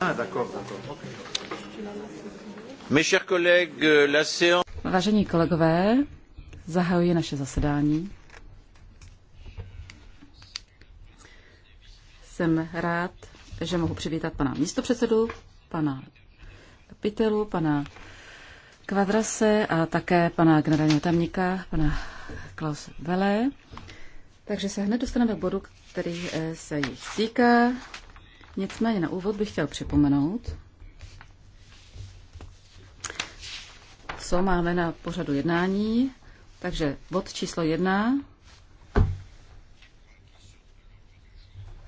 Ah, Vážení kolegové, zahajuji naše zasedání. Jsem rád, že mohu přivítat pana místopředsedu, pana Pitelu, pana Kvadrase a také pana generálního tamníka, pana Klaus Vele. Takže se hned dostaneme k bodu, který eh, se jich týká. Nicméně na úvod bych chtěl připomenout, co máme na pořadu jednání. Takže bod číslo jedna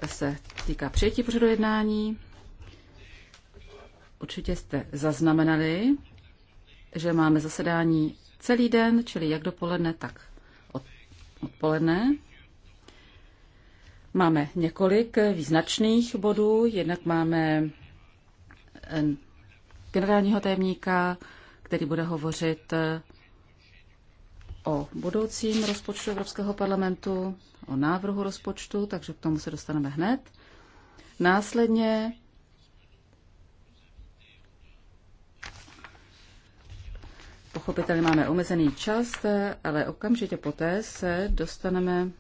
To se týká přijetí pořadu jednání. Určitě jste zaznamenali, že máme zasedání celý den, čili jak dopoledne, tak odpoledne. Máme několik význačných bodů. Jednak máme eh, generálního tajemníka, který bude hovořit eh, o budoucím rozpočtu Evropského parlamentu, o návrhu rozpočtu, takže k tomu se dostaneme hned. Následně pochopitelně máme omezený čas, eh, ale okamžitě poté se dostaneme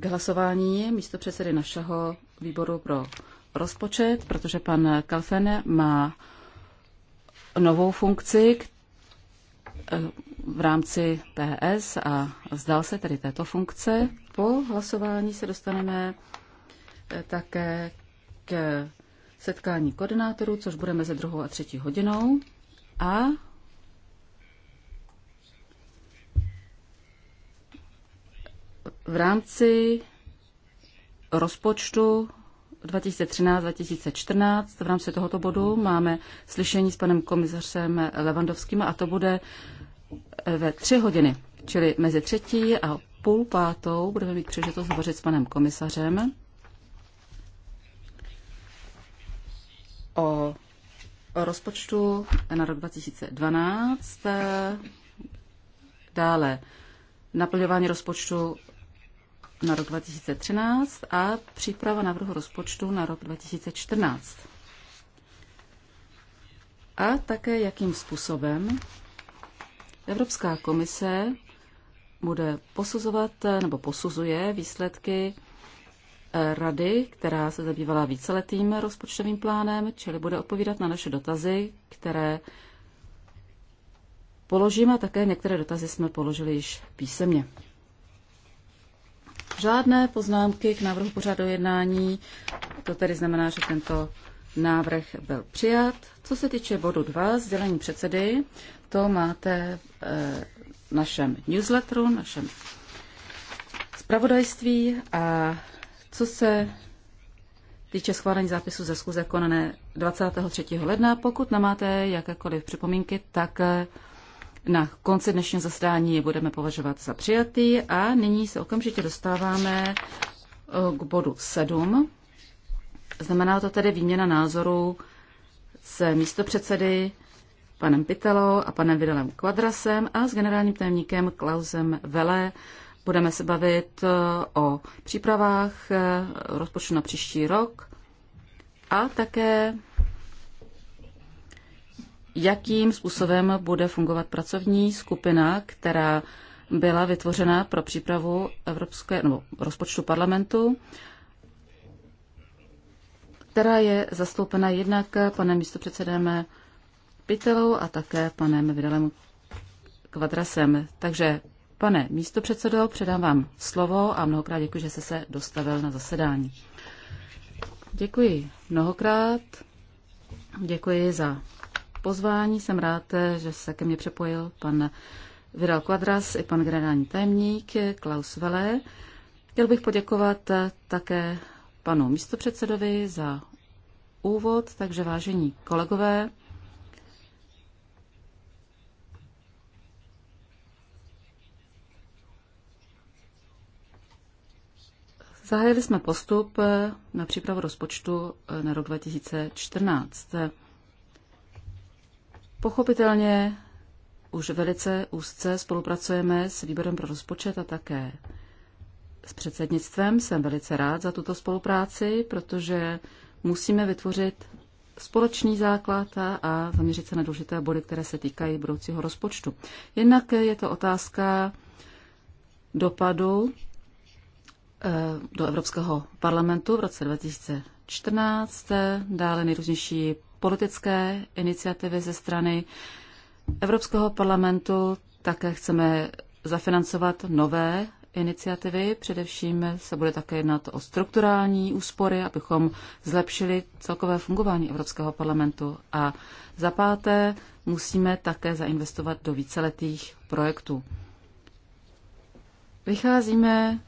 k hlasování místo předsedy našeho výboru pro rozpočet, protože pan Kalfen má novou funkci eh, v rámci PS a vzdal se tedy této funkce. Po hlasování se dostaneme eh, také k setkání koordinátorů, což bude mezi druhou a třetí hodinou. A v rámci rozpočtu 2013-2014 v rámci tohoto bodu máme slyšení s panem komisařem Levandovským a to bude ve tři hodiny, čili mezi třetí a půl pátou budeme mít příležitost hovořit s panem komisařem o rozpočtu na rok 2012, dále naplňování rozpočtu na rok 2013 a příprava návrhu rozpočtu na rok 2014. A také jakým způsobem Evropská komise bude posuzovat nebo posuzuje výsledky eh, rady, která se zabývala víceletým rozpočtovým plánem, čili bude odpovídat na naše dotazy, které položíme a také některé dotazy jsme položili již písemně žádné poznámky k návrhu pořadu jednání. To tedy znamená, že tento návrh byl přijat. Co se týče bodu 2, sdělení předsedy, to máte eh, v našem newsletteru, našem zpravodajství a co se týče schválení zápisu ze schůze konané 23. ledna, pokud nemáte jakékoliv připomínky, tak eh, na konci dnešního zasedání je budeme považovat za přijatý a nyní se okamžitě dostáváme eh, k bodu 7. Znamená to tedy výměna názorů se místopředsedy panem Pitelo a panem Vidalem Kvadrasem a s generálním tajemníkem Klausem Vele. Budeme se bavit eh, o přípravách eh, rozpočtu na příští rok a také jakým způsobem bude fungovat pracovní skupina, která byla vytvořena pro přípravu evropské, nebo rozpočtu parlamentu, která je zastoupena jednak panem místopředsedem Pitelou a také panem Vidalem Kvadrasem. Takže, pane místopředsedo, předám vám slovo a mnohokrát děkuji, že jste se dostavil na zasedání. Děkuji mnohokrát. Děkuji za pozvání. Jsem rád, že se ke mně přepojil pan Vidal Quadras i pan generální tajemník Klaus Vele. Chtěl bych poděkovat také panu místopředsedovi za úvod, takže vážení kolegové, Zahájili jsme postup na přípravu rozpočtu na rok 2014. Pochopitelně už velice úzce spolupracujeme s výborem pro rozpočet a také s předsednictvem. Jsem velice rád za tuto spolupráci, protože musíme vytvořit společný základ a zaměřit se na důležité body, které se týkají budoucího rozpočtu. Jednak je to otázka dopadu eh, do Evropského parlamentu v roce 2014, dále nejrůznější politické iniciativy ze strany Evropského parlamentu. Také chceme zafinancovat nové iniciativy. Především se bude také jednat o strukturální úspory, abychom zlepšili celkové fungování Evropského parlamentu. A za páté musíme také zainvestovat do víceletých projektů. Vycházíme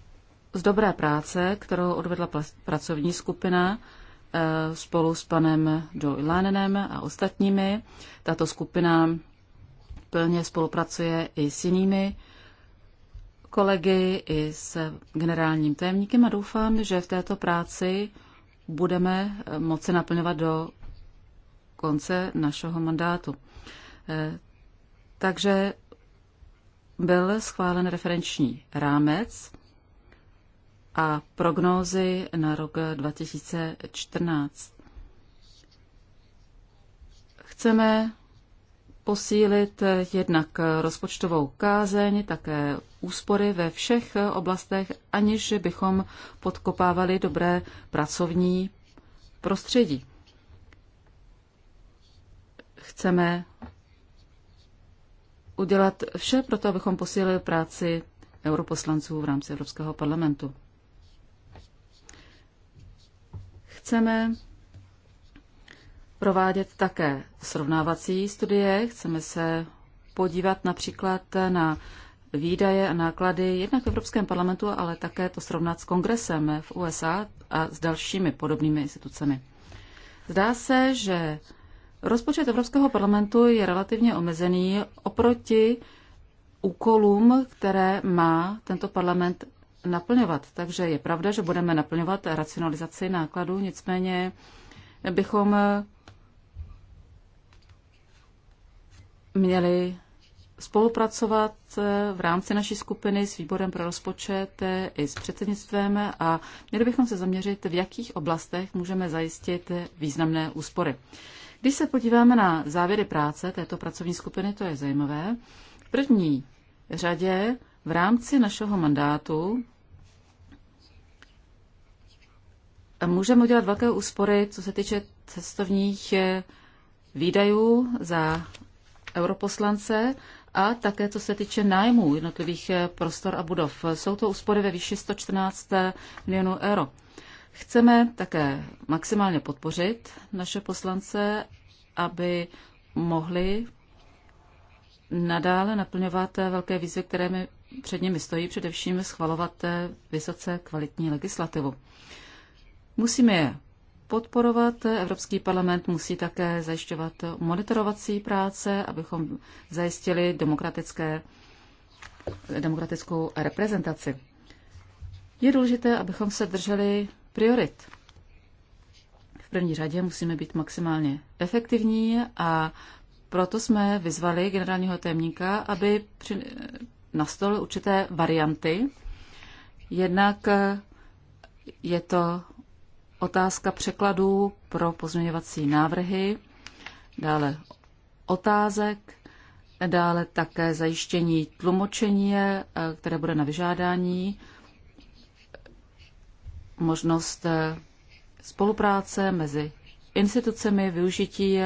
z dobré práce, kterou odvedla pracovní skupina Eh, spolu s panem Joe Lanenem a ostatními. Tato skupina plně spolupracuje i s jinými kolegy, i s generálním tajemníkem a doufám, že v této práci budeme eh, moci naplňovat do konce našeho mandátu. Eh, takže byl schválen referenční rámec a prognózy na rok 2014. Chceme posílit jednak rozpočtovou kázeň, také úspory ve všech oblastech, aniž bychom podkopávali dobré pracovní prostředí. Chceme udělat vše pro to, abychom posílili práci europoslanců v rámci Evropského parlamentu. Chceme provádět také srovnávací studie, chceme se podívat například na výdaje a náklady jednak v Evropském parlamentu, ale také to srovnat s kongresem v USA a s dalšími podobnými institucemi. Zdá se, že rozpočet Evropského parlamentu je relativně omezený oproti úkolům, které má tento parlament naplňovat. Takže je pravda, že budeme naplňovat racionalizaci nákladů, nicméně bychom měli spolupracovat v rámci naší skupiny s výborem pro rozpočet i s předsednictvem a měli bychom se zaměřit, v jakých oblastech můžeme zajistit významné úspory. Když se podíváme na závěry práce této pracovní skupiny, to je zajímavé. V první řadě v rámci našeho mandátu můžeme udělat velké úspory, co se týče cestovních eh, výdajů za europoslance a také co se týče nájmů jednotlivých eh, prostor a budov. Jsou to úspory ve výši 114 eh, milionů euro. Chceme také maximálně podpořit naše poslance, aby mohli nadále naplňovat velké výzvy, které my před nimi stojí především schvalovat eh, vysoce kvalitní legislativu. Musíme je podporovat. Evropský parlament musí také zajišťovat monitorovací práce, abychom zajistili demokratické, demokratickou reprezentaci. Je důležité, abychom se drželi priorit. V první řadě musíme být maximálně efektivní a proto jsme vyzvali generálního témníka, aby při, na určité varianty. Jednak je to otázka překladů pro pozměňovací návrhy, dále otázek, dále také zajištění tlumočení, eh, které bude na vyžádání, možnost eh, spolupráce mezi institucemi, využití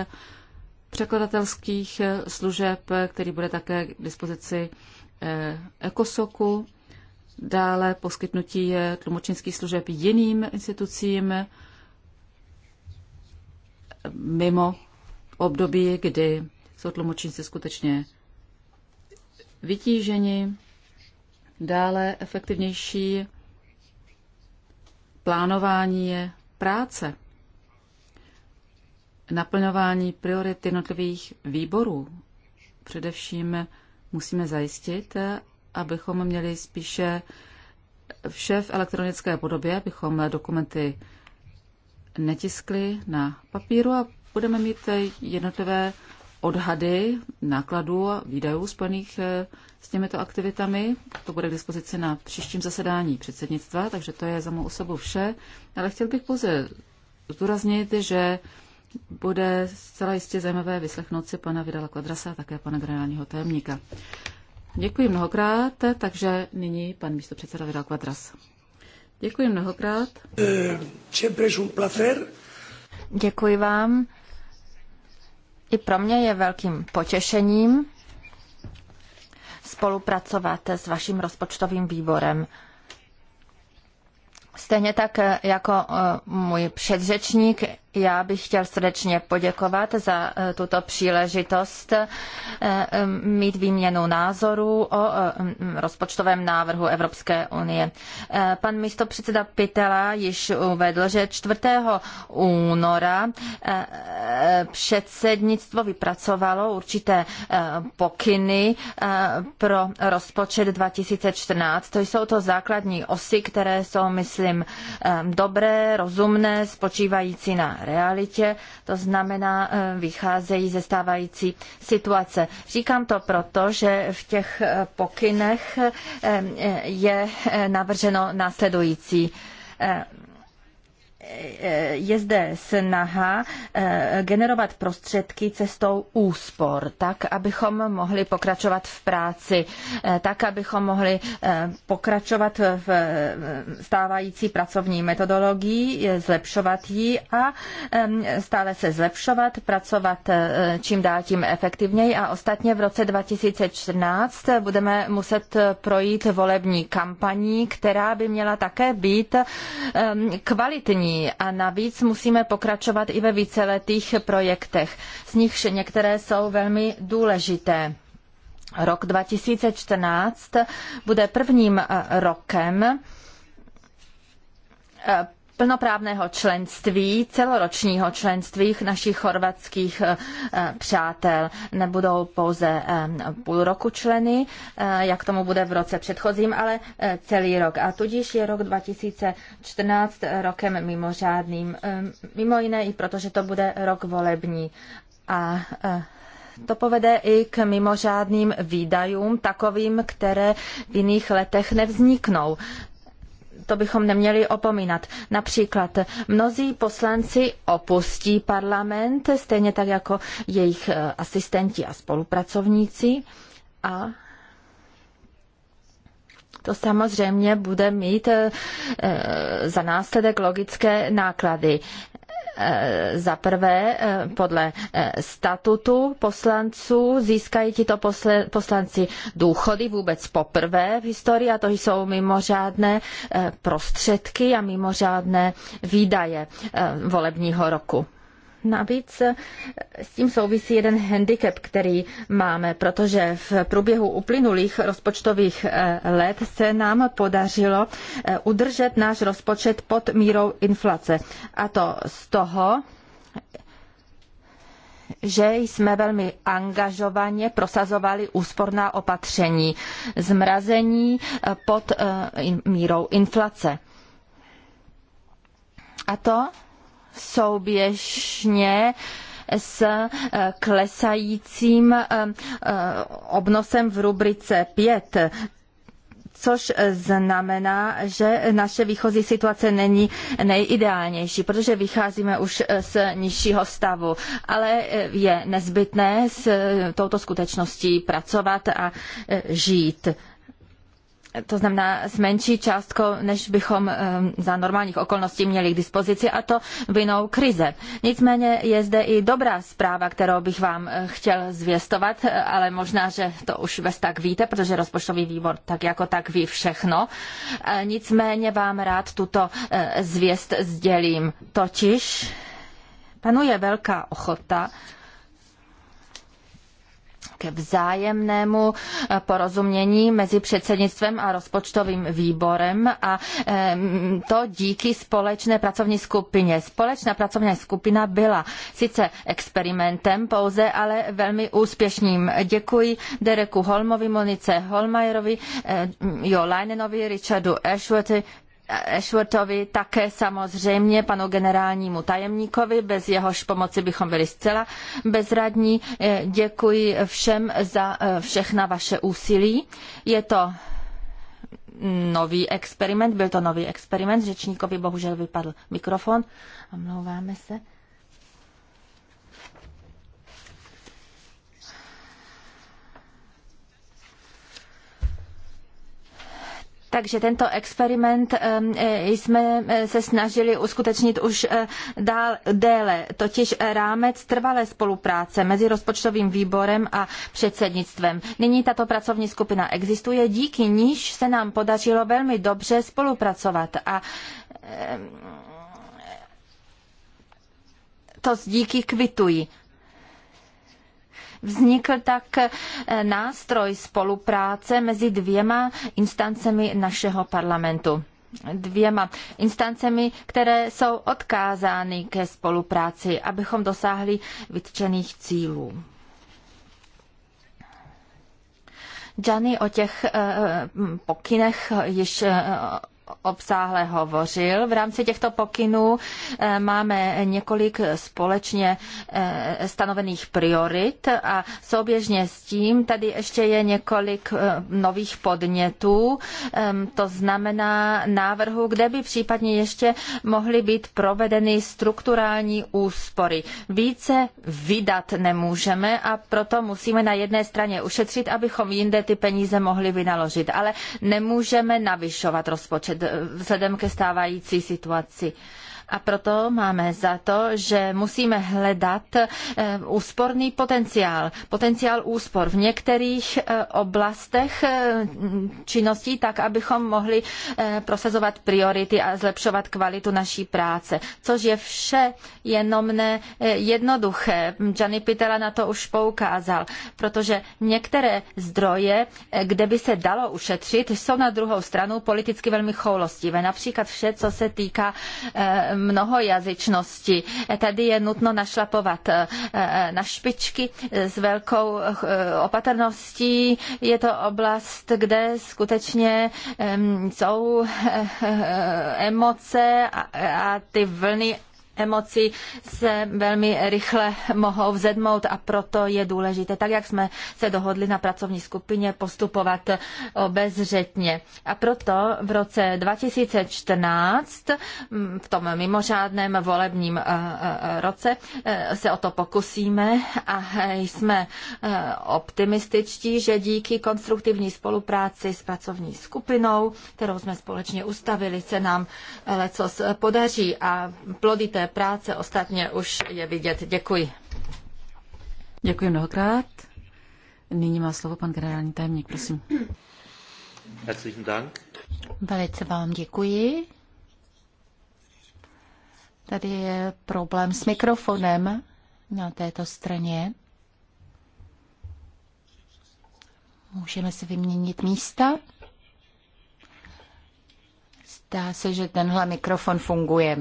překladatelských eh, služeb, který bude také k dispozici ECOSOKu, eh, dále poskytnutí eh, tlumočenských služeb jiným institucím eh, mimo období, kdy jsou tlumočníci skutečně vytíženi, dále efektivnější plánování je práce, naplňování priority jednotlivých výborů, především musíme zajistit, abychom měli spíše vše v elektronické podobě, abychom dokumenty netiskli na papíru a budeme mít jednotlivé odhady nákladů a výdajů spojených eh, s těmito aktivitami. To bude k dispozici na příštím zasedání předsednictva, takže to je za mou osobu vše. Ale chtěl bych pouze zdůraznit, že bude zcela jistě zajímavé vyslechnout si pana Vidala Kladrasa a také pana generálního tajemníka. Děkuji mnohokrát, takže nyní pan místopředseda Vidal Kladras. Děkuji mnohokrát. Děkuji vám. I pro mě je velkým potěšením spolupracovat s vaším rozpočtovým výborem. Stejně tak jako eh, můj předřečník, já bych chtěl srdečně poděkovat za e, tuto příležitost e, e, mít výměnu názorů o rozpočtovém návrhu Evropské unie. Pan místopředseda Pitela již uvedl, že 4. února předsednictvo vypracovalo určité pokyny pro rozpočet 2014. To jsou to základní osy, které jsou, myslím, dobré, rozumné, spočívající na realitě, to znamená, eh, vycházejí ze stávající situace. Říkám to proto, že v těch eh, pokynech eh, je navrženo následující je zde snaha eh, generovat prostředky cestou úspor, tak, abychom mohli pokračovat v práci, eh, tak, abychom mohli eh, pokračovat v stávající pracovní metodologii, zlepšovat ji a stále se zlepšovat, pracovat čím dál tím efektivněji a ostatně v roce 2014 budeme muset projít volební kampaní, která by měla také být kvalitní efektivní a navíc musíme pokračovat i ve víceletých projektech. Z nichž některé jsou velmi důležité. Rok 2014 bude prvním eh, rokem eh, plnoprávného členství, celoročního členství našich chorvatských eh, přátel. Nebudou pouze eh, půl roku členy, eh, jak tomu bude v roce předchozím, ale celý rok. A tudíž je rok 2014 rokem mimořádným. Mimo jiné i proto, že to bude rok volební. A to povede i k mimořádným výdajům, takovým, které v jiných letech nevzniknou to bychom neměli opomínat. Například mnozí poslanci opustí parlament, stejně tak jako jejich eh, asistenti a spolupracovníci a to samozřejmě bude mít eh, eh, za následek logické náklady. Eh, za prvé, eh, podle eh, statutu poslanců získají tito poslanci důchody vůbec poprvé v historii a to jsou mimořádné prostředky a mimořádné výdaje volebního roku. Navíc s tím souvisí jeden handicap, který máme, protože v průběhu uplynulých rozpočtových eh, let se nám podařilo eh, udržet náš rozpočet pod mírou inflace. A to z toho, že jsme velmi angažovaně prosazovali úsporná opatření, zmrazení eh, pod mírou inflace. A to souběžně s eh, klesajícím eh, eh, obnosem v rubrice 5 což znamená, že naše výchozí situace není nejideálnější, protože vycházíme už z nižšího stavu, ale je nezbytné s touto skutečností pracovat a žít to znamená s menší částkou, než bychom eh, za normálních okolností měli k dispozici, a to vinou krize. Nicméně je zde i dobrá zpráva, kterou bych vám eh, chtěl zvěstovat, eh, ale možná, že to už ves tak víte, protože rozpočtový výbor tak jako tak ví všechno. Nicméně vám rád tuto zvěst sdělím. Totiž panuje velká ochota ke vzájemnému eh, porozumění mezi předsednictvem a rozpočtovým výborem a to díky společné pracovní skupině. Společná pracovní skupina byla sice experimentem pouze, ale velmi úspěšným. Děkuji Dereku Holmovi, Monice Holmajerovi, eh, Jo Leinenovi, Richardu Ashworthy, Ashworthovi, také samozřejmě panu generálnímu tajemníkovi, bez jehož pomoci bychom byli zcela bezradní. Eh, děkuji všem za eh, všechna vaše úsilí. Je to nový experiment, byl to nový experiment, řečníkovi bohužel vypadl mikrofon, omlouváme se. Takže tento experiment e, jsme e, se snažili uskutečnit už e, dál, déle, totiž rámec trvalé spolupráce mezi rozpočtovým výborem a předsednictvem. Nyní tato pracovní skupina existuje, díky níž se nám podařilo velmi dobře spolupracovat a to díky kvituji. Vznikl tak eh, nástroj spolupráce mezi dvěma instancemi našeho parlamentu dvěma instancemi, které jsou odkázány ke spolupráci, abychom dosáhli vytčených cílů. Gianni o těch eh, eh, pokynech již obsáhle hovořil. V rámci těchto pokynů eh, máme několik společně eh, stanovených priorit a souběžně s tím tady ještě je několik eh, nových podnětů, ehm, to znamená návrhu, kde by případně ještě mohly být provedeny strukturální úspory. Více vydat nemůžeme a proto musíme na jedné straně ušetřit, abychom jinde ty peníze mohli vynaložit, ale nemůžeme navyšovat rozpočet vzhledem ke stávající situaci. A proto máme za to, že musíme hledat eh, úsporný potenciál, potenciál úspor v některých eh, oblastech eh, činností, tak abychom mohli prosazovat priority a zlepšovat kvalitu naší práce, což je vše jenom ne jednoduché. Gianni Pitela na to už poukázal, protože některé zdroje, kde by se dalo ušetřit, jsou na druhou stranu politicky velmi choulostivé. Například vše, co se týká mnohojazyčnosti. Tady je nutno našlapovat eh, na špičky s velkou eh, opatrností. Je to oblast, kde skutečně eh, jsou emoce a ty vlny emoci se velmi rychle mohou vzedmout a proto je důležité, tak jak jsme se dohodli na pracovní skupině, postupovat obezřetně. A proto v roce 2014, mm, v tom mimořádném volebním eh, eh, roce, eh, se o to pokusíme a jsme optimističtí, že díky konstruktivní spolupráci s pracovní skupinou, kterou jsme společně ustavili, se nám lecos podaří a plody té práce ostatně už je vidět. Děkuji. Děkuji mnohokrát. Nyní má slovo pan generální tajemník, prosím. Herzlichen Dank. Velice vám děkuji. Tady je problém s mikrofonem na této straně. Můžeme si vyměnit místa. Zdá se, že tenhle mikrofon funguje.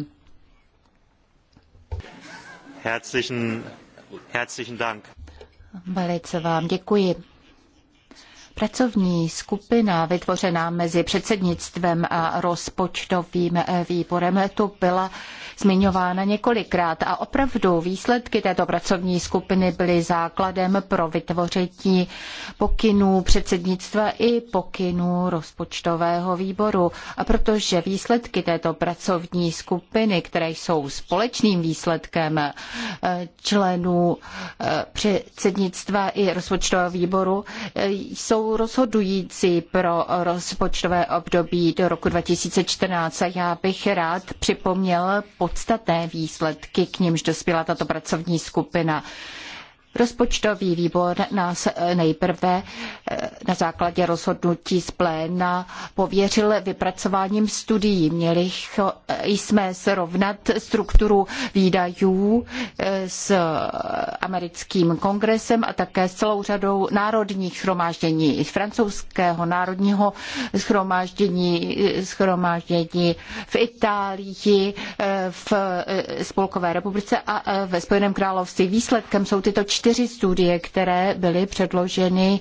Herzlichen, herzlichen Dank. Velice vám děkuji. Pracovní skupina vytvořená mezi předsednictvem a rozpočtovým eh, výborem tu byla zmiňována několikrát a opravdu výsledky této pracovní skupiny byly základem pro vytvoření pokynů předsednictva i pokynů rozpočtového výboru. A protože výsledky této pracovní skupiny, které jsou společným výsledkem eh, členů eh, předsednictva i rozpočtového výboru, jsou jsou rozhodující pro rozpočtové období do roku 2014 a já bych rád připomněl podstatné výsledky, k nimž dospěla tato pracovní skupina. Rozpočtový výbor nás eh, nejprve eh, na základě rozhodnutí z pléna pověřil vypracováním studií. Měli eh, jsme srovnat strukturu výdajů s americkým kongresem a také s celou řadou národních schromáždění, francouzského národního schromáždění, schromáždění v Itálii, v Spolkové republice a ve Spojeném království. Výsledkem jsou tyto čtyři čtyři studie, které byly předloženy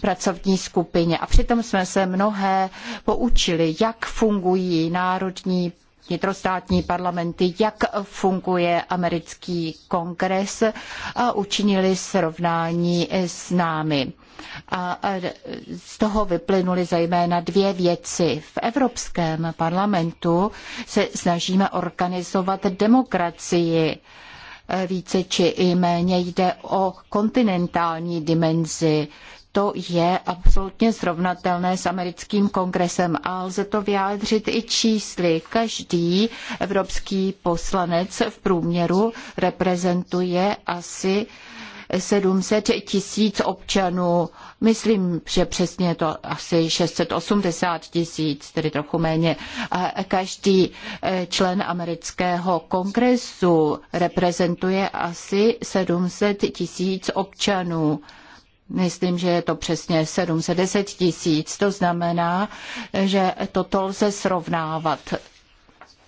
pracovní skupině. A přitom jsme se mnohé poučili, jak fungují národní vnitrostátní parlamenty, jak funguje americký kongres a učinili srovnání s námi. A z toho vyplynuly zejména dvě věci. V Evropském parlamentu se snažíme organizovat demokracii více či i méně jde o kontinentální dimenzi. To je absolutně srovnatelné s americkým kongresem a lze to vyjádřit i čísly. Každý evropský poslanec v průměru reprezentuje asi 700 tisíc občanů. Myslím, že přesně je to asi 680 tisíc, tedy trochu méně. A každý e, člen amerického kongresu reprezentuje asi 700 tisíc občanů. Myslím, že je to přesně 710 tisíc. To znamená, že toto lze srovnávat.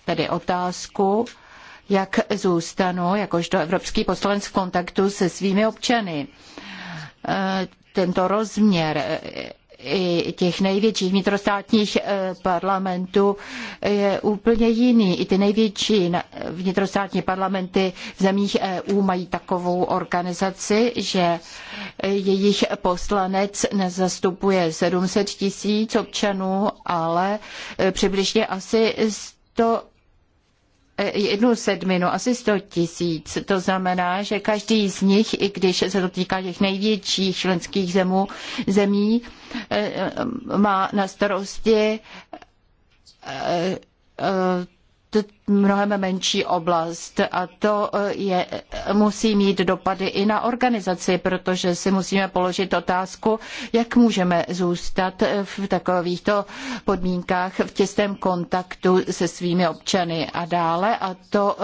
Tedy otázku, jak zůstanu jakožto evropský poslanec v kontaktu se svými občany. E, tento rozměr e, i těch největších vnitrostátních e, parlamentů je úplně jiný. I ty největší vnitrostátní parlamenty v zemích EU mají takovou organizaci, že jejich poslanec nezastupuje 700 tisíc občanů, ale přibližně asi 100 Eh, jednu sedminu, asi 100 tisíc. To znamená, že každý z nich, i když se to týká těch největších členských zemů, zemí, eh, eh, má na starosti mnohem menší oblast a to e, je, e, musí mít dopady i na organizaci, protože si musíme položit otázku, jak můžeme zůstat e, v takovýchto podmínkách v těsném kontaktu se svými občany a dále a to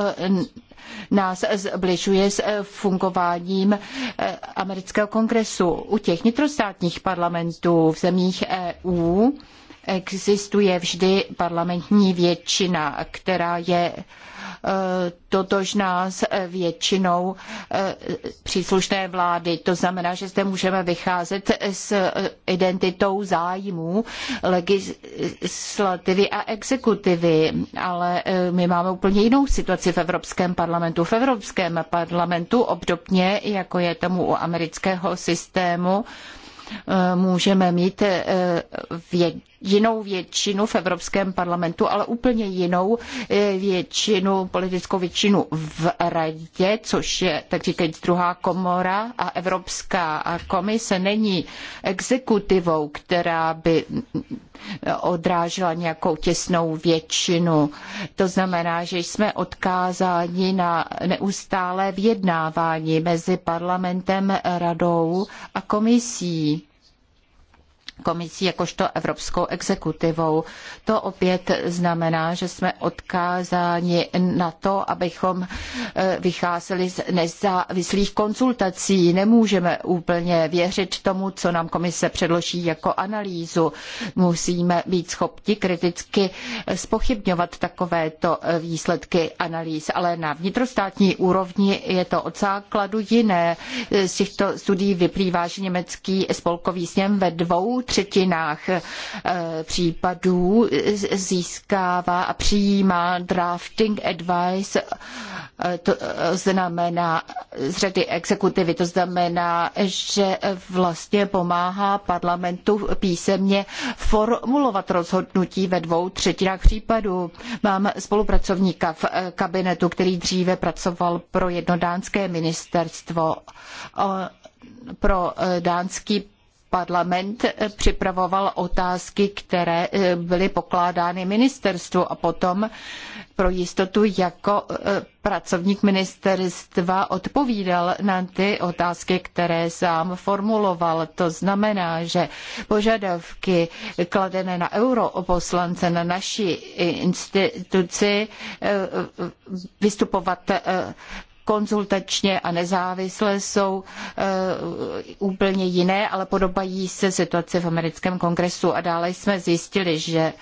nás zbližuje s fungováním amerického kongresu. U těch vnitrostátních parlamentů v zemích EU existuje vždy parlamentní většina, která je eh, totožná s eh, většinou eh, příslušné vlády. To znamená, že zde můžeme vycházet s identitou zájmů legislativy a exekutivy, ale my máme úplně jinou situaci v Evropském parlamentu. V Evropském parlamentu obdobně, jako je tomu u amerického systému, můžeme mít většinu jinou většinu v Evropském parlamentu, ale úplně jinou eh, většinu, politickou většinu v radě, což je tak říkajíc druhá komora a Evropská komise není exekutivou, která by odrážela nějakou těsnou většinu. To znamená, že jsme odkázáni na neustálé vyjednávání mezi parlamentem, radou a komisí komisí jakožto evropskou exekutivou. To opět znamená, že jsme odkázáni na to, abychom eh, vycházeli z nezávislých konzultací. Nemůžeme úplně věřit tomu, co nám komise předloží jako analýzu. Musíme být schopni kriticky spochybňovat takovéto eh, výsledky analýz, ale na vnitrostátní úrovni je to od základu jiné. Z těchto studií vyplývá, že německý spolkový sněm ve dvou třetinách eh, případů získává a přijímá drafting advice, eh, to eh, znamená z řady exekutivy, to znamená, že vlastně pomáhá parlamentu písemně formulovat rozhodnutí ve dvou třetinách případů. Mám spolupracovníka v kabinetu, který dříve pracoval pro jednodánské ministerstvo pro dánský parlament eh, připravoval otázky, které eh, byly pokládány ministerstvu a potom pro jistotu jako eh, pracovník ministerstva odpovídal na ty otázky, které sám formuloval. To znamená, že požadavky kladené na europoslance, na naší instituci vystupovat konzultačně a nezávisle jsou eh, úplně jiné, ale podobají se situaci v americkém kongresu. A dále jsme zjistili, že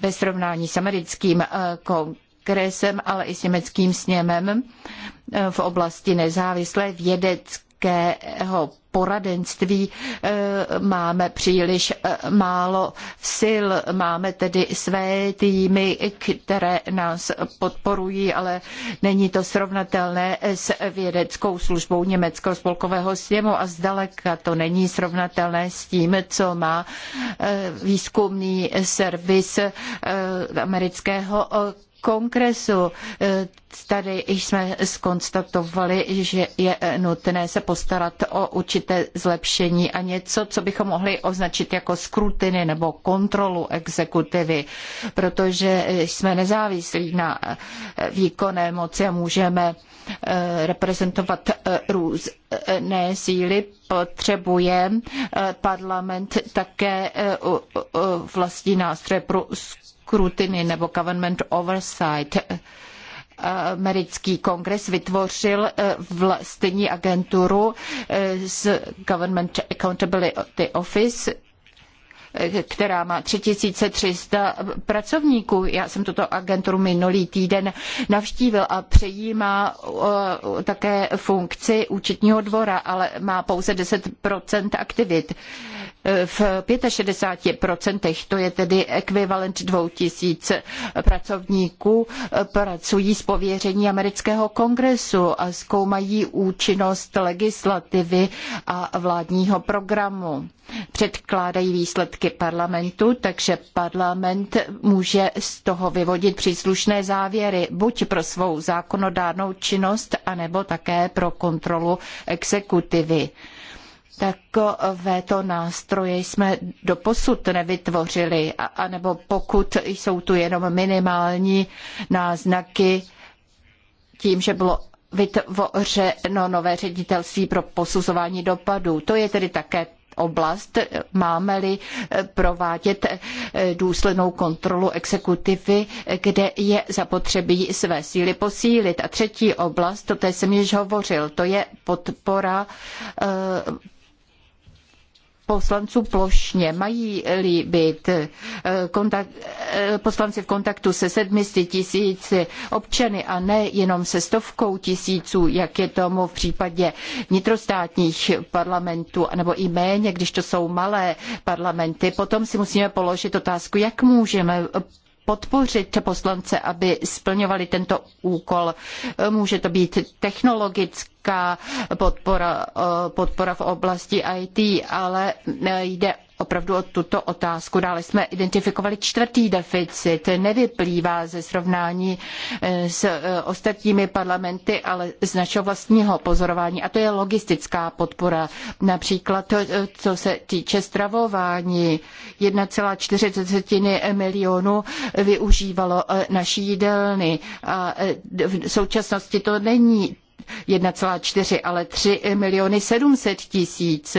ve srovnání s americkým eh, kongresem, ale i s německým sněmem eh, v oblasti nezávislé vědecké nějakého poradenství eh, máme příliš eh, málo sil. Máme tedy své týmy, které nás podporují, ale není to srovnatelné s vědeckou službou Německého spolkového sněmu a zdaleka to není srovnatelné s tím, co má eh, výzkumný servis amerického kongresu. E, tady jsme skonstatovali, že je nutné se postarat o určité zlepšení a něco, co bychom mohli označit jako skrutiny nebo kontrolu exekutivy, protože jsme nezávislí na výkonné moci a můžeme e, reprezentovat e, různé síly. Potřebuje parlament také vlastní nástroje pro scrutiny nebo government oversight. Eh, americký kongres vytvořil eh, vlastní agenturu eh, z Government Accountability Office, která má 3300 pracovníků. Já jsem tuto agenturu minulý týden navštívil a přejímá také funkci účetního dvora, ale má pouze 10% aktivit v 65%, to je tedy ekvivalent 2000 pracovníků, pracují z pověření amerického kongresu a zkoumají účinnost legislativy a vládního programu. Předkládají výsledky parlamentu, takže parlament může z toho vyvodit příslušné závěry, buď pro svou zákonodárnou činnost, anebo také pro kontrolu exekutivy takovéto nástroje jsme doposud nevytvořili, anebo pokud jsou tu jenom minimální náznaky tím, že bylo vytvořeno nové ředitelství pro posuzování dopadů. To je tedy také oblast, máme-li provádět důslednou kontrolu exekutivy, kde je zapotřebí své síly posílit. A třetí oblast, o té jsem již hovořil, to je podpora eh, poslanců plošně mají li eh, kontakt, eh, poslanci v kontaktu se 700 tisíci občany a ne jenom se stovkou tisíců, jak je tomu v případě vnitrostátních parlamentů, nebo i méně, když to jsou malé parlamenty. Potom si musíme položit otázku, jak můžeme podpořit poslance, aby splňovali tento úkol. Může to být technologická podpora, eh, podpora v oblasti IT, ale eh, jde opravdu o tuto otázku. Dále jsme identifikovali čtvrtý deficit. Nevyplývá ze srovnání eh, s eh, ostatními parlamenty, ale z našeho vlastního pozorování. A to je logistická podpora. Například to, eh, co se týče stravování. 1,4 milionu využívalo naší jídelny. A v současnosti to není 1,4, ale 3 miliony 700 tisíc.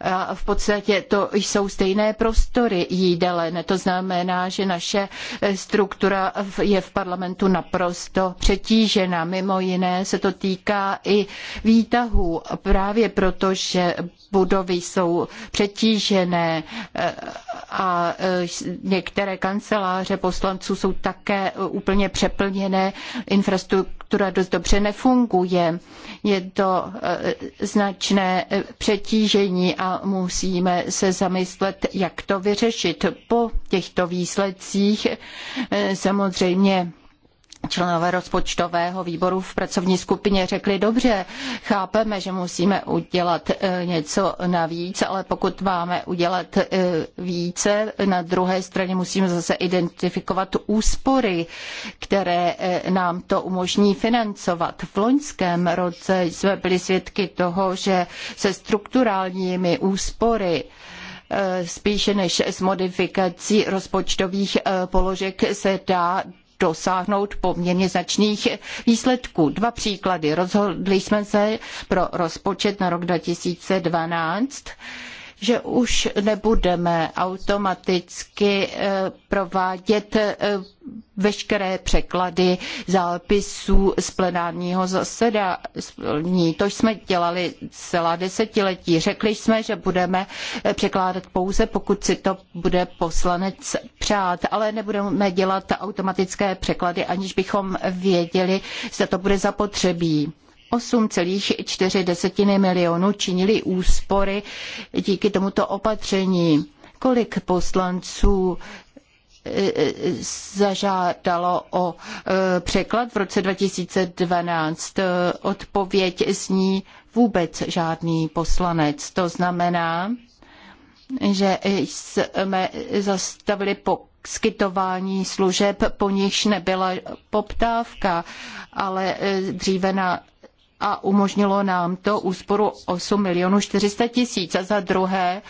A v podstatě to jsou stejné prostory jídelen. To znamená, že naše struktura je v parlamentu naprosto přetížena. Mimo jiné se to týká i výtahů, právě proto, že budovy jsou přetížené a e, některé kanceláře poslanců jsou také e, úplně přeplněné, infrastruktura dost dobře nefunguje, je to e, značné přetížení a musíme se zamyslet, jak to vyřešit. Po těchto výsledcích samozřejmě členové rozpočtového výboru v pracovní skupině řekli, dobře, chápeme, že musíme udělat e, něco navíc, ale pokud máme udělat e, více, na druhé straně musíme zase identifikovat úspory, které e, nám to umožní financovat. V loňském roce jsme byli svědky toho, že se strukturálními úspory spíše než s modifikací rozpočtových položek se dá dosáhnout poměrně značných výsledků. Dva příklady. Rozhodli jsme se pro rozpočet na rok 2012 že už nebudeme automaticky eh, provádět eh, veškeré překlady zápisů z plenárního zasedání. To jsme dělali celá desetiletí. Řekli jsme, že budeme eh, překládat pouze, pokud si to bude poslanec přát, ale nebudeme dělat automatické překlady, aniž bychom věděli, zda to bude zapotřebí. 8,4 milionů činili úspory díky tomuto opatření. Kolik poslanců e, e, zažádalo o e, překlad v roce 2012. Odpověď zní vůbec žádný poslanec. To znamená, že jsme zastavili poskytování služeb, po nichž nebyla poptávka, ale dříve na a umožnilo nám to úsporu 8 milionů 400 tisíc. A za druhé,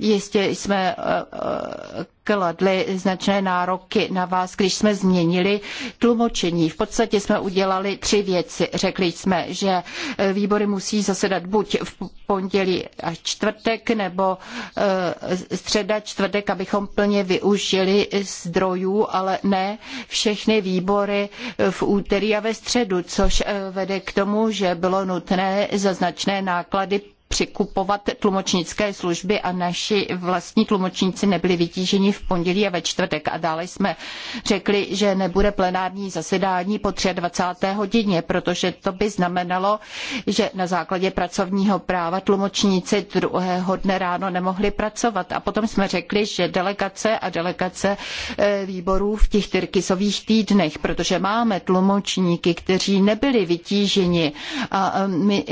jistě jsme eh, eh, kladli značné nároky na vás, když jsme změnili tlumočení. V podstatě jsme udělali tři věci. Řekli jsme, že eh, výbory musí zasedat buď v pondělí a čtvrtek, nebo eh, středa čtvrtek, abychom plně využili zdrojů, ale ne všechny výbory eh, v úterý a ve středu, což vede k tomu, že bylo nutné za značné náklady přikupovat tlumočnické služby a naši vlastní tlumočníci nebyli vytíženi v pondělí a ve čtvrtek. A dále jsme řekli, že nebude plenární zasedání po 23. hodině, protože to by znamenalo, že na základě pracovního práva tlumočníci druhého dne ráno nemohli pracovat. A potom jsme řekli, že delegace a delegace e, výborů v těch tyrkisových týdnech, protože máme tlumočníky, kteří nebyli vytíženi a e, my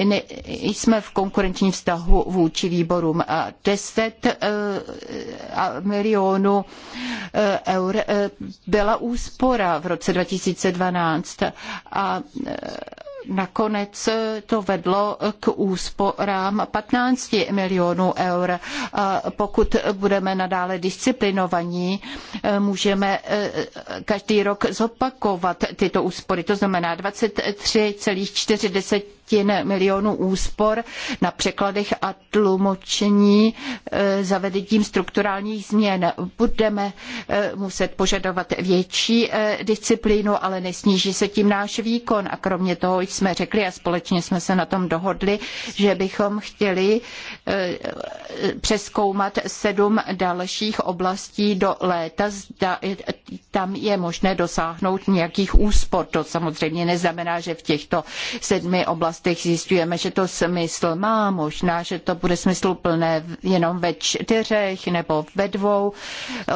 jsme v konkurenční komerčním vztahu vůči výborům. A 10 eh, milionů eh, eur eh, byla úspora v roce 2012 a nakonec to vedlo k úsporám 15 milionů eur. pokud budeme nadále disciplinovaní, můžeme každý rok zopakovat tyto úspory. To znamená 23,4 čtvrtin milionů úspor na překladech a tlumočení e, zavedením strukturálních změn. Budeme e, muset požadovat větší e, disciplínu, ale nesníží se tím náš výkon. A kromě toho jsme řekli a společně jsme se na tom dohodli, že bychom chtěli přeskoumat sedm dalších oblastí do léta. Zda, tam je možné dosáhnout nějakých úspor. To samozřejmě neznamená, že v těchto sedmi oblastech oblastech zjistujeme, že to smysl má. Možná, že to bude smysluplné jenom ve čtyřech nebo ve dvou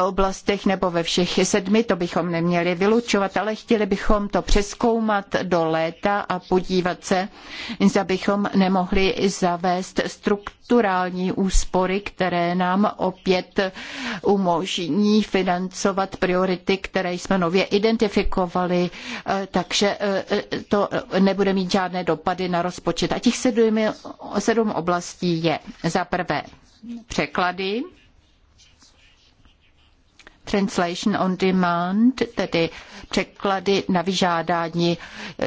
oblastech nebo ve všech sedmi. To bychom neměli vylučovat, ale chtěli bychom to přeskoumat do léta a podívat se, zda bychom nemohli zavést strukturální úspory, které nám opět umožní financovat priority, které jsme nově identifikovali, eh, takže eh, eh, to nebude mít žádné dopady na rozpočet. A těch sedm, sedm oblastí je za prvé překlady, Translation on Demand, tedy překlady na vyžádání.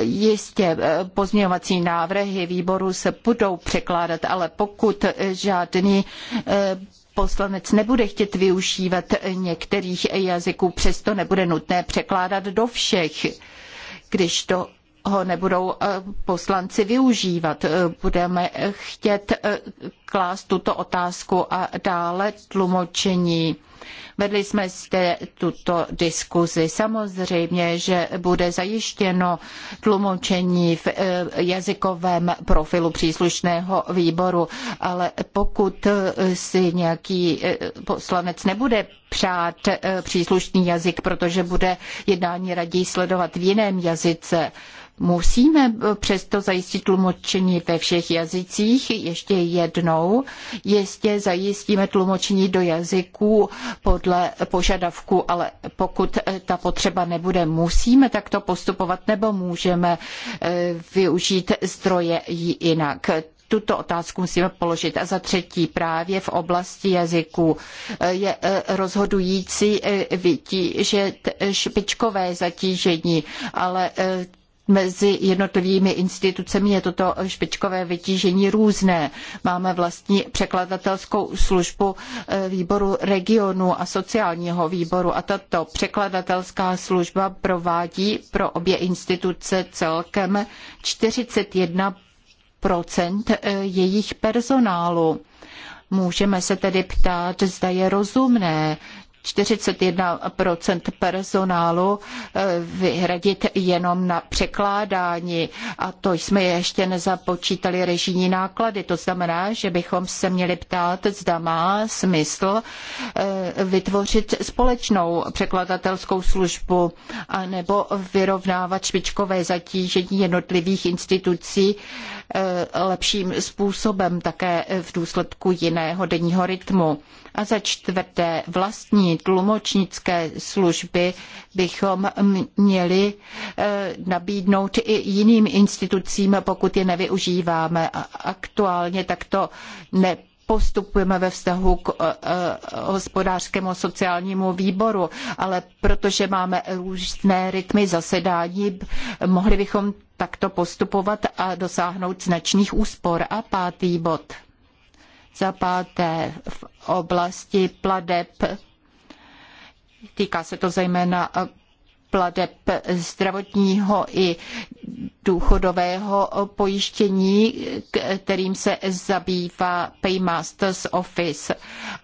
Jistě eh, pozměňovací návrhy výboru se budou překládat, ale pokud žádný eh, poslanec nebude chtět využívat některých jazyků, přesto nebude nutné překládat do všech. Když to ho nebudou eh, poslanci využívat. Eh, budeme chtět eh, klást tuto otázku a dále tlumočení. Vedli jsme zde tuto diskuzi. Samozřejmě, že bude zajištěno tlumočení v eh, jazykovém profilu příslušného výboru, ale pokud eh, si nějaký eh, poslanec nebude přát příslušný jazyk, protože bude jednání raději sledovat v jiném jazyce, Musíme přesto zajistit tlumočení ve všech jazycích. Ještě jednou, jistě zajistíme tlumočení do jazyků, podle požadavku, ale pokud eh, ta potřeba nebude, musíme takto postupovat nebo můžeme eh, využít zdroje jinak tuto otázku musíme položit. A za třetí, právě v oblasti jazyků eh, je rozhodující vytížit špičkové zatížení, ale mezi jednotlivými institucemi je toto špičkové vytížení různé. Máme vlastní překladatelskou službu eh, výboru regionu a sociálního výboru a tato překladatelská služba provádí pro obě instituce celkem 41 eh, jejich personálu. Můžeme se tedy ptát, zda je rozumné, 41% personálu eh, vyhradit jenom na překládání a to jsme ještě nezapočítali režijní náklady. To znamená, že bychom se měli ptát, zda má smysl eh, vytvořit společnou překladatelskou službu anebo vyrovnávat špičkové zatížení jednotlivých institucí Eh, lepším způsobem také v důsledku jiného denního rytmu. A za čtvrté, vlastní tlumočnické služby bychom měli eh, nabídnout i jiným institucím, pokud je nevyužíváme. Aktuálně takto ne postupujeme ve vztahu k eh, eh, hospodářskému a sociálnímu výboru, ale protože máme různé rytmy zasedání, mohli bychom takto postupovat a dosáhnout značných úspor. A pátý bod. Za páté v oblasti pladeb Týká se to zejména plateb zdravotního i důchodového pojištění, kterým se zabývá Paymasters Office.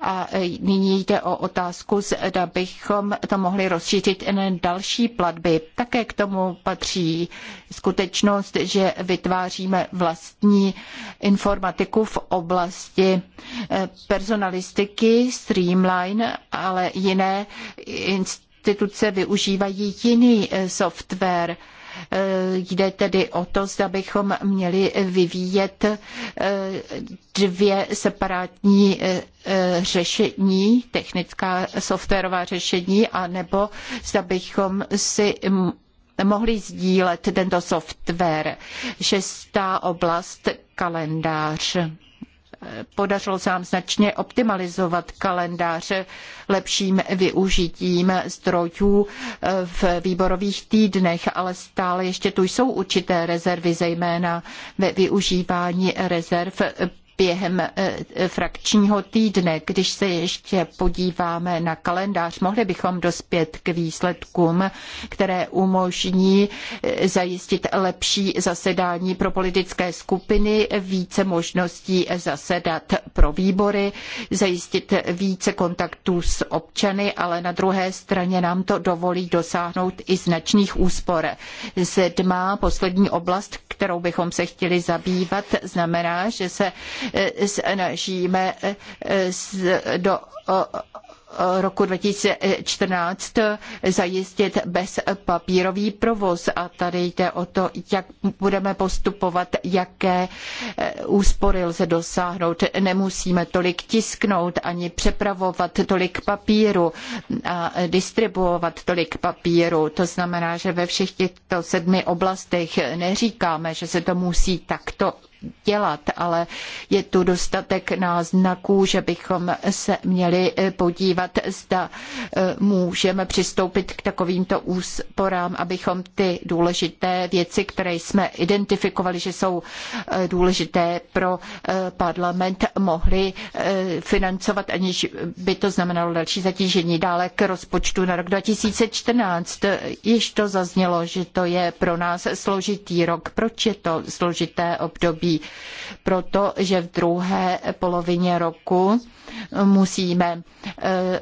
A nyní jde o otázku, zda bychom to mohli rozšířit i na další platby. Také k tomu patří skutečnost, že vytváříme vlastní informatiku v oblasti eh, personalistiky, streamline, ale jiné instituce instituce využívají jiný eh, software. Eh, jde tedy o to, zda bychom měli vyvíjet eh, dvě separátní řešení, technická softwarová řešení, anebo zda bychom si mohli sdílet tento software. Šestá oblast kalendář podařilo se nám značně optimalizovat kalendář lepším využitím zdrojů v výborových týdnech, ale stále ještě tu jsou určité rezervy, zejména ve využívání rezerv během eh, frakčního týdne. Když se ještě podíváme na kalendář, mohli bychom dospět k výsledkům, které umožní eh, zajistit lepší zasedání pro politické skupiny, více možností zasedat pro výbory, zajistit více kontaktů s občany, ale na druhé straně nám to dovolí dosáhnout i značných úspor. Sedmá, poslední oblast, kterou bychom se chtěli zabývat, znamená, že se Eh, snažíme eh, do roku 2014 zajistit bezpapírový provoz. A tady jde o to, jak budeme postupovat, jaké eh, úspory lze dosáhnout. Nemusíme tolik tisknout ani přepravovat tolik papíru a distribuovat tolik papíru. To znamená, že ve všech těchto sedmi oblastech neříkáme, že se to musí takto dělat, ale je tu dostatek náznaků, že bychom se měli eh, podívat, zda eh, můžeme přistoupit k takovýmto úsporám, abychom ty důležité věci, které jsme identifikovali, že jsou eh, důležité pro parlament, mohli financovat, aniž by to znamenalo další zatížení. Dále k rozpočtu na rok 2014. Již to zaznělo, že to je pro nás složitý rok. Proč je to složité období? protože v druhé polovině roku musíme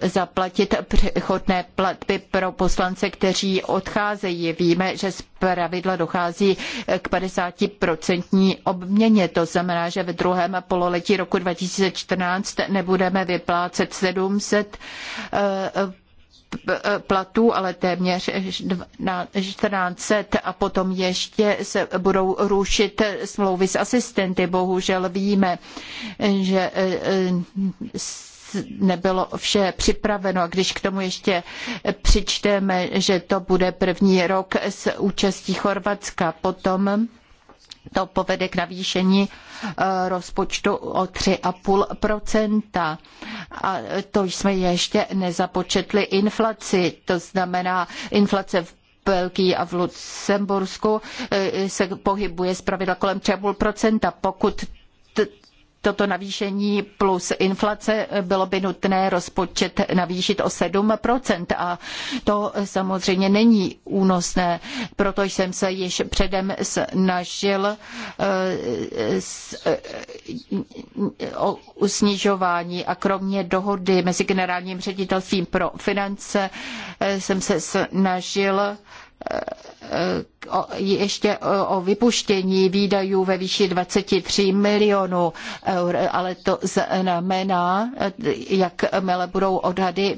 e, zaplatit přechodné platby pro poslance, kteří odcházejí. Víme, že z pravidla dochází k 50% obměně. To znamená, že ve druhém pololetí roku 2014 nebudeme vyplácet 700 E, platů, ale téměř 14 a potom ještě se budou rušit smlouvy s asistenty. Bohužel víme, že e, e, nebylo vše připraveno. A když k tomu ještě přičteme, že to bude první rok s účastí Chorvatska, potom to povede k navýšení eh, rozpočtu o 3,5%. A to jsme ještě nezapočetli inflaci, to znamená inflace v Belgii a v Lucembursku eh, se pohybuje zpravidla kolem 3,5%. Pokud toto navýšení plus inflace bylo by nutné rozpočet navýšit o 7% a to samozřejmě není únosné, proto jsem se již předem snažil eh, eh, o snižování a kromě dohody mezi generálním ředitelstvím pro finance eh, jsem se snažil ještě o vypuštění výdajů ve výši 23 milionů eur, ale to znamená, jakmile budou odhady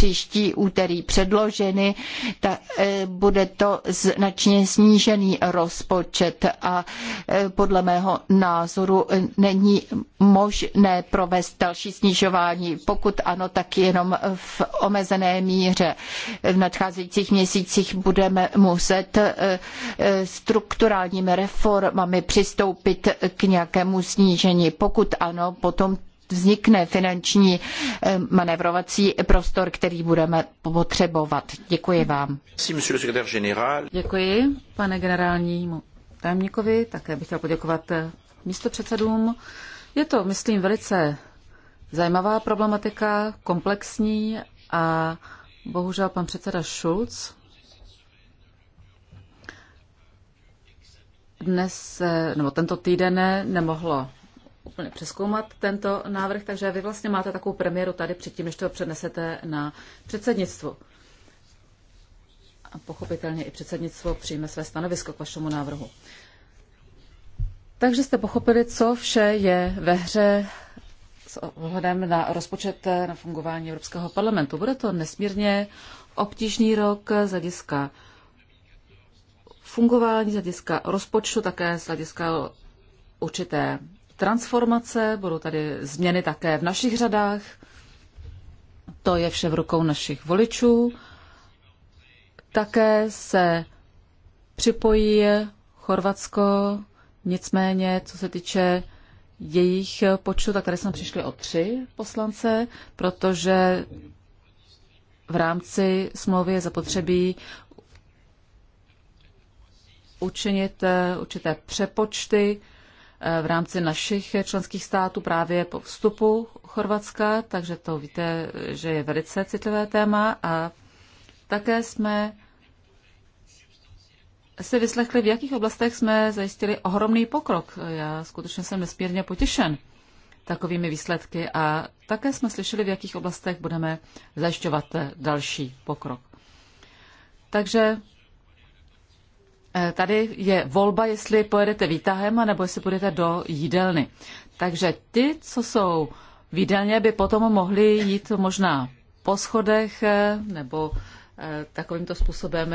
příští úterý předloženy, ta, e, bude to značně snížený rozpočet a e, podle mého názoru e, není možné provést další snižování. Pokud ano, tak jenom v omezené míře. V nadcházejících měsících budeme muset strukturálními reformami přistoupit k nějakému snížení. Pokud ano, potom vznikne finanční eh, manevrovací prostor, který budeme potřebovat. Děkuji vám. Děkuji, pane generálnímu tajemníkovi. Také bych chtěl poděkovat eh, místopředsedům. Je to, myslím, velice zajímavá problematika, komplexní a bohužel pan předseda Schulz dnes, eh, nebo tento týden nemohlo Úplně přeskoumat tento návrh, takže vy vlastně máte takovou premiéru tady předtím, než to přenesete na předsednictvo. A pochopitelně i předsednictvo přijme své stanovisko k vašemu návrhu. Takže jste pochopili, co vše je ve hře s ohledem na rozpočet na fungování Evropského parlamentu. Bude to nesmírně obtížný rok z hlediska fungování, z hlediska rozpočtu, také z hlediska určité transformace, budou tady změny také v našich řadách. To je vše v rukou našich voličů. Také se připojí Chorvatsko, nicméně, co se týče jejich počtu, tak tady jsme přišli o tři poslance, protože v rámci smlouvy je zapotřebí učinit eh, určité přepočty v rámci našich členských států právě po vstupu Chorvatska, takže to víte, že je velice citlivé téma a také jsme si vyslechli, v jakých oblastech jsme zajistili ohromný pokrok. Já skutečně jsem nesmírně potěšen takovými výsledky a také jsme slyšeli, v jakých oblastech budeme zajišťovat další pokrok. Takže Eh, tady je volba, jestli pojedete výtahem, nebo jestli půjdete do jídelny. Takže ty, co jsou v jídelně, by potom mohli jít možná po schodech eh, nebo eh, takovýmto způsobem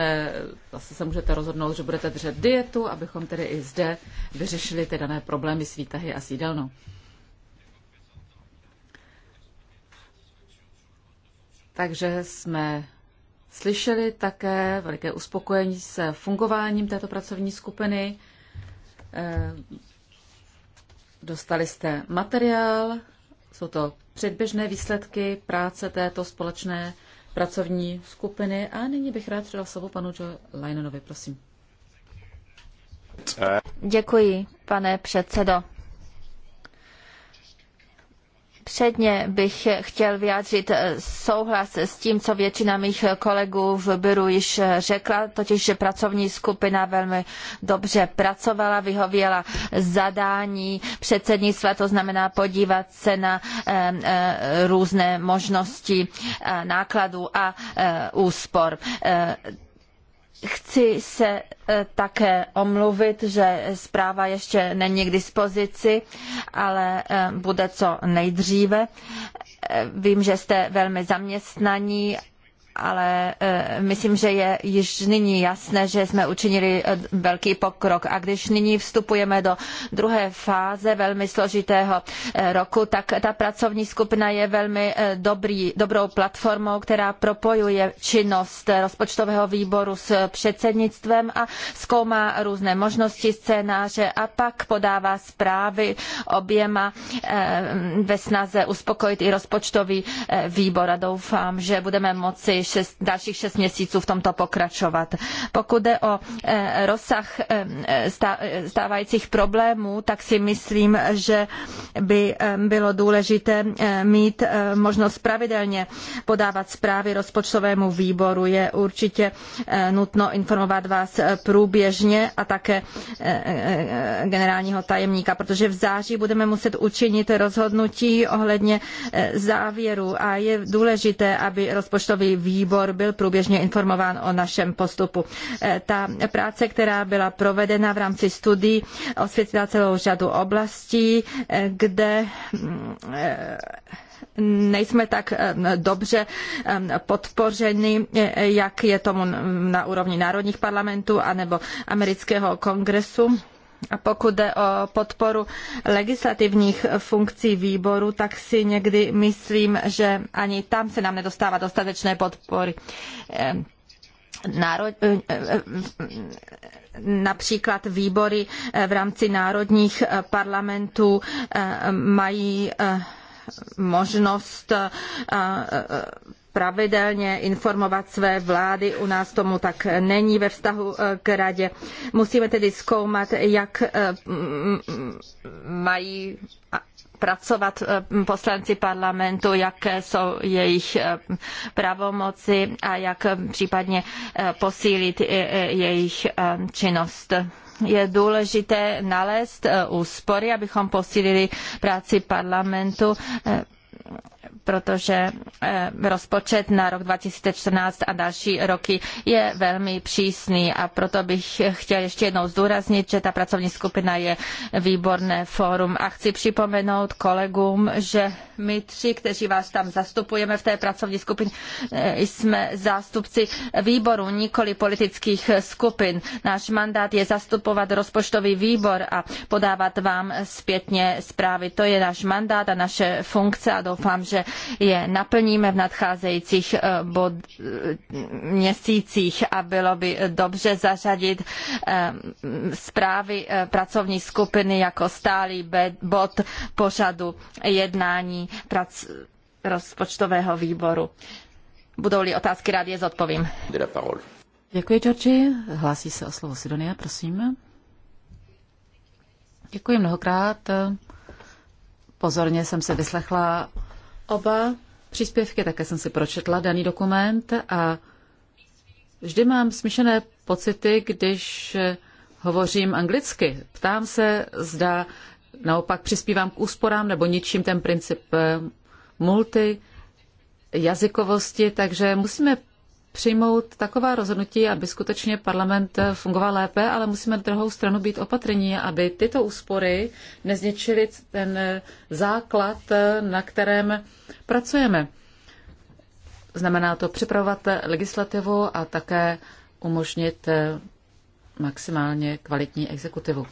zase se můžete rozhodnout, že budete držet dietu, abychom tedy i zde vyřešili ty dané problémy s výtahy a s jídelnou. Takže jsme slyšeli také veliké uspokojení se fungováním této pracovní skupiny. Eh, dostali jste materiál, jsou to předběžné výsledky práce této společné pracovní skupiny a nyní bych rád předal slovo panu Joe Linenovi, prosím. Děkuji, pane předsedo. Předně bych chtěl vyjádřit eh, souhlas s tím, co většina mých kolegů v Byru již řekla, totiž, že pracovní skupina velmi dobře pracovala, vyhověla zadání předsednictva, to znamená podívat se na eh, eh, různé možnosti nákladů a úspor. Chci se eh, také omluvit, že zpráva ještě není k dispozici, ale eh, bude co nejdříve. Eh, vím, že jste velmi zaměstnaní ale eh, myslím, že je již nyní jasné, že jsme učinili eh, velký pokrok. A když nyní vstupujeme do druhé fáze velmi složitého eh, roku, tak ta pracovní skupina je velmi dobrý, dobrou platformou, která propojuje činnost rozpočtového výboru s předsednictvem a zkoumá různé možnosti, scénáře a pak podává zprávy oběma ve snaze uspokojit i rozpočtový výbor. A doufám, že budeme moci šest, dalších šest měsíců v tomto pokračovat. Pokud jde o eh, rozsah eh, eh, stávajících problémů, tak si myslím, že by bylo důležité mít možnost pravidelně podávat zprávy rozpočtovému výboru. Je určitě nutno informovat vás průběžně a také generálního tajemníka, protože v září budeme muset učinit rozhodnutí ohledně závěru a je důležité, aby rozpočtový výbor výbor byl průběžně informován o našem postupu. E, ta práce, která byla provedena v rámci studií, osvětlila celou řadu oblastí, e, kde mm, e, nejsme tak dobře podpořeni, jak je tomu na úrovni národních parlamentů anebo amerického kongresu a pokud jde o podporu legislativních funkcí výboru, tak si někdy myslím, že ani tam se nám nedostává dostatečné podpory. Eh, náro... Eh, eh, například výbory v rámci národních parlamentů mají možnost pravidelně informovat své vlády. U nás tomu tak není ve vztahu eh, k radě. Musíme tedy zkoumat, jak eh, mají pracovat eh, poslanci parlamentu, jaké jsou jejich pravomoci a jak případně posílit jejich činnost je důležité nalézt úspory, abychom posílili práci parlamentu protože eh, rozpočet na rok 2014 a další roky je velmi přísný a proto bych chtěl ještě jednou zdůraznit, že ta pracovní skupina je výborné fórum a chci připomenout kolegům, že my tři, kteří vás tam zastupujeme v té pracovní skupině, eh, jsme zástupci výboru, nikoli politických skupin. Náš mandát je zastupovat rozpočtový výbor a podávat vám zpětně zprávy. To je náš mandát a naše funkce a doufám, že je naplníme v nadcházejících eh, bod, eh, měsících a bylo by dobře zařadit eh, zprávy pracovní skupiny jako stálý bod pořadu jednání prac, rozpočtového výboru. Budou-li otázky, rád je zodpovím. Děkuji, Georgi. Hlásí se o slovo Sidonia, prosím. Děkuji mnohokrát. Pozorně jsem se vyslechla oba příspěvky, také jsem si pročetla daný dokument a vždy mám smíšené pocity, když hovořím anglicky. Ptám se, zda naopak přispívám k úsporám nebo ničím ten princip multi jazykovosti, takže musíme přijmout taková rozhodnutí, aby skutečně parlament fungoval lépe, ale musíme na druhou stranu být opatrní, aby tyto úspory nezničily ten základ, na kterém pracujeme. Znamená to připravovat legislativu a také umožnit maximálně kvalitní exekutivu.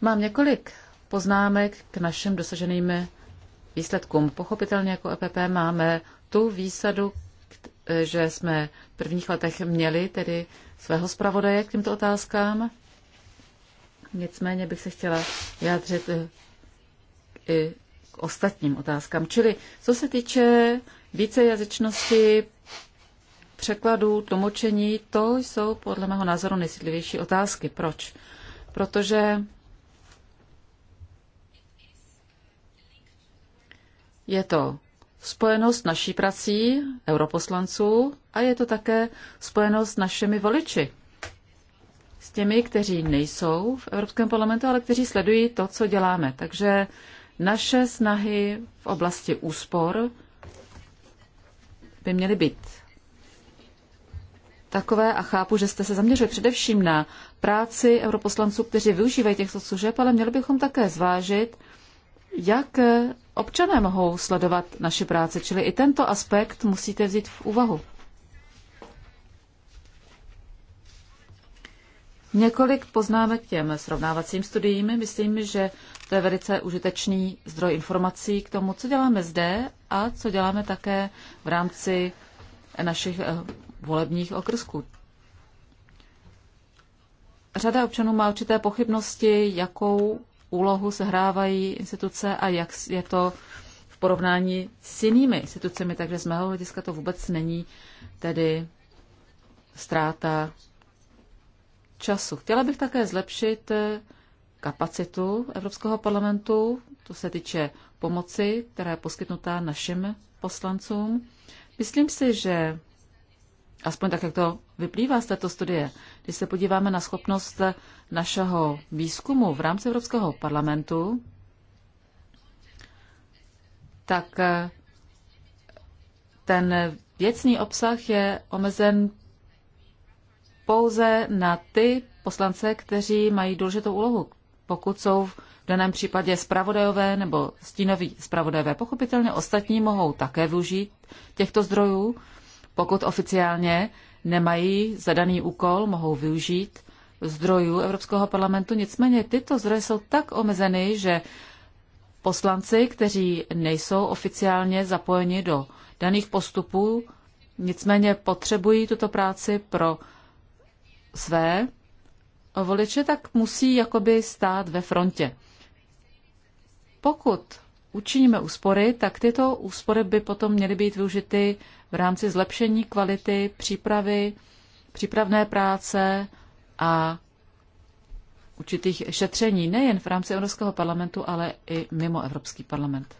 Mám několik poznámek k našim dosaženým výsledkům. Pochopitelně jako EPP máme tu výsadu, že jsme v prvních letech měli tedy svého zpravodaje k těmto otázkám. Nicméně bych se chtěla vyjádřit eh, i k ostatním otázkám. Čili co se týče vícejazyčnosti, překladů, tlumočení, to jsou podle mého názoru nejsitlivější otázky. Proč? Protože je to Spojenost s naší prací europoslanců a je to také spojenost s našimi voliči. S těmi, kteří nejsou v Evropském parlamentu, ale kteří sledují to, co děláme. Takže naše snahy v oblasti úspor by měly být takové a chápu, že jste se zaměřili především na práci europoslanců, kteří využívají těchto služeb, ale měli bychom také zvážit, jak občané mohou sledovat naše práce, čili i tento aspekt musíte vzít v úvahu. Několik poznámek k těm srovnávacím studiím. Myslím, že to je velice užitečný zdroj informací k tomu, co děláme zde a co děláme také v rámci našich eh, volebních okrsků. Řada občanů má určité pochybnosti, jakou úlohu sehrávají instituce a jak je to v porovnání s jinými institucemi. Takže z mého hlediska to vůbec není tedy ztráta času. Chtěla bych také zlepšit eh, kapacitu Evropského parlamentu, to se týče pomoci, která je poskytnutá našim poslancům. Myslím si, že aspoň tak, jak to vyplývá z této studie. Když se podíváme na schopnost našeho výzkumu v rámci Evropského parlamentu, tak eh, ten věcný obsah je omezen pouze na ty poslance, kteří mají důležitou úlohu, pokud jsou v daném případě spravodajové nebo stínoví spravodajové. Pochopitelně ostatní mohou také využít těchto zdrojů, pokud oficiálně nemají zadaný úkol, mohou využít zdrojů Evropského parlamentu. Nicméně tyto zdroje jsou tak omezeny, že poslanci, kteří nejsou oficiálně zapojeni do daných postupů, nicméně potřebují tuto práci pro své voliče, tak musí jakoby stát ve frontě. Pokud učiníme úspory, tak tyto úspory by potom měly být využity v rámci zlepšení kvality přípravy, přípravné práce a určitých šetření nejen v rámci Evropského parlamentu, ale i mimo Evropský parlament.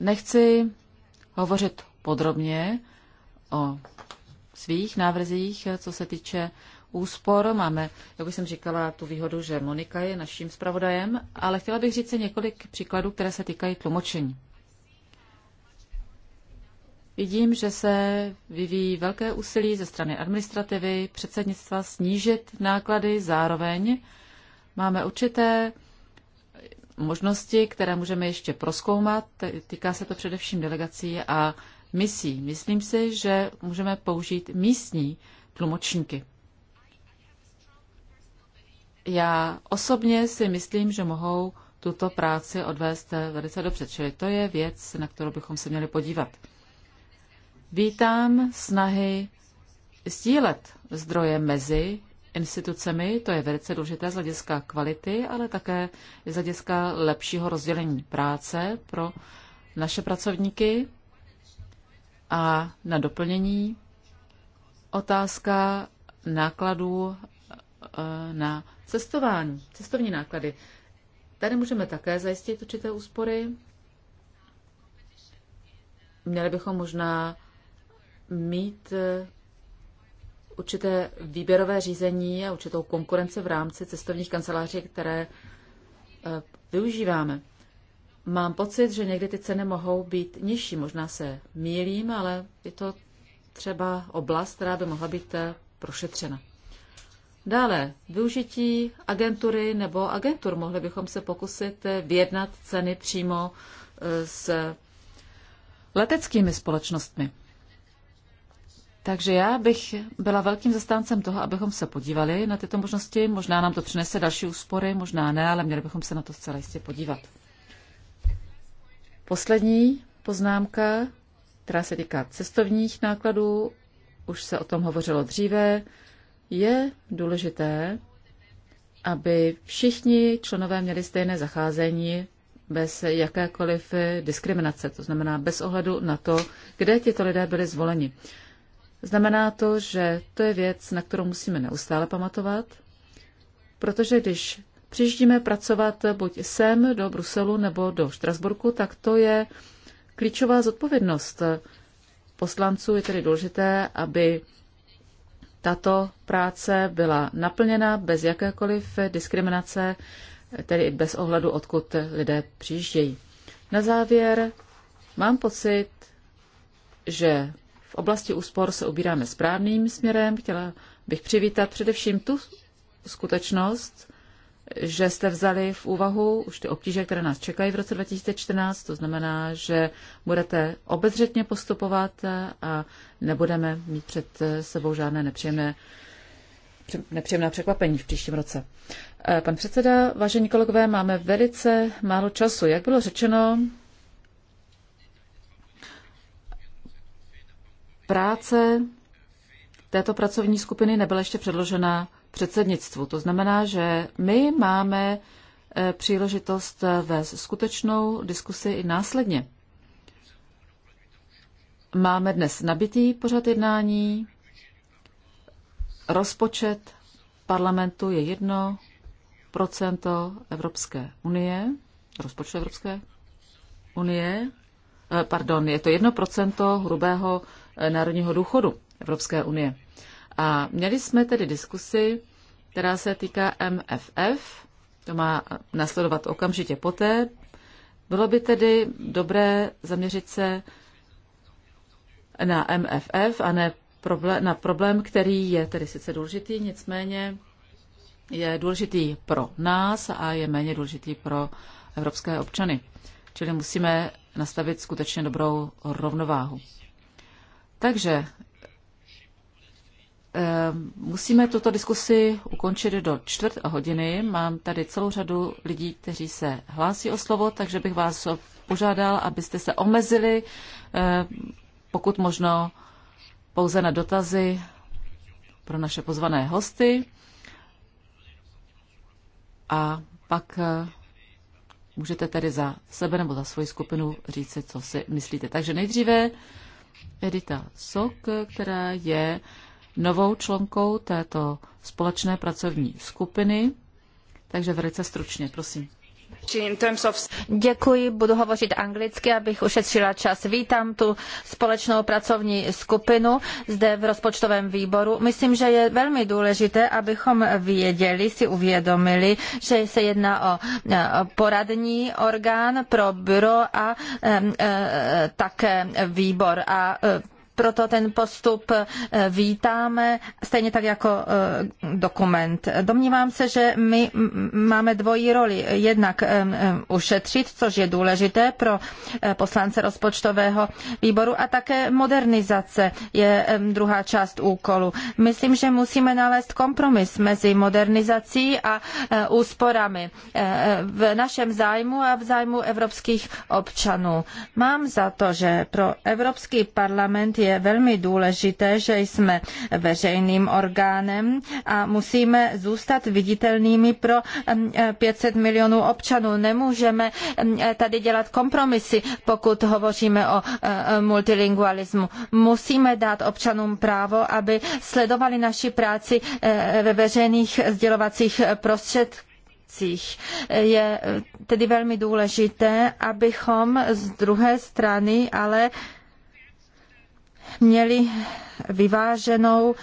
Nechci hovořit podrobně o svých návrzích, co se týče úspor. Máme, jak už jsem říkala, tu výhodu, že Monika je naším zpravodajem, ale chtěla bych říct si několik příkladů, které se týkají tlumočení. Vidím, že se vyvíjí velké úsilí ze strany administrativy, předsednictva snížit náklady, zároveň máme určité možnosti, které můžeme ještě proskoumat. Týká se to především delegací a misí. Myslím si, že můžeme použít místní tlumočníky. Já osobně si myslím, že mohou tuto práci odvést velice dobře, čili to je věc, na kterou bychom se měli podívat. Vítám snahy sdílet zdroje mezi institucemi, to je velice důležité z hlediska kvality, ale také z hlediska lepšího rozdělení práce pro naše pracovníky. A na doplnění otázka nákladů eh, na Cestování, cestovní náklady. Tady můžeme také zajistit určité úspory. Měli bychom možná mít eh, určité výběrové řízení a určitou konkurenci v rámci cestovních kanceláří, které eh, využíváme. Mám pocit, že někdy ty ceny mohou být nižší. Možná se mílím, ale je to třeba oblast, která by mohla být eh, prošetřena. Dále využití agentury nebo agentur. Mohli bychom se pokusit eh, vyjednat ceny přímo eh, s leteckými společnostmi. Takže já bych byla velkým zastáncem toho, abychom se podívali na tyto možnosti. Možná nám to přinese další úspory, možná ne, ale měli bychom se na to zcela jistě podívat. Poslední poznámka, která se týká cestovních nákladů, už se o tom hovořilo dříve je důležité, aby všichni členové měli stejné zacházení bez jakékoliv diskriminace, to znamená bez ohledu na to, kde tito lidé byli zvoleni. Znamená to, že to je věc, na kterou musíme neustále pamatovat, protože když přijíždíme pracovat buď sem do Bruselu nebo do Štrasburku, tak to je klíčová zodpovědnost poslanců. Je tedy důležité, aby tato práce byla naplněna bez jakékoliv diskriminace, tedy i bez ohledu, odkud lidé přijíždějí. Na závěr mám pocit, že v oblasti úspor se ubíráme správným směrem. Chtěla bych přivítat především tu skutečnost, že jste vzali v úvahu už ty obtíže, které nás čekají v roce 2014. To znamená, že budete obezřetně postupovat a nebudeme mít před sebou žádné nepříjemné nepříjemná překvapení v příštím roce. Eh, pan předseda, vážení kolegové, máme velice málo času. Jak bylo řečeno, práce této pracovní skupiny nebyla ještě předložena předsednictvu. To znamená, že my máme e, příležitost e, vést skutečnou diskusi i následně. Máme dnes nabitý pořad jednání. Rozpočet parlamentu je jedno procento Evropské unie, Rozpočet Evropské unie, e, pardon, je to jedno procento hrubého národního důchodu Evropské unie. A měli jsme tedy diskusi, která se týká MFF, to má nasledovat okamžitě poté. Bylo by tedy dobré zaměřit se na MFF a ne problém, na problém, který je tedy sice důležitý, nicméně je důležitý pro nás a je méně důležitý pro evropské občany. Čili musíme nastavit skutečně dobrou rovnováhu. Takže Eh, musíme tuto diskusi ukončit do čtvrt hodiny. Mám tady celou řadu lidí, kteří se hlásí o slovo, takže bych vás požádal, abyste se omezili, eh, pokud možno, pouze na dotazy pro naše pozvané hosty. A pak eh, můžete tedy za sebe nebo za svoji skupinu říct, co si myslíte. Takže nejdříve Edita Sok, která je uh, novou členkou této společné pracovní skupiny. Takže velice stručně, prosím. Děkuji, budu hovořit anglicky, abych ušetřila čas. Vítám tu společnou pracovní skupinu zde v rozpočtovém výboru. Myslím, že je velmi důležité, abychom věděli, si uvědomili, že se jedná o poradní orgán pro byro a e, také výbor. A e, proto ten postup eh, vítáme, stejně tak jako eh, dokument. Domnívám se, že my máme dvojí roli. Jednak eh, ušetřit, což je důležité pro poslance rozpočtového výboru a také modernizace je druhá část úkolu. Myslím, že musíme nalézt kompromis mezi modernizací a úsporami v našem zájmu a v zájmu evropských občanů. Mám za to, že pro Evropský parlament je je velmi důležité, že jsme veřejným orgánem a musíme zůstat viditelnými pro 500 e, milionů občanů. Nemůžeme e, tady dělat kompromisy, pokud hovoříme o e, multilingualismu. Musíme dát občanům právo, aby sledovali naši práci ve veřejných sdělovacích prostředcích Je tedy velmi důležité, abychom z druhé strany ale měli vyváženou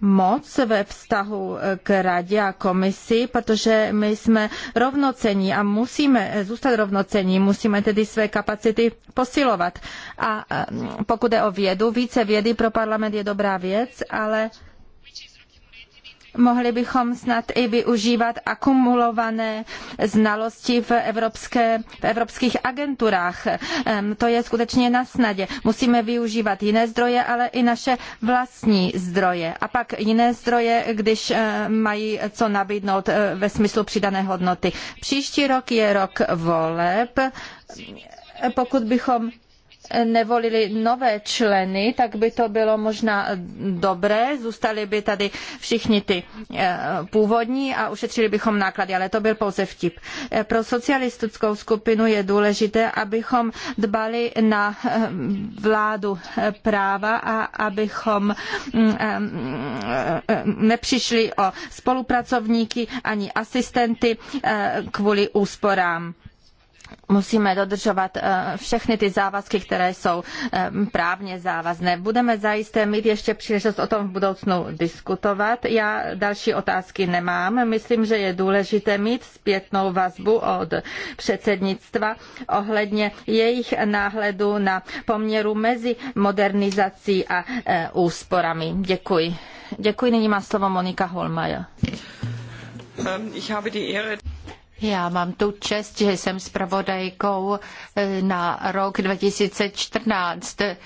moc ve vztahu k radě a komisi, protože my jsme rovnocení a musíme zůstat rovnocení, musíme tedy své kapacity posilovat. A mm, pokud je o vědu, více vědy pro parlament je dobrá věc, ale mohli bychom snad i využívat akumulované znalosti v, evropské, v evropských agenturách. To je skutečně na snadě. Musíme využívat jiné zdroje, ale i naše vlastní zdroje. A pak jiné zdroje, když mají co nabídnout e, ve smyslu přidané hodnoty. Příští rok je rok voleb. Pokud bychom nevolili nové členy, tak by to bylo možná dobré. Zůstali by tady všichni ty eh, původní a ušetřili bychom náklady, ale to byl pouze vtip. Eh, pro socialistickou skupinu je důležité, abychom dbali na eh, vládu práva a abychom mm, mm, nepřišli o spolupracovníky ani asistenty kvůli úsporám musíme dodržovat eh, všechny ty závazky, které jsou eh, právně závazné. Budeme zajisté mít ještě příležitost o tom v budoucnu diskutovat. Já další otázky nemám. Myslím, že je důležité mít zpětnou vazbu od předsednictva ohledně jejich náhledu na poměru mezi modernizací a eh, úsporami. Děkuji. Děkuji. Nyní má slovo Monika Holmajer. Um, já mám tu čest, že jsem zpravodajkou eh, na rok 2014. Eh,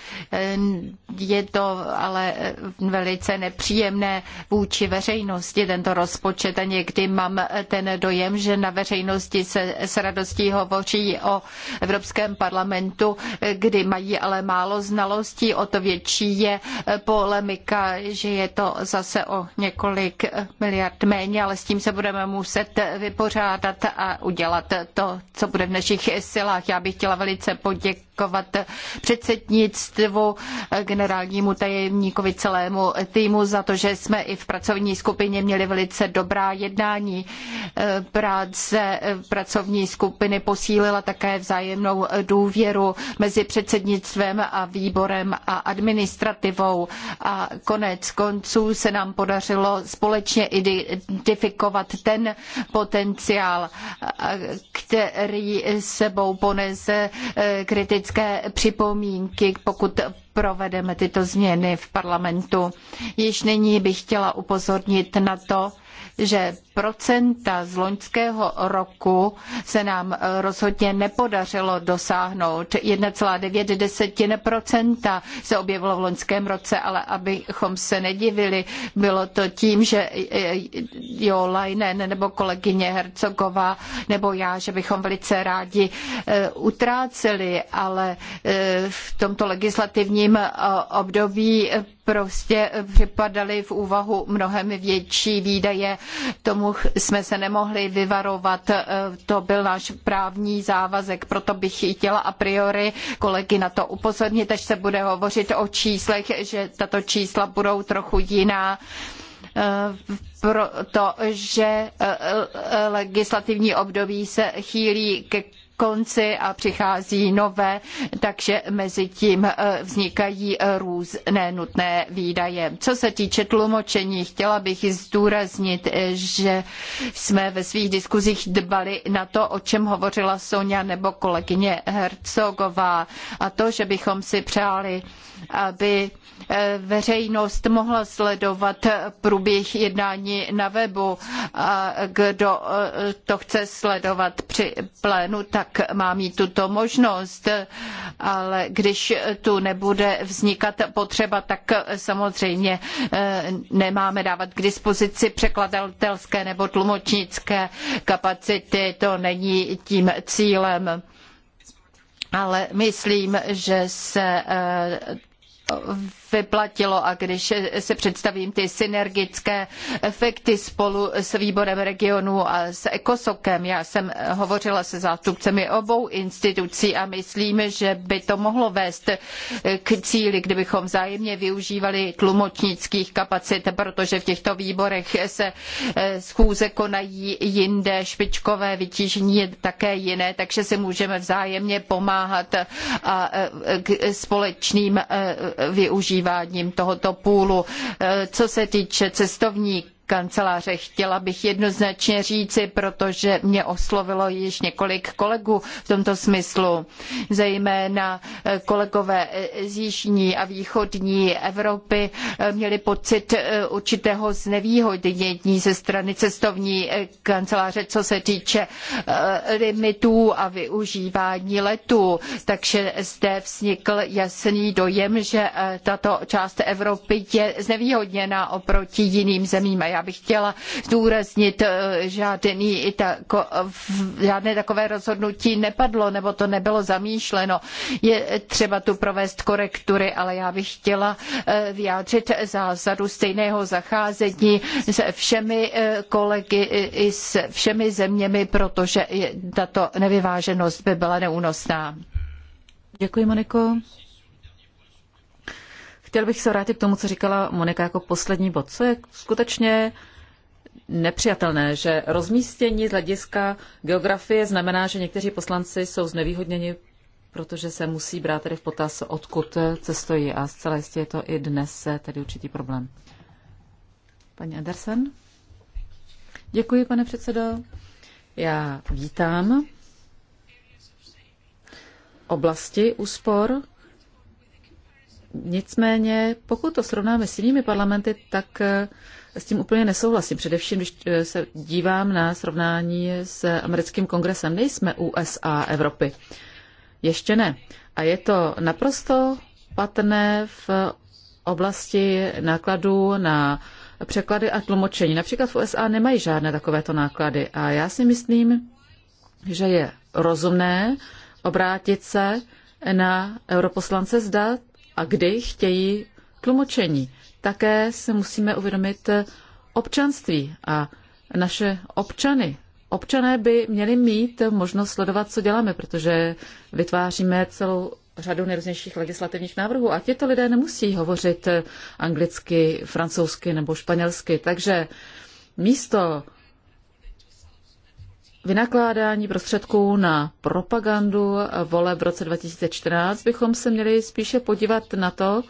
je to ale eh, velice nepříjemné vůči veřejnosti tento rozpočet a někdy mám ten dojem, že na veřejnosti se s radostí hovoří o Evropském parlamentu, kdy mají ale málo znalostí, o to větší je polemika, že je to zase o několik miliard méně, ale s tím se budeme muset vypořádat a udělat to, co bude v našich silách. Já bych chtěla velice poděkovat poděkovat předsednictvu, eh, generálnímu tajemníkovi, celému týmu za to, že jsme i v pracovní skupině měli velice dobrá jednání. Eh, práce eh, pracovní skupiny posílila také vzájemnou důvěru mezi předsednictvem a výborem a administrativou a konec konců se nám podařilo společně identifikovat ten potenciál, který sebou ponese kritické kritické připomínky, pokud provedeme tyto změny v parlamentu. Již nyní bych chtěla upozornit na to, že z loňského roku se nám rozhodně nepodařilo dosáhnout. 1,9% se objevilo v loňském roce, ale abychom se nedivili, bylo to tím, že e, e, Jo Leinen nebo kolegyně Hercogová nebo já, že bychom velice rádi e, utráceli, ale v tomto legislativním období prostě připadaly v úvahu mnohem větší výdaje tomu tomu jsme se nemohli vyvarovat, eh, to byl náš právní závazek, proto bych chtěla a priori kolegy na to upozornit, až se bude hovořit o číslech, že tato čísla budou trochu jiná eh, protože eh, legislativní období se chýlí ke konci a přichází nové, takže mezi tím eh, vznikají eh, různé nutné výdaje. Co se týče tlumočení, chtěla bych zdůraznit, eh, že jsme ve svých diskuzích dbali na to, o čem hovořila Sonja nebo kolegyně Hercogová a to, že bychom si přáli, aby Eh, veřejnost mohla sledovat průběh jednání na webu a kdo eh, to chce sledovat při plénu, tak má mít tuto možnost. Ale když tu nebude vznikat potřeba, tak samozřejmě eh, nemáme dávat k dispozici překladatelské nebo tlumočnické kapacity. To není tím cílem. Ale myslím, že se vyplatilo a když se představím ty synergické efekty spolu s výborem regionu a s Ekosokem, já jsem hovořila se zástupcemi obou institucí a myslím, že by to mohlo vést k cíli, kdybychom vzájemně využívali tlumočnických kapacit, protože v těchto výborech se eh, schůze konají jinde, špičkové vytížení je také jiné, takže si můžeme vzájemně pomáhat a eh, společným eh, využíváním využíváním tohoto půlu. Eh, co se týče cestovní kanceláře. Chtěla bych jednoznačně říci, protože mě oslovilo již několik kolegů v tomto smyslu, zejména eh, kolegové eh, z jižní a východní Evropy eh, měli pocit určitého znevýhodnění ze strany cestovní kanceláře, co se týče limitů a využívání letů. Takže zde vznikl jasný dojem, že tato část Evropy je znevýhodněna oproti jiným zemím. A já bych chtěla zdůraznit, eh, žádný, tako, žádné takové rozhodnutí nepadlo, nebo to nebylo zamýšleno. Je třeba tu provést korektury, ale já bych chtěla eh, vyjádřit zásadu stejného zacházení se všemi eh, kolegy i se všemi zeměmi, protože tato nevyváženost by byla neúnosná. Děkuji, Moniko. Chtěl bych se vrátit k tomu, co říkala Monika jako poslední bod. Co je skutečně nepřijatelné, že rozmístění z hlediska geografie znamená, že někteří poslanci jsou znevýhodněni, protože se musí brát tedy v potaz, odkud cestují. A zcela jistě je to i dnes tedy určitý problém. Paní Andersen? Děkuji, pane předsedo. Já vítám oblasti úspor, Nicméně, pokud to srovnáme s jinými parlamenty, tak eh, s tím úplně nesouhlasím. Především, když eh, se dívám na srovnání s americkým kongresem, nejsme USA Evropy. Ještě ne. A je to naprosto patrné v oblasti nákladů na překlady a tlumočení. Například v USA nemají žádné takovéto náklady. A já si myslím, že je rozumné obrátit se na europoslance, zda a kdy chtějí tlumočení. Také se musíme uvědomit občanství a naše občany. Občané by měli mít možnost sledovat, co děláme, protože vytváříme celou řadu nejrůznějších legislativních návrhů a těto lidé nemusí hovořit anglicky, francouzsky nebo španělsky. Takže místo vynakládání prostředků na propagandu vole v roce 2014 bychom se měli spíše podívat na to,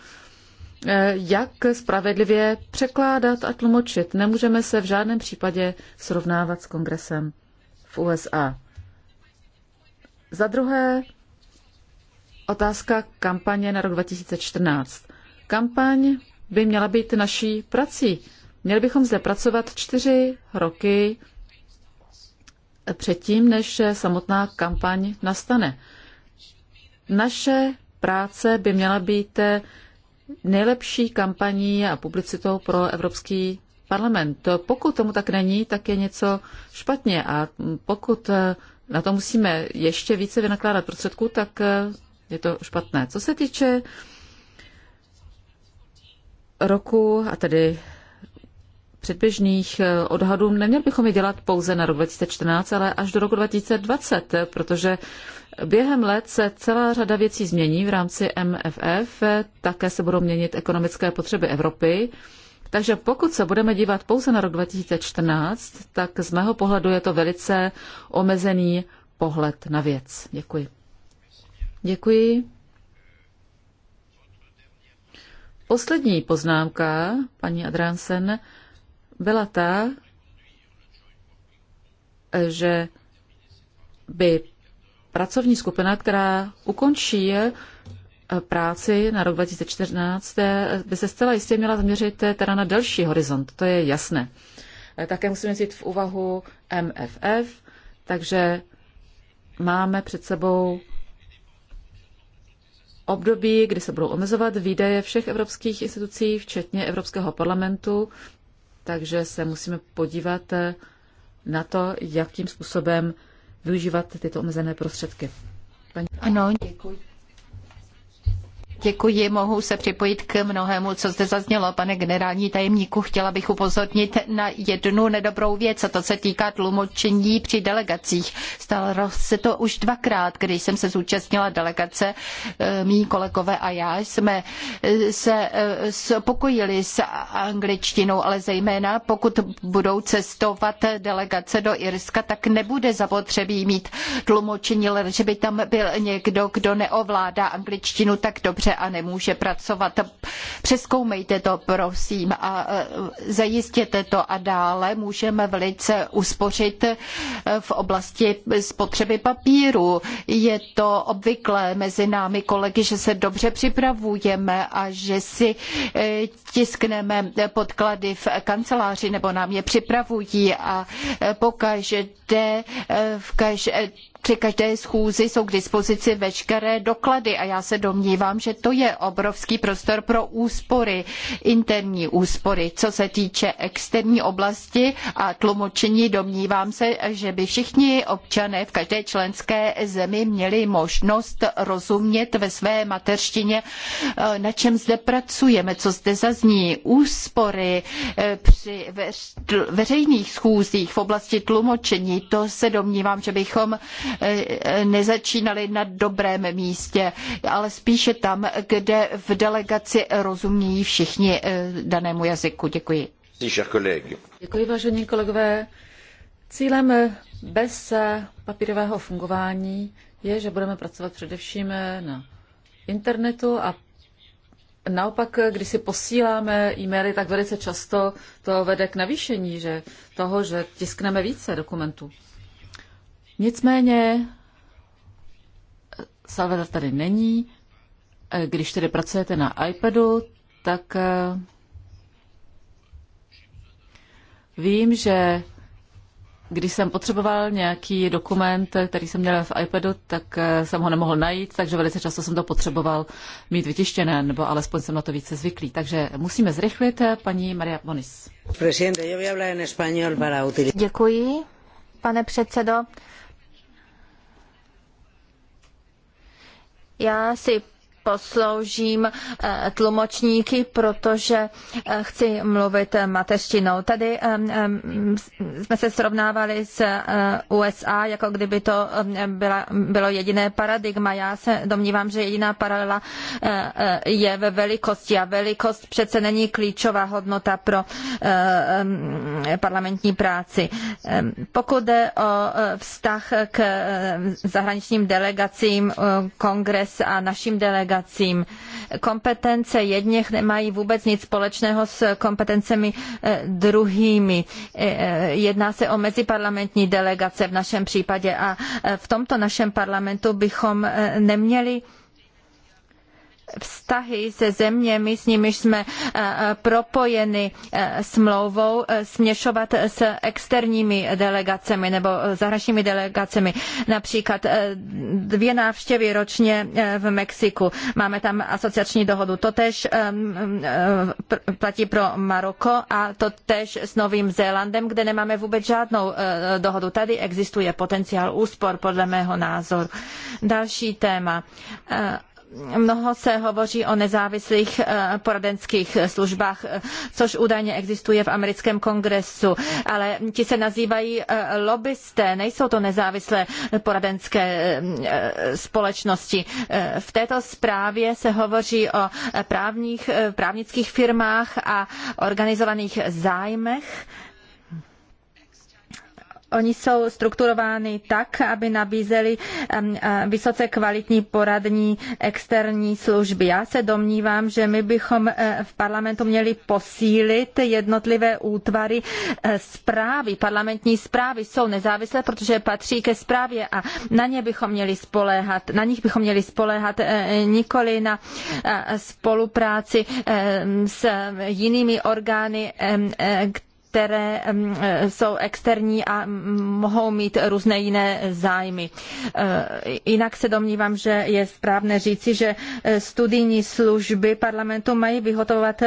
eh, jak spravedlivě překládat a tlumočit. Nemůžeme se v žádném případě srovnávat s kongresem v USA. Za druhé, otázka kampaně na rok 2014. Kampaň by měla být naší prací. Měli bychom zde pracovat čtyři roky předtím, než samotná kampaň nastane. Naše práce by měla být nejlepší kampaní a publicitou pro Evropský parlament. Pokud tomu tak není, tak je něco špatně a pokud na to musíme ještě více vynakládat prostředků, tak je to špatné. Co se týče roku a tedy předběžných eh, odhadů, neměli bychom je dělat pouze na rok 2014, ale až do roku 2020, protože během let se celá řada věcí změní v rámci MFF, také se budou měnit ekonomické potřeby Evropy. Takže pokud se budeme dívat pouze na rok 2014, tak z mého pohledu je to velice omezený pohled na věc. Děkuji. Děkuji. Poslední poznámka, paní Adránsen byla ta, že by pracovní skupina, která ukončí eh, práci na rok 2014, eh, by se zcela jistě měla zaměřit eh, teda na další horizont, to je jasné. Také musíme vzít v úvahu MFF, takže máme před sebou období, kdy se budou omezovat výdaje všech evropských institucí, včetně Evropského parlamentu, takže se musíme podívat eh, na to, jakým způsobem využívat tyto omezené prostředky. Paní... Ano, děkuji. Děkuji, mohu se připojit k mnohému, co zde zaznělo. Pane generální tajemníku, chtěla bych upozornit na jednu nedobrou věc, a to se týká tlumočení při delegacích. Stalo se to už dvakrát, když jsem se zúčastnila delegace, eh, mý kolegové a já jsme eh, se eh, spokojili s angličtinou, ale zejména pokud budou cestovat delegace do Irska, tak nebude zapotřebí mít tlumočení, ale že by tam byl někdo, kdo neovládá angličtinu tak dobře, dobře a nemůže pracovat. Přeskoumejte to, prosím, a e, zajistěte to a dále můžeme velice uspořit e, v oblasti spotřeby papíru. Je to obvyklé mezi námi kolegy, že se dobře připravujeme a že si e, tiskneme podklady v kanceláři nebo nám je připravují a pokaždé v každé při každé schůzi jsou k dispozici veškeré doklady a já se domnívám, že to je obrovský prostor pro úspory, interní úspory. Co se týče externí oblasti a tlumočení, domnívám se, že by všichni občané v každé členské zemi měli možnost rozumět ve své mateřštině, eh, na čem zde pracujeme, co zde zazní, úspory eh, při veřejných schůzích v oblasti tlumočení. To se domnívám, že bychom Eh, nezačínali na dobrém místě, ale spíše tam, kde v delegaci rozumějí všichni eh, danému jazyku. Děkuji. Děkuji, vážení kolegové. Cílem bez papírového fungování je, že budeme pracovat především na internetu a naopak, když si posíláme e-maily, tak velice často to vede k navýšení že toho, že tiskneme více dokumentů. Nicméně Salvador tady není. Když tedy pracujete na iPadu, tak eh, vím, že když jsem potřeboval nějaký dokument, který jsem měl v iPadu, tak eh, jsem ho nemohl najít, takže velice často jsem to potřeboval mít vytištěné, nebo alespoň jsem na to více zvyklý. Takže musíme zrychlit, eh, paní Maria Bonis. Děkuji, pane předsedo. Já si posloužím eh, tlumočníky, protože eh, chci mluvit eh, mateřštinou. Tady jsme se srovnávali s USA, jako kdyby to byla, bylo jediné paradigma. Já se domnívám, že jediná paralela je ve velikosti a velikost přece není klíčová hodnota pro parlamentní práci. Pokud jde o vztah k zahraničním delegacím, kongres a našim delegacím, organizacím. Kompetence jedněch nemají vůbec nic společného s kompetencemi eh, druhými. Eh, eh, jedná se o meziparlamentní delegace v našem případě a v tomto našem parlamentu bychom neměli vztahy se zeměmi, s nimiž jsme eh, eh, propojeni eh, smlouvou, směšovat s externími delegacemi nebo zahraničními delegacemi. Například dvě návštěvy ročně v Mexiku. Máme tam asociační dohodu. tež platí pro Maroko a tež s Novým Zélandem, kde nemáme vůbec žádnou dohodu. Tady existuje potenciál úspor, podle mého názoru. Další téma mnoho se hovoří o nezávislých eh, poradenských službách, eh, což údajně existuje v americkém kongresu, ale ti se nazývají eh, lobbysté, nejsou to nezávislé poradenské společnosti. V této zprávě se hovoří o právních, právnických firmách a organizovaných zájmech Oni jsou strukturovány tak, aby nabízeli eh, vysoce kvalitní poradní externí služby. Já se domnívám, že my bychom eh, v parlamentu měli posílit jednotlivé útvary eh, zprávy. Parlamentní zprávy jsou nezávislé, protože patří ke zprávě a na ně bychom měli spoléhat. Na nich bychom měli spoléhat nikoli na spolupráci s jinými orgány, které mm, eh, jsou externí a mohou mít různé jiné zájmy. Eh, jinak se domnívám, že je správné říci, že eh, studijní služby parlamentu mají vyhotovovat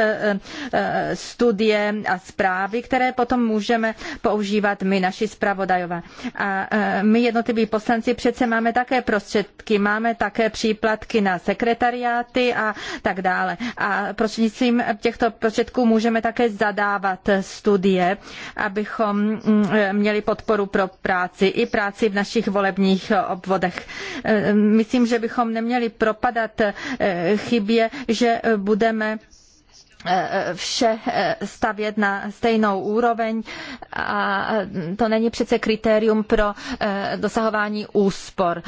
studie a zprávy, které potom můžeme používat my, naši zpravodajové. A my jednotliví poslanci přece máme také prostředky, máme také příplatky na sekretariáty a tak dále. A prostřednictvím těchto prostředků můžeme také zadávat studie je, abychom mm, eh, měli podporu pro práci i práci v našich volebních eh, obvodech. Eh, myslím, že bychom neměli propadat chybě, že budeme vše stavět na stejnou úroveň a to není přece kritérium pro dosahování úspor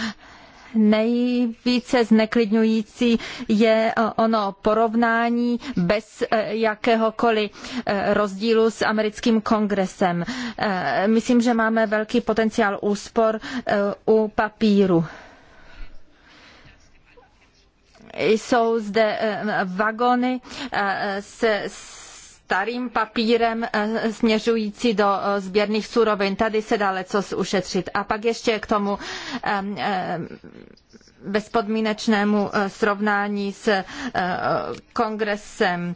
nejvíce zneklidňující je eh, ono porovnání bez eh, jakéhokoliv eh, rozdílu s americkým kongresem. Myslím, že máme velký potenciál úspor u papíru jsou zde vagony s starým papírem eh, směřující do eh, sběrných surovin. Tady se dá lecos ušetřit. A pak ještě k tomu bezpodmínečnému eh, srovnání s kongresem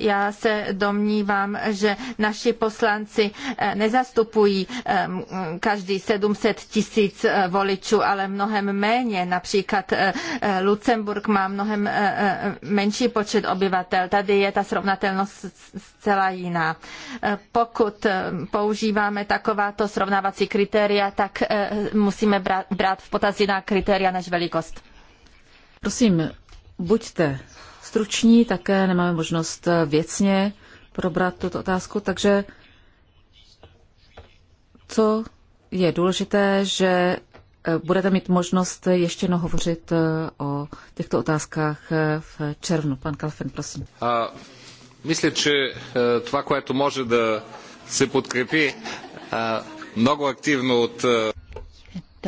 já se domnívám, že naši poslanci eh, nezastupují ehm, každý 700 tisíc eh, voličů, ale mnohem méně. Například eh, Lucemburk má mnohem menší počet obyvatel. Tady je ta srovnatelnost zcela jiná. Pokud používáme takováto srovnávací kritéria, tak musíme brát v potaz jiná kritéria než velikost. Prosím, buďte struční, také nemáme možnost věcně probrat tuto otázku, takže co je důležité, že eh, budete mít možnost ještě jednou hovořit eh, o těchto otázkách eh, v červnu. Pan Kalfin, prosím. A, myslím, že to, което může se се mnoho много od... от...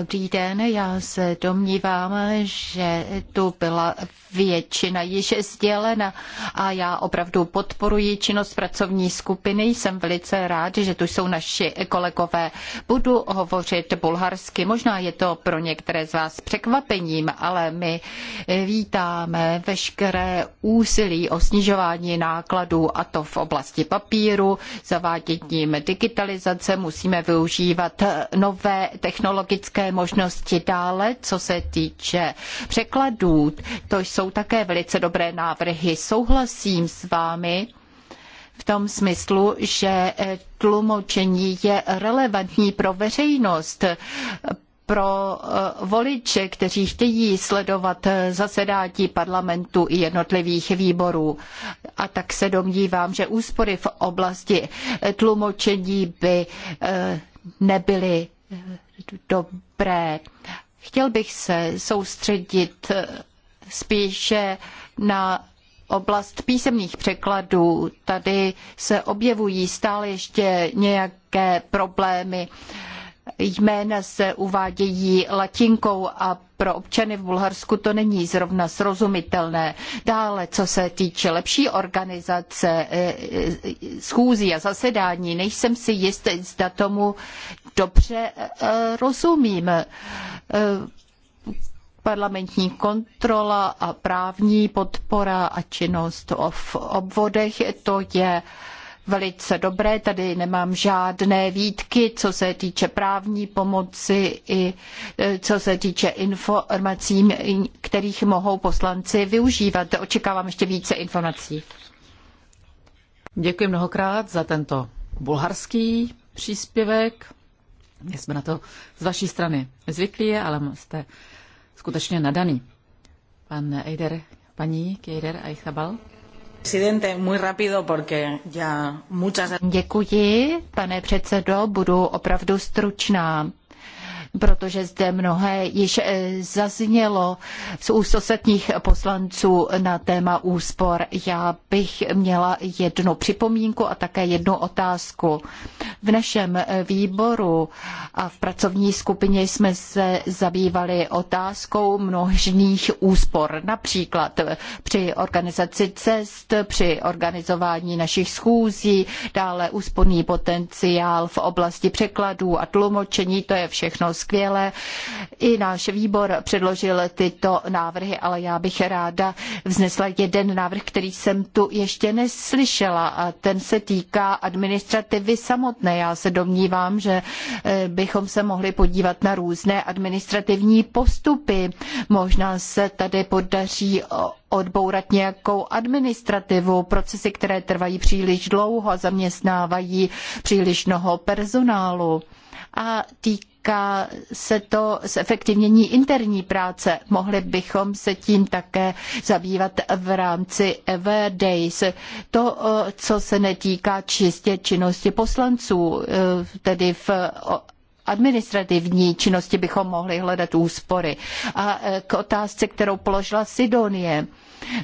Dobrý den, já se domnívám, že tu byla většina již sdělena a já opravdu podporuji činnost pracovní skupiny. Jsem velice rád, že tu jsou naši kolegové. Budu hovořit bulharsky, možná je to pro některé z vás překvapením, ale my vítáme veškeré úsilí o snižování nákladů a to v oblasti papíru, zaváděním digitalizace, musíme využívat nové technologické možnosti dále, co se týče překladů. To jsou také velice dobré návrhy. Souhlasím s vámi v tom smyslu, že eh, tlumočení je relevantní pro veřejnost, pro eh, voliče, kteří chtějí sledovat eh, zasedání parlamentu i jednotlivých výborů. A tak se domnívám, že úspory v oblasti tlumočení by nebyly do dobré. Chtěl bych se soustředit eh, spíše na oblast písemných překladů. Tady se objevují stále ještě nějaké problémy. Jména se uvádějí latinkou a pro občany v Bulharsku to není zrovna srozumitelné. Dále, co se týče lepší organizace e, e, schůzí a zasedání, nejsem si jist, zda tomu dobře e, rozumím parlamentní kontrola a právní podpora a činnost v obvodech, to je velice dobré. Tady nemám žádné výtky, co se týče právní pomoci i e, co se týče informací, kterých mohou poslanci využívat. Očekávám ještě více informací. Děkuji mnohokrát za tento bulharský příspěvek. My jsme na to z vaší strany zvyklí, ale jste skutečně nadaný. Pan Eider, paní Kejder Eichabal. Děkuji, pane předsedo, budu opravdu stručná protože zde mnohé již eh, zaznělo z úst ostatních poslanců na téma úspor. Já bych měla jednu připomínku a také jednu otázku. V našem eh, výboru a v pracovní skupině jsme se zabývali otázkou množných úspor, například eh, při organizaci cest, při organizování našich schůzí, dále úsporný potenciál v oblasti překladů a tlumočení, to je všechno skvěle. I náš výbor předložil tyto návrhy, ale já bych ráda vznesla jeden návrh, který jsem tu ještě neslyšela a ten se týká administrativy samotné. Já se domnívám, že eh, bychom se mohli podívat na různé administrativní postupy. Možná se tady podaří odbourat nějakou administrativu, procesy, které trvají příliš dlouho a zaměstnávají příliš mnoho personálu a týká se to zefektivnění interní práce. Mohli bychom se tím také zabývat v rámci everdays. To, co se netýká čistě činnosti poslanců, e, tedy v administrativní činnosti bychom mohli hledat úspory. A e, k otázce, kterou položila Sidonie,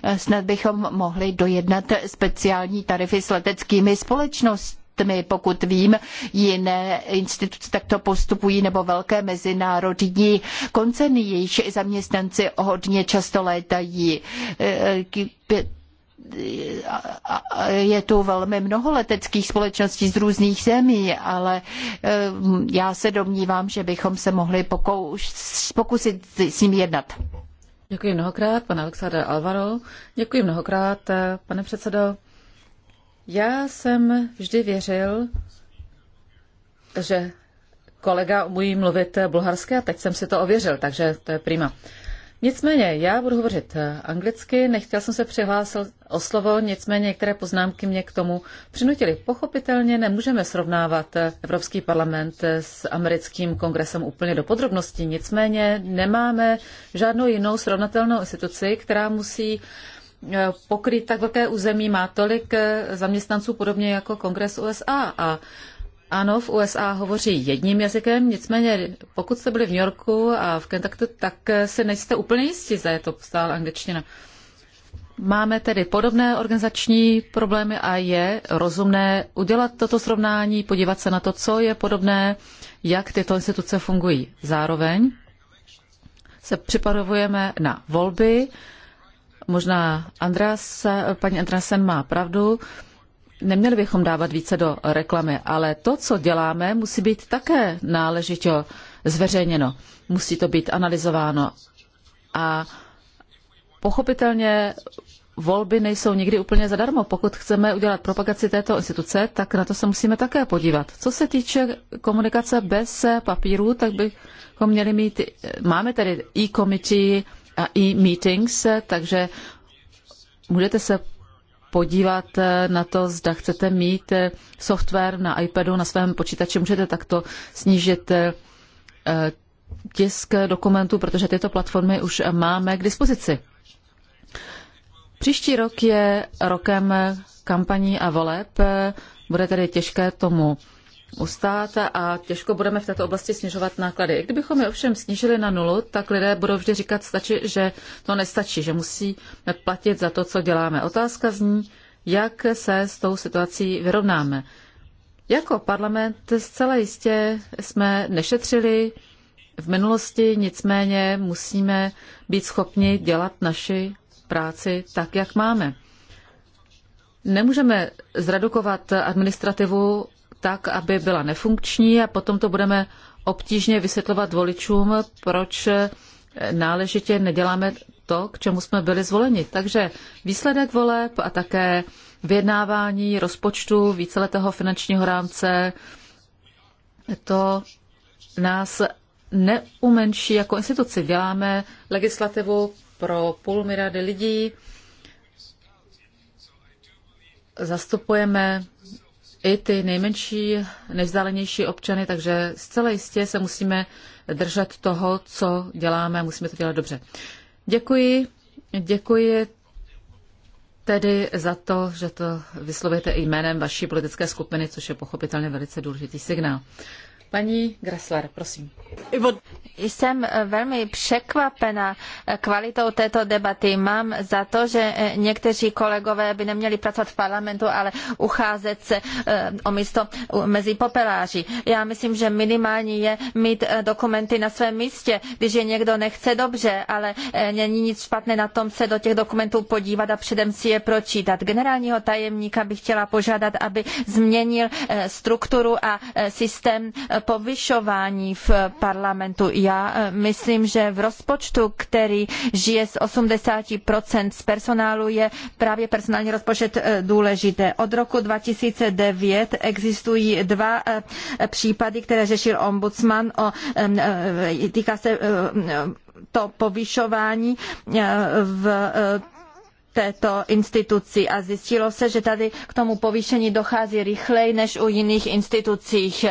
e, snad bychom mohli dojednat speciální tarify s leteckými společnostmi tmy. Pokud vím, jiné instituce takto postupují nebo velké mezinárodní koncerny, jejichž zaměstnanci hodně často létají e, e, je tu velmi mnoho leteckých společností z různých zemí, ale e, já se domnívám, že bychom se mohli pokouš, pokusit s ním jednat. Děkuji mnohokrát, pane Alexander Alvaro. Děkuji mnohokrát, pane předsedo. Já jsem vždy věřil, že kolega umí mluvit bulharské a teď jsem si to ověřil, takže to je prima. Nicméně, já budu hovořit anglicky, nechtěl jsem se přihlásil o slovo, nicméně některé poznámky mě k tomu přinutily. Pochopitelně nemůžeme srovnávat Evropský parlament s americkým kongresem úplně do podrobností, nicméně nemáme žádnou jinou srovnatelnou instituci, která musí uh, pokryt tak velké území, má tolik eh, zaměstnanců podobně jako kongres USA. A ano, v USA hovoří jedním jazykem, nicméně pokud jste byli v New Yorku a v Kentucky, tak eh, si nejste úplně jistí, že je to stále angličtina. Máme tedy podobné organizační problémy a je rozumné udělat toto srovnání, podívat se na to, co je podobné, jak tyto instituce fungují. Zároveň se připravujeme na volby, Možná András, paní Andrásen má pravdu, neměli bychom dávat více do reklamy, ale to, co děláme, musí být také náležitě zveřejněno. Musí to být analyzováno. A pochopitelně volby nejsou nikdy úplně zadarmo. Pokud chceme udělat propagaci této instituce, tak na to se musíme také podívat. Co se týče komunikace bez papíru, tak bychom měli mít, máme tedy e-committee, a i meetings takže můžete se podívat na to, zda chcete mít software na iPadu, na svém počítači. Můžete takto snížit eh, tisk dokumentů, protože tyto platformy už máme k dispozici. Příští rok je rokem kampaní a voleb. Bude tedy těžké tomu ustát a těžko budeme v této oblasti snižovat náklady. I kdybychom je ovšem snížili na nulu, tak lidé budou vždy říkat, stačí, že to nestačí, že musíme platit za to, co děláme. Otázka zní, jak se s tou situací vyrovnáme. Jako parlament zcela jistě jsme nešetřili v minulosti, nicméně musíme být schopni dělat naši práci tak, jak máme. Nemůžeme zredukovat administrativu tak, aby byla nefunkční a potom to budeme obtížně vysvětlovat voličům, proč náležitě neděláme to, k čemu jsme byli zvoleni. Takže výsledek voleb a také vyjednávání rozpočtu víceletého finančního rámce, to nás neumenší jako instituci. Děláme legislativu pro půl miliardy lidí, zastupujeme i ty nejmenší, nejvzdálenější občany, takže zcela jistě se musíme držet toho, co děláme, musíme to dělat dobře. Děkuji, děkuji tedy za to, že to vyslovíte i jménem vaší politické skupiny, což je pochopitelně velice důležitý signál. Paní Gressler, prosím. Jsem velmi překvapena kvalitou této debaty. Mám za to, že někteří kolegové by neměli pracovat v parlamentu, ale ucházet se eh, o místo mezi popeláři. Já myslím, že minimální je mít eh, dokumenty na svém místě, když je někdo nechce dobře, ale eh, není nic špatné na tom se do těch dokumentů podívat a předem si je pročítat. Generálního tajemníka bych chtěla požádat, aby změnil strukturu a systém povyšování v parlamentu. Já eh, myslím, že v rozpočtu, který žije z 80% z personálu, je právě personální rozpočet eh, důležité. Od roku 2009 existují dva eh, případy, které řešil ombudsman. O, týká se to povyšování v této instituci a zjistilo se, že tady k tomu povýšení dochází rychleji než u jiných institucích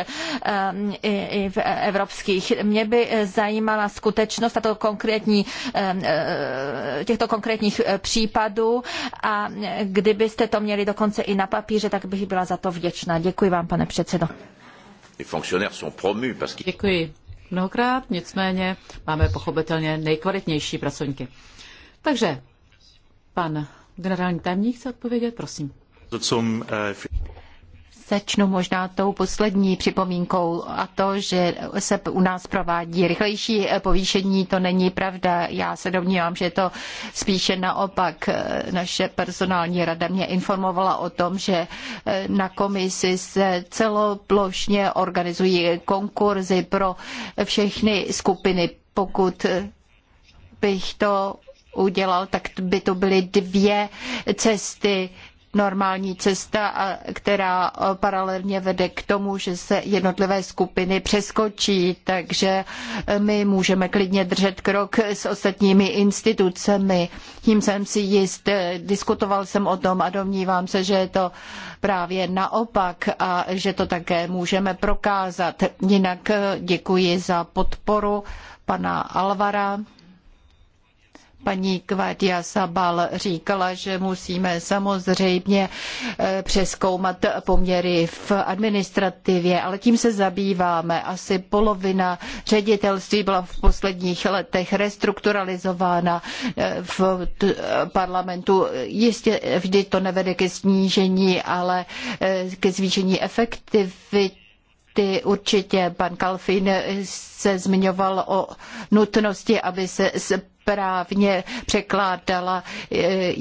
ehm, i v evropských. Mě by eh, zajímala skutečnost tato konkrétní, ehm, eh, těchto konkrétních eh, případů a kdybyste to měli dokonce i na papíře, tak bych byla za to vděčná. Děkuji vám, pane předsedo. Děkuji mnohokrát, nicméně máme pochopitelně nejkvalitnější pracovníky. Takže Pan generální tajemník chce odpovědět, prosím. Eh, Začnu možná tou poslední připomínkou a to, že se u nás provádí rychlejší eh, povýšení, to není pravda. Já se domnívám, že je to spíše naopak. Eh, naše personální rada mě informovala o tom, že na komisi se celoplošně organizují konkurzy pro všechny skupiny. Pokud bych to udělal, tak by to byly dvě cesty normální cesta, která paralelně vede k tomu, že se jednotlivé skupiny přeskočí, takže e, my můžeme klidně držet krok s ostatními institucemi. Tím jsem si jist, e, diskutoval jsem o tom a domnívám se, že je to právě naopak a že to také můžeme prokázat. Jinak e, děkuji za podporu pana Alvara. Paní Kvadia Sabal říkala, že musíme samozřejmě eh, přeskoumat poměry v administrativě, ale tím se zabýváme. Asi polovina ředitelství byla v posledních letech restrukturalizována eh, v parlamentu. Jistě vždy to nevede ke snížení, ale eh, ke zvýšení efektivity. Určitě pan Kalfin se zmiňoval o nutnosti, aby se správně překládala eh,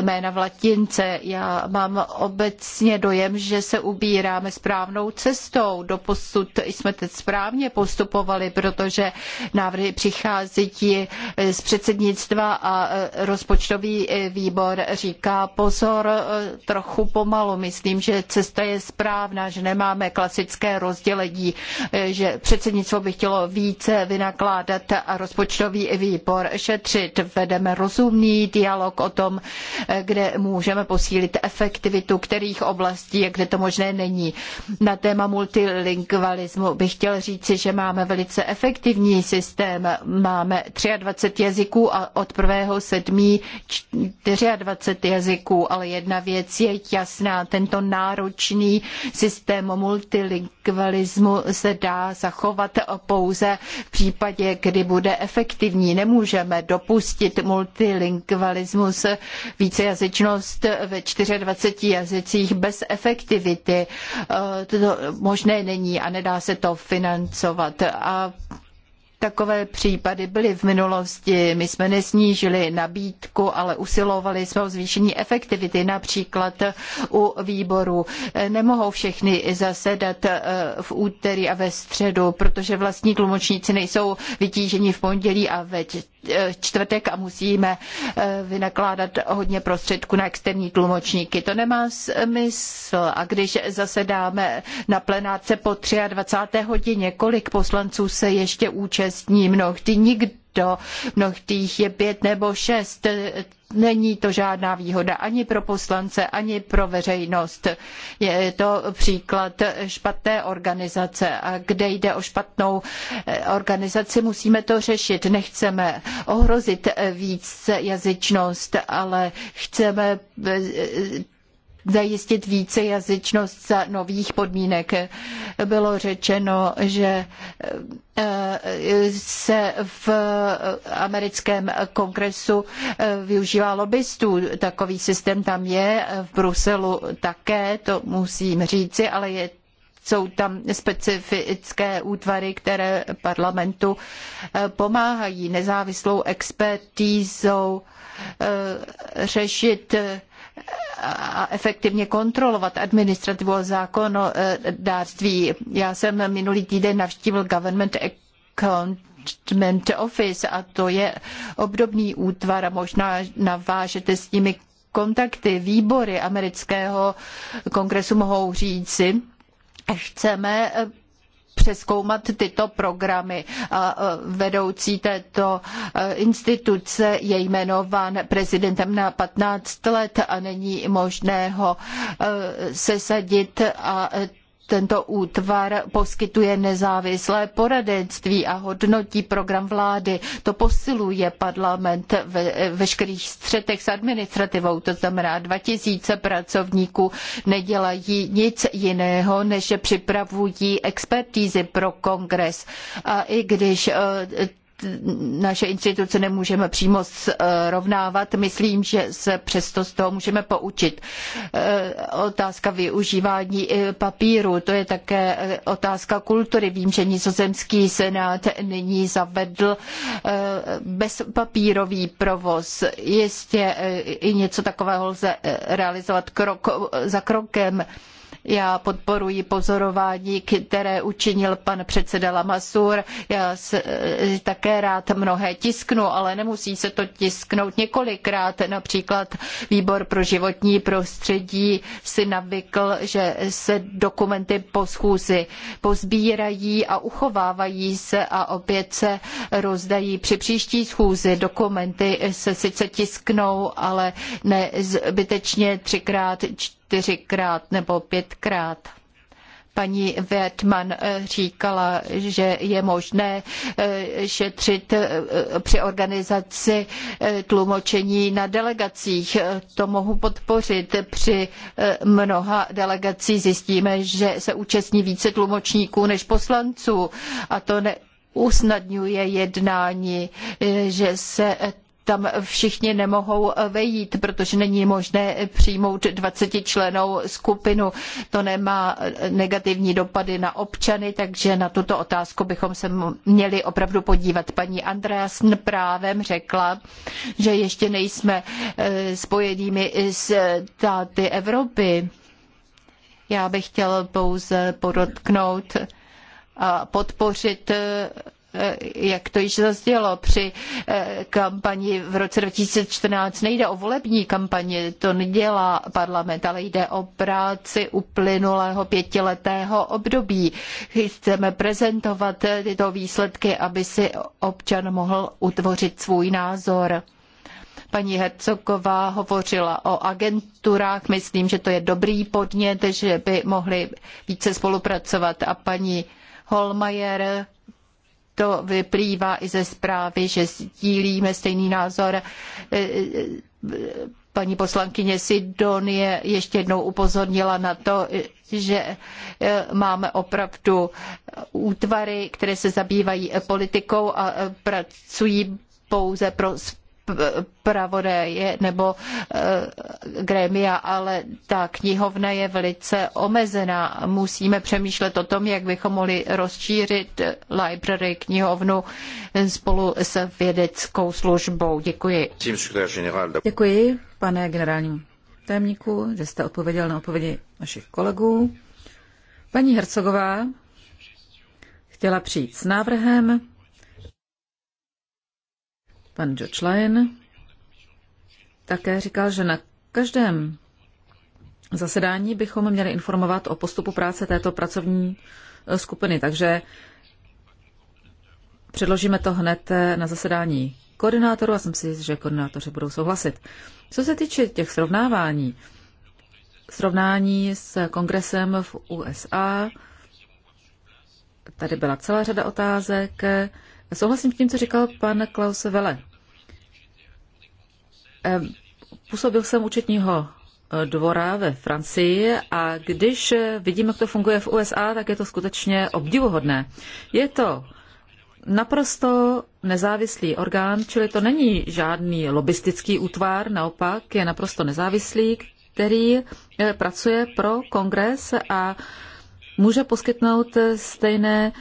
jména v latince. Já mám obecně dojem, že se ubíráme správnou cestou. Doposud jsme teď správně postupovali, protože návrhy přichází z předsednictva a eh, rozpočtový eh, výbor říká pozor trochu pomalu. Myslím, že cesta je správná, že nemáme klasické rozdělení, že předsednictvo by chtělo více vynakládat a rozpočtový výbor šetřit. Vedeme rozumný dialog o tom, kde můžeme posílit efektivitu kterých oblastí a kde to možné není. Na téma multilingvalismu bych chtěl říci, že máme velice efektivní systém. Máme 23 jazyků a od 1. 7. 24 jazyků, ale jedna věc je jasná, tento náročný systém multilingvalismu bilingualismu se dá zachovat pouze v případě, kdy bude efektivní. Nemůžeme dopustit multilingvalismus, vícejazyčnost ve 24 jazycích bez efektivity. Eh, to možné není a nedá se to financovat. A Takové případy byly v minulosti. My jsme nesnížili nabídku, ale usilovali jsme o zvýšení efektivity. Například u výboru nemohou všechny zasedat eh, v úterý a ve středu, protože vlastní tlumočníci nejsou vytíženi v pondělí a ve čtvrtek a musíme eh, vynakládat hodně prostředků na externí tlumočníky. To nemá smysl. A když zasedáme na plenárce po 23. hodině, kolik poslanců se ještě účastní? Mnohdy nikdo mnohdy jich je pět nebo šest, není to žádná výhoda ani pro poslance, ani pro veřejnost. Je to příklad špatné organizace a kde jde o špatnou eh, organizaci, musíme to řešit. Nechceme ohrozit vícejazyčnost, jazyčnost, ale chceme eh, zajistit více jazyčnost za nových podmínek. Bylo řečeno, že eh, se v americkém kongresu eh, využívá lobbystů. Takový systém tam je, eh, v Bruselu také, to musím říci, ale je jsou tam specifické útvary, které parlamentu pomáhají nezávislou expertízou řešit a efektivně kontrolovat administrativu a zákonodárství. Já jsem minulý týden navštívil Government accountment Office a to je obdobný útvar a možná navážete s nimi kontakty. Výbory amerického kongresu mohou říci, chceme přeskoumat tyto programy. A vedoucí této instituce je jmenován prezidentem na 15 let a není možné ho sesadit a tento útvar poskytuje nezávislé poradenství a hodnotí program vlády. To posiluje parlament ve veškerých střetech s administrativou, to znamená 2000 pracovníků nedělají nic jiného, než připravují expertízy pro kongres. A i když eh, naše instituce nemůžeme přímo srovnávat. Myslím, že se přesto z toho můžeme poučit. Eh, otázka využívání eh, papíru, to je také eh, otázka kultury. Vím, že nizozemský senát nyní zavedl bezpapírový provoz. Jistě i něco takového lze realizovat krok za krokem. Já podporuji pozorování, které učinil pan předseda Lamassoure. Já se, také rád mnohé tisknu, ale nemusí se to tisknout několikrát. Například výbor pro životní prostředí si navykl, že se dokumenty po schůzi pozbírají a uchovávají se a opět se rozdají při příští schůzi. Dokumenty se sice tisknou, ale ne zbytečně třikrát, čtyřikrát čtyřikrát nebo pětkrát. Paní Větman eh, říkala, že je možné eh, šetřit eh, při organizaci tlumočení na delegacích. To mohu podpořit. Při mnoha delegacích zjistíme, že se účastní více tlumočníků než poslanců a to ne usnadňuje jednání, že se tam všichni nemohou eh, vejít, protože není možné přijmout 20 členou skupinu. To nemá eh, negativní dopady na občany, takže na tuto otázku bychom se měli opravdu podívat. Paní Andreasn právem řekla, že ještě nejsme eh, spojenými s státy Evropy. Já bych chtěl pouze podotknout a podpořit Eh, jak to již zaznělo při eh, kampani v roce 2014 nejde o volební kampaně, to nedělá parlament, ale jde o práci uplynulého pětiletého období. Chceme prezentovat eh, tyto výsledky, aby si občan mohl utvořit svůj názor paní Hercogová hovořila o agenturách. Myslím, že to je dobrý podnět, že by mohli více spolupracovat. A paní Holmajer to vyplývá i ze zprávy, že sdílíme stejný názor. E, e, paní poslankyně Sidonie ještě jednou upozornila na to, že e, máme opravdu útvary, které se zabývají politikou a pracují pouze pro pravodeje nebo eh, grémia, ale ta knihovna je velice omezená. Musíme přemýšlet o tom, jak bychom mohli rozšířit library knihovnu spolu s vědeckou službou. Děkuji. Děkuji, pane generální tajemníku, že jste odpověděl na odpovědi našich kolegů. Paní Hercogová chtěla přijít s návrhem Pan George Lyon také říkal, že na každém zasedání bychom měli informovat o postupu práce této pracovní eh, skupiny, takže předložíme to hned eh, na zasedání koordinátorů a jsem si jist, že koordinátoři budou souhlasit. Co se týče těch srovnávání, srovnání s kongresem v USA, tady byla celá řada otázek. Souhlasím s tím, co říkal pan Klaus Vele. Eh, působil jsem účetního eh, dvora ve Francii a když eh, vidím, jak to funguje v USA, tak je to skutečně obdivuhodné. Je to naprosto nezávislý orgán, čili to není žádný lobistický útvar, naopak je naprosto nezávislý, který pracuje pro kongres a může poskytnout stejné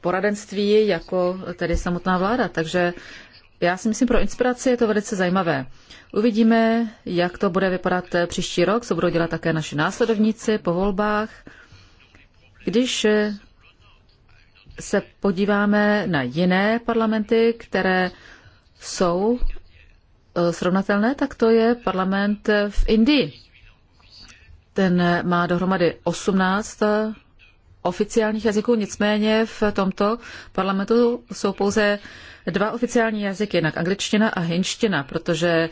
poradenství jako tedy samotná vláda. Takže já si myslím, pro inspiraci je to velice zajímavé. Uvidíme, jak to bude vypadat eh, příští rok, co budou dělat také naši následovníci po volbách. Když eh, se podíváme na jiné parlamenty, které jsou eh, srovnatelné, tak to je parlament v Indii. Ten má dohromady 18 oficiálních jazyků, nicméně v tomto parlamentu jsou pouze dva oficiální jazyky, jednak angličtina a hinština, protože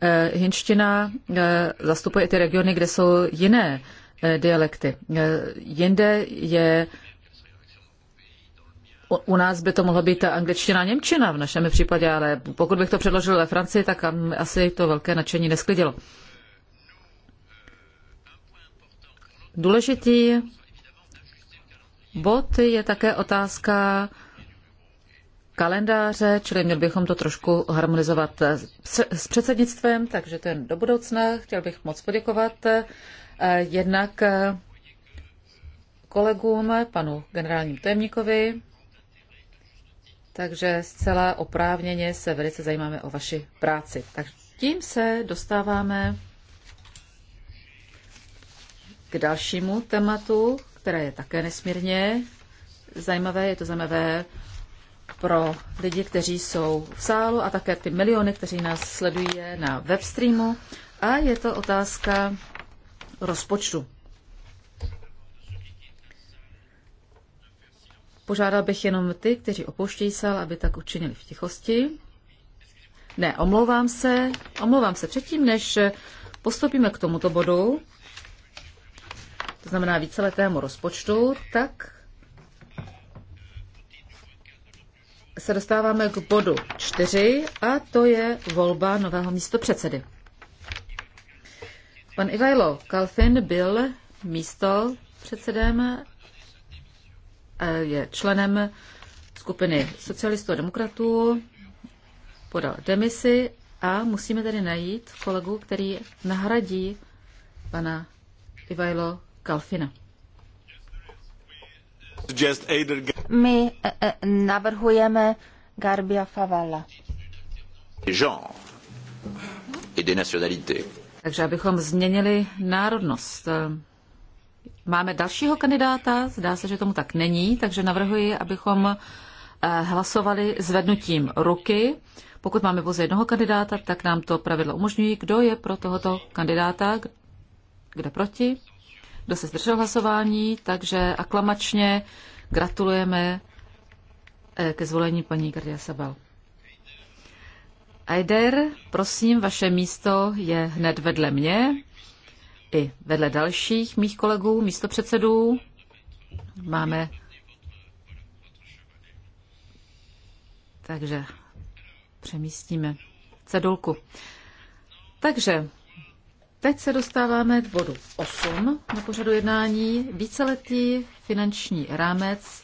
eh, hinština eh, zastupuje i ty regiony, kde jsou jiné eh, dialekty. Jinde je u nás by to mohla být ta angličtina a němčina v našem případě, ale pokud bych to předložil ve Francii, tak asi to velké nadšení nesklidilo. Důležitý bod je také otázka kalendáře, čili měl bychom to trošku harmonizovat s předsednictvem, takže to je do budoucna. Chtěl bych moc poděkovat eh, jednak eh, kolegům, panu generálnímu tajemníkovi, takže zcela oprávněně se velice zajímáme o vaši práci. Tak tím se dostáváme k dalšímu tématu, které je také nesmírně zajímavé. Je to zajímavé pro lidi, kteří jsou v sálu a také ty miliony, kteří nás sledují na webstreamu. A je to otázka rozpočtu. Požádal bych jenom ty, kteří opouštějí sál, aby tak učinili v tichosti. Ne, omlouvám se, omlouvám se předtím, než postoupíme k tomuto bodu to znamená víceletému rozpočtu, tak se dostáváme k bodu 4 a to je volba nového místopředsedy. Pan Ivajlo Kalfin byl místo předsedem, eh, je členem skupiny socialistů a demokratů, podal demisi a musíme tedy najít kolegu, který nahradí pana Ivajlo Kalfina. My eh, eh, navrhujeme Garbia Favala. Takže abychom změnili národnost. Máme dalšího kandidáta, zdá se, že tomu tak není, takže navrhuji, abychom eh, hlasovali zvednutím ruky. Pokud máme pouze jednoho kandidáta, tak nám to pravidlo umožňují. Kdo je pro tohoto kandidáta? Kde proti? kdo se zdržel hlasování, takže aklamačně gratulujeme eh, ke zvolení paní Gardia Sabal. Aider, prosím, vaše místo je hned vedle mě i vedle dalších mých kolegů, místopředsedů. Máme Takže přemístíme cedulku. Takže Teď se dostáváme k bodu 8 na pořadu jednání. Víceletý finanční rámec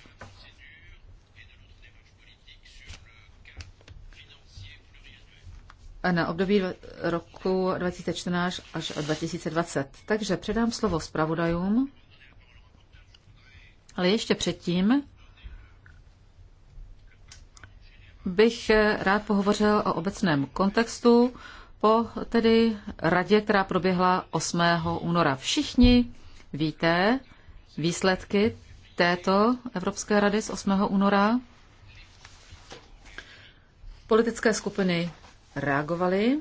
na období roku 2014 až 2020. Takže předám slovo zpravodajům, ale ještě předtím bych rád pohovořil o obecném kontextu po tedy radě, která proběhla 8. února. Všichni víte výsledky této Evropské rady z 8. února. Politické skupiny reagovaly.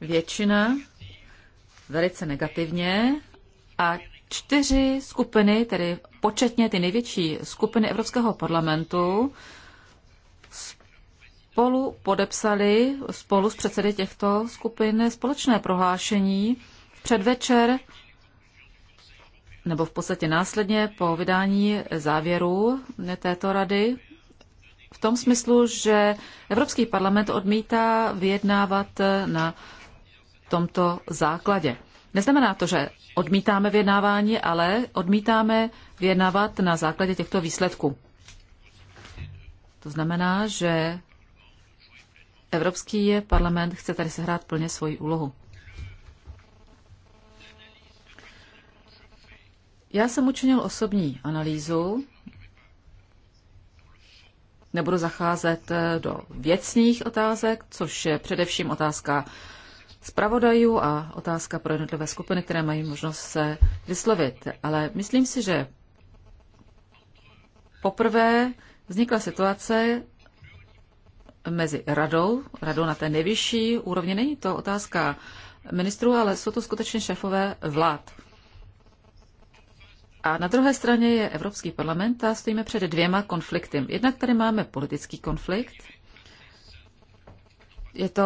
Většina velice negativně a čtyři skupiny, tedy početně ty největší skupiny Evropského parlamentu, spolu podepsali spolu s předsedy těchto skupin společné prohlášení v předvečer nebo v podstatě následně po vydání závěru této rady v tom smyslu, že Evropský parlament odmítá vyjednávat na tomto základě. Neznamená to, že odmítáme vyjednávání, ale odmítáme vyjednávat na základě těchto výsledků. To znamená, že Evropský parlament chce tady sehrát plně svoji úlohu. Já jsem učinil osobní analýzu. Nebudu zacházet eh, do věcných otázek, což je především otázka zpravodajů a otázka pro jednotlivé skupiny, které mají možnost se vyslovit. Ale myslím si, že poprvé vznikla situace, mezi radou, radou na té nejvyšší úrovni. Není to otázka ministrů, ale jsou to skutečně šéfové vlád. A na druhé straně je Evropský parlament a stojíme před dvěma konflikty. Jednak tady máme politický konflikt. Je to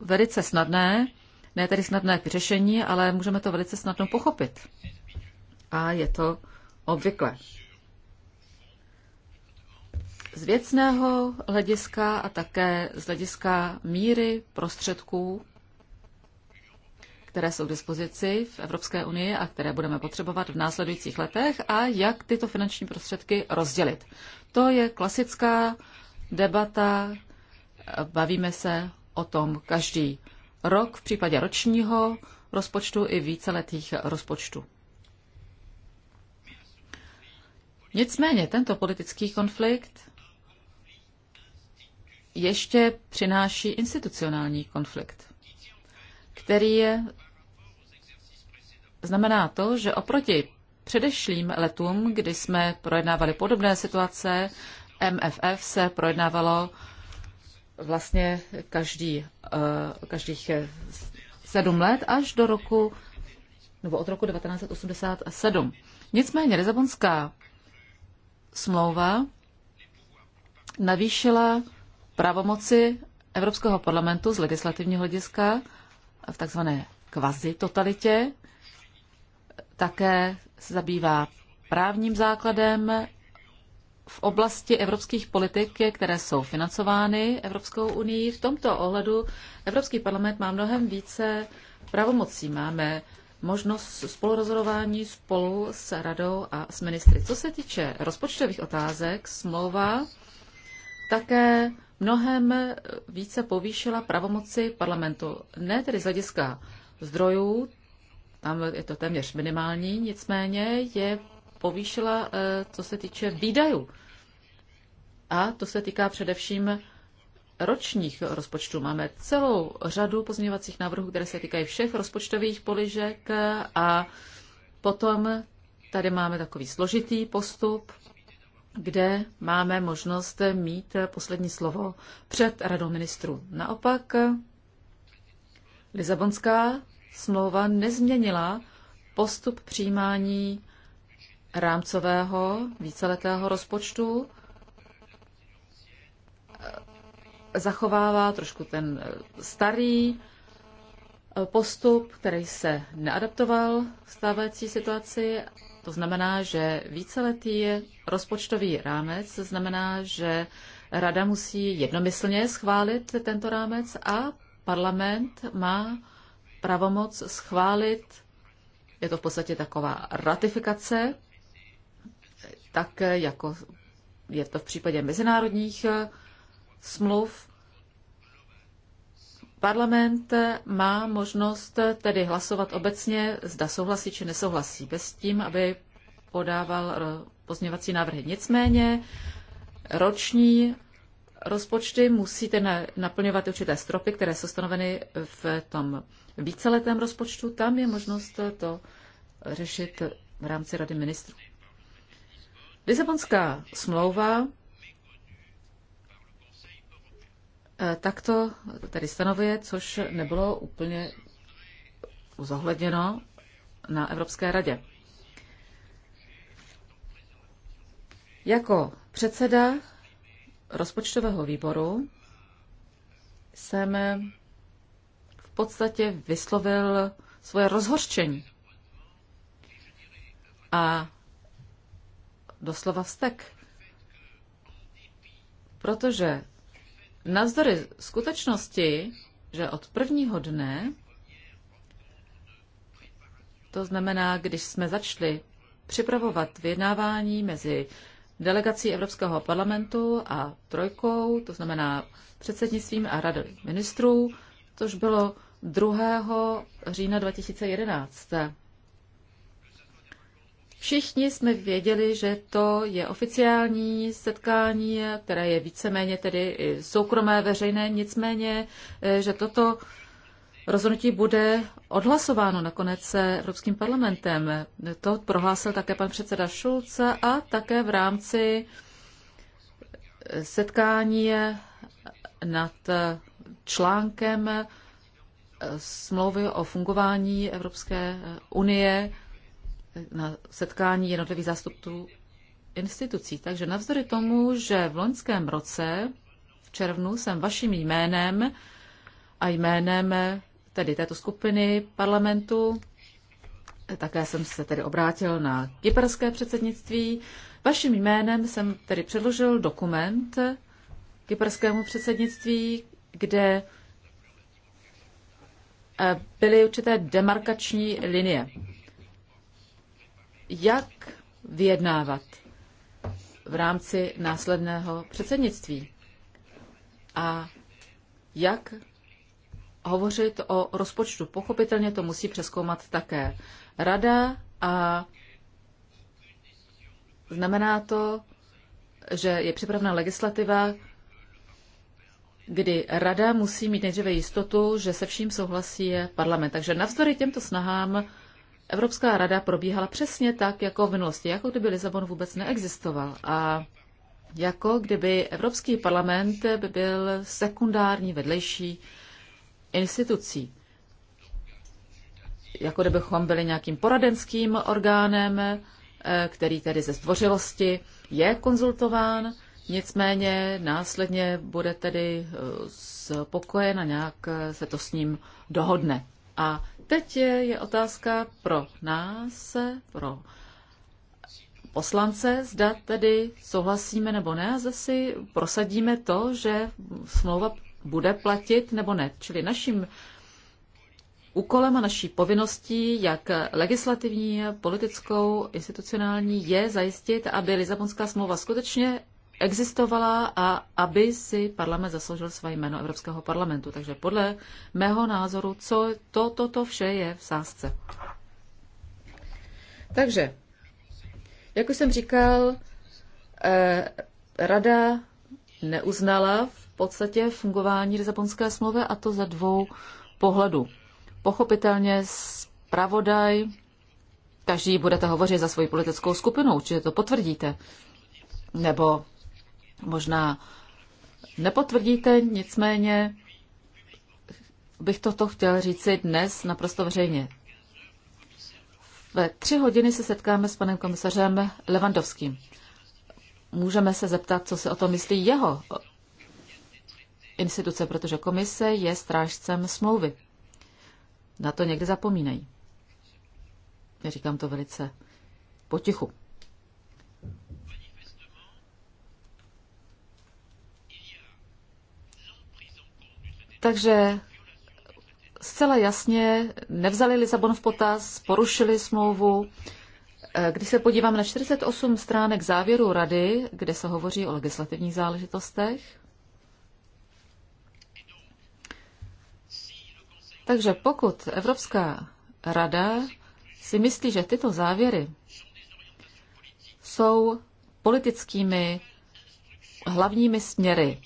velice snadné, ne tedy snadné k řešení, ale můžeme to velice snadno pochopit. A je to obvykle z věcného hlediska a také z hlediska míry prostředků, které jsou k dispozici v Evropské unii a které budeme potřebovat v následujících letech a jak tyto finanční prostředky rozdělit. To je klasická debata, bavíme se o tom každý rok v případě ročního rozpočtu i víceletých rozpočtů. Nicméně tento politický konflikt ještě přináší institucionální konflikt, který je, znamená to, že oproti předešlým letům, kdy jsme projednávali podobné situace, MFF se projednávalo vlastně každý, eh, každých eh, sedm let až do roku, nebo od roku 1987. Nicméně rezabonská smlouva navýšila pravomoci Evropského parlamentu z legislativního hlediska v takzvané kvazi totalitě. Také se zabývá právním základem v oblasti evropských politik, které jsou financovány Evropskou unii. V tomto ohledu Evropský parlament má mnohem více pravomocí. Máme možnost spolurozhodování spolu s radou a s ministry. Co se týče rozpočtových otázek, smlouva také mnohem více povýšila pravomoci parlamentu. Ne tedy z hlediska zdrojů, tam je to téměř minimální, nicméně je povýšila, eh, co se týče výdajů. A to se týká především ročních rozpočtů. Máme celou řadu pozměňovacích návrhů, které se týkají všech rozpočtových poližek a potom tady máme takový složitý postup kde máme možnost mít poslední slovo před radou ministrů. Naopak, Lizabonská smlouva nezměnila postup přijímání rámcového víceletého rozpočtu. Zachovává trošku ten eh, starý eh, postup, který se neadaptoval stávající situaci to znamená, že víceletý rozpočtový rámec znamená, že rada musí jednomyslně schválit tento rámec a parlament má pravomoc schválit, je to v podstatě taková ratifikace, tak jako je to v případě mezinárodních smluv, Parlament má možnost tedy hlasovat obecně, zda souhlasí či nesouhlasí, bez tím, aby podával pozměňovací návrhy. Nicméně roční rozpočty musíte naplňovat určité stropy, které jsou stanoveny v tom víceletém rozpočtu. Tam je možnost to řešit v rámci Rady ministrů. Lisabonská smlouva Eh, takto tedy stanovuje, což nebylo úplně zohledněno na Evropské radě. Jako předseda rozpočtového výboru jsem v podstatě vyslovil svoje rozhořčení a doslova vztek, protože Navzdory skutečnosti, že od prvního dne, to znamená, když jsme začali připravovat vyjednávání mezi delegací Evropského parlamentu a trojkou, to znamená předsednictvím a radou ministrů, což bylo 2. října 2011. Všichni jsme věděli, že to je oficiální setkání, které je víceméně tedy soukromé, veřejné, nicméně, eh, že toto rozhodnutí bude odhlasováno nakonec Evropským parlamentem. To prohlásil také pan předseda Šulce a také v rámci setkání nad článkem smlouvy o fungování Evropské unie na setkání jednotlivých zástupců institucí. Takže navzdory tomu, že v loňském roce, v červnu, jsem vaším jménem a jménem eh, tedy této skupiny parlamentu, eh, také jsem se tedy obrátil na kyperské předsednictví. Vaším jménem jsem tedy předložil dokument kyperskému předsednictví, kde eh, byly určité demarkační linie jak vyjednávat v rámci následného předsednictví a jak hovořit o rozpočtu. Pochopitelně to musí přeskoumat také rada a znamená to, že je připravena legislativa, kdy rada musí mít nejdříve jistotu, že se vším souhlasí parlament. Takže navzdory těmto snahám Evropská rada probíhala přesně tak, jako v minulosti, jako kdyby Lisabon vůbec neexistoval a jako kdyby Evropský parlament by byl sekundární vedlejší institucí. Jako kdybychom byli nějakým poradenským orgánem, eh, který tedy ze zdvořilosti je konzultován, nicméně následně bude tedy eh, spokojen a nějak eh, se to s ním dohodne. A Teď je, je otázka pro nás, pro poslance, zda tedy souhlasíme nebo ne a zase prosadíme to, že smlouva bude platit nebo ne. Čili naším úkolem a naší povinností, jak legislativní, politickou, institucionální, je zajistit, aby Lisabonská smlouva skutečně existovala a aby si parlament zasloužil své jméno Evropského parlamentu. Takže podle mého názoru, co to, to, to vše je v sázce. Takže, jak už jsem říkal, eh, rada neuznala v podstatě fungování Lisabonské smlouvy a to za dvou pohledů. Pochopitelně zpravodaj, každý budete hovořit za svoji politickou skupinu, určitě to potvrdíte, nebo možná nepotvrdíte, nicméně bych toto chtěl říci dnes naprosto veřejně. Ve tři hodiny se setkáme s panem komisařem Levandovským. Můžeme se zeptat, co se o tom myslí jeho instituce, protože komise je strážcem smlouvy. Na to někdy zapomínají. Já říkám to velice potichu. Takže zcela jasně nevzali Lisabon v potaz, porušili smlouvu. Eh, když se podívám na 48 stránek závěru rady, kde se hovoří o legislativních záležitostech, takže pokud Evropská rada si myslí, že tyto závěry jsou politickými hlavními směry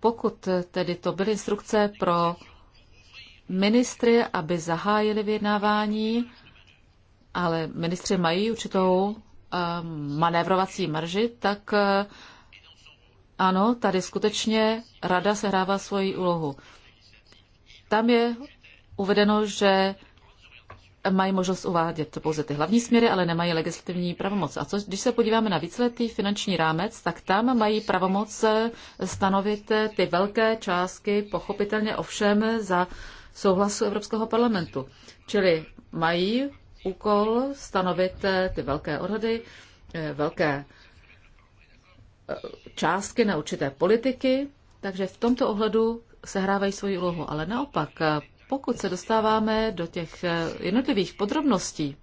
pokud tedy to byly instrukce pro ministry, aby zahájili vyjednávání, ale ministři mají určitou ehm, manévrovací marži, tak eh, ano, tady skutečně rada sehrává svoji úlohu. Tam je uvedeno, že mají možnost uvádět pouze ty hlavní směry, ale nemají legislativní pravomoc. A co, když se podíváme na víceletý finanční rámec, tak tam mají pravomoc stanovit ty velké částky, pochopitelně ovšem za souhlasu Evropského parlamentu. Čili mají úkol stanovit ty velké odhady, eh, velké eh, částky na určité politiky, takže v tomto ohledu sehrávají svoji úlohu. Ale naopak pokud se dostáváme do těch eh, jednotlivých podrobností,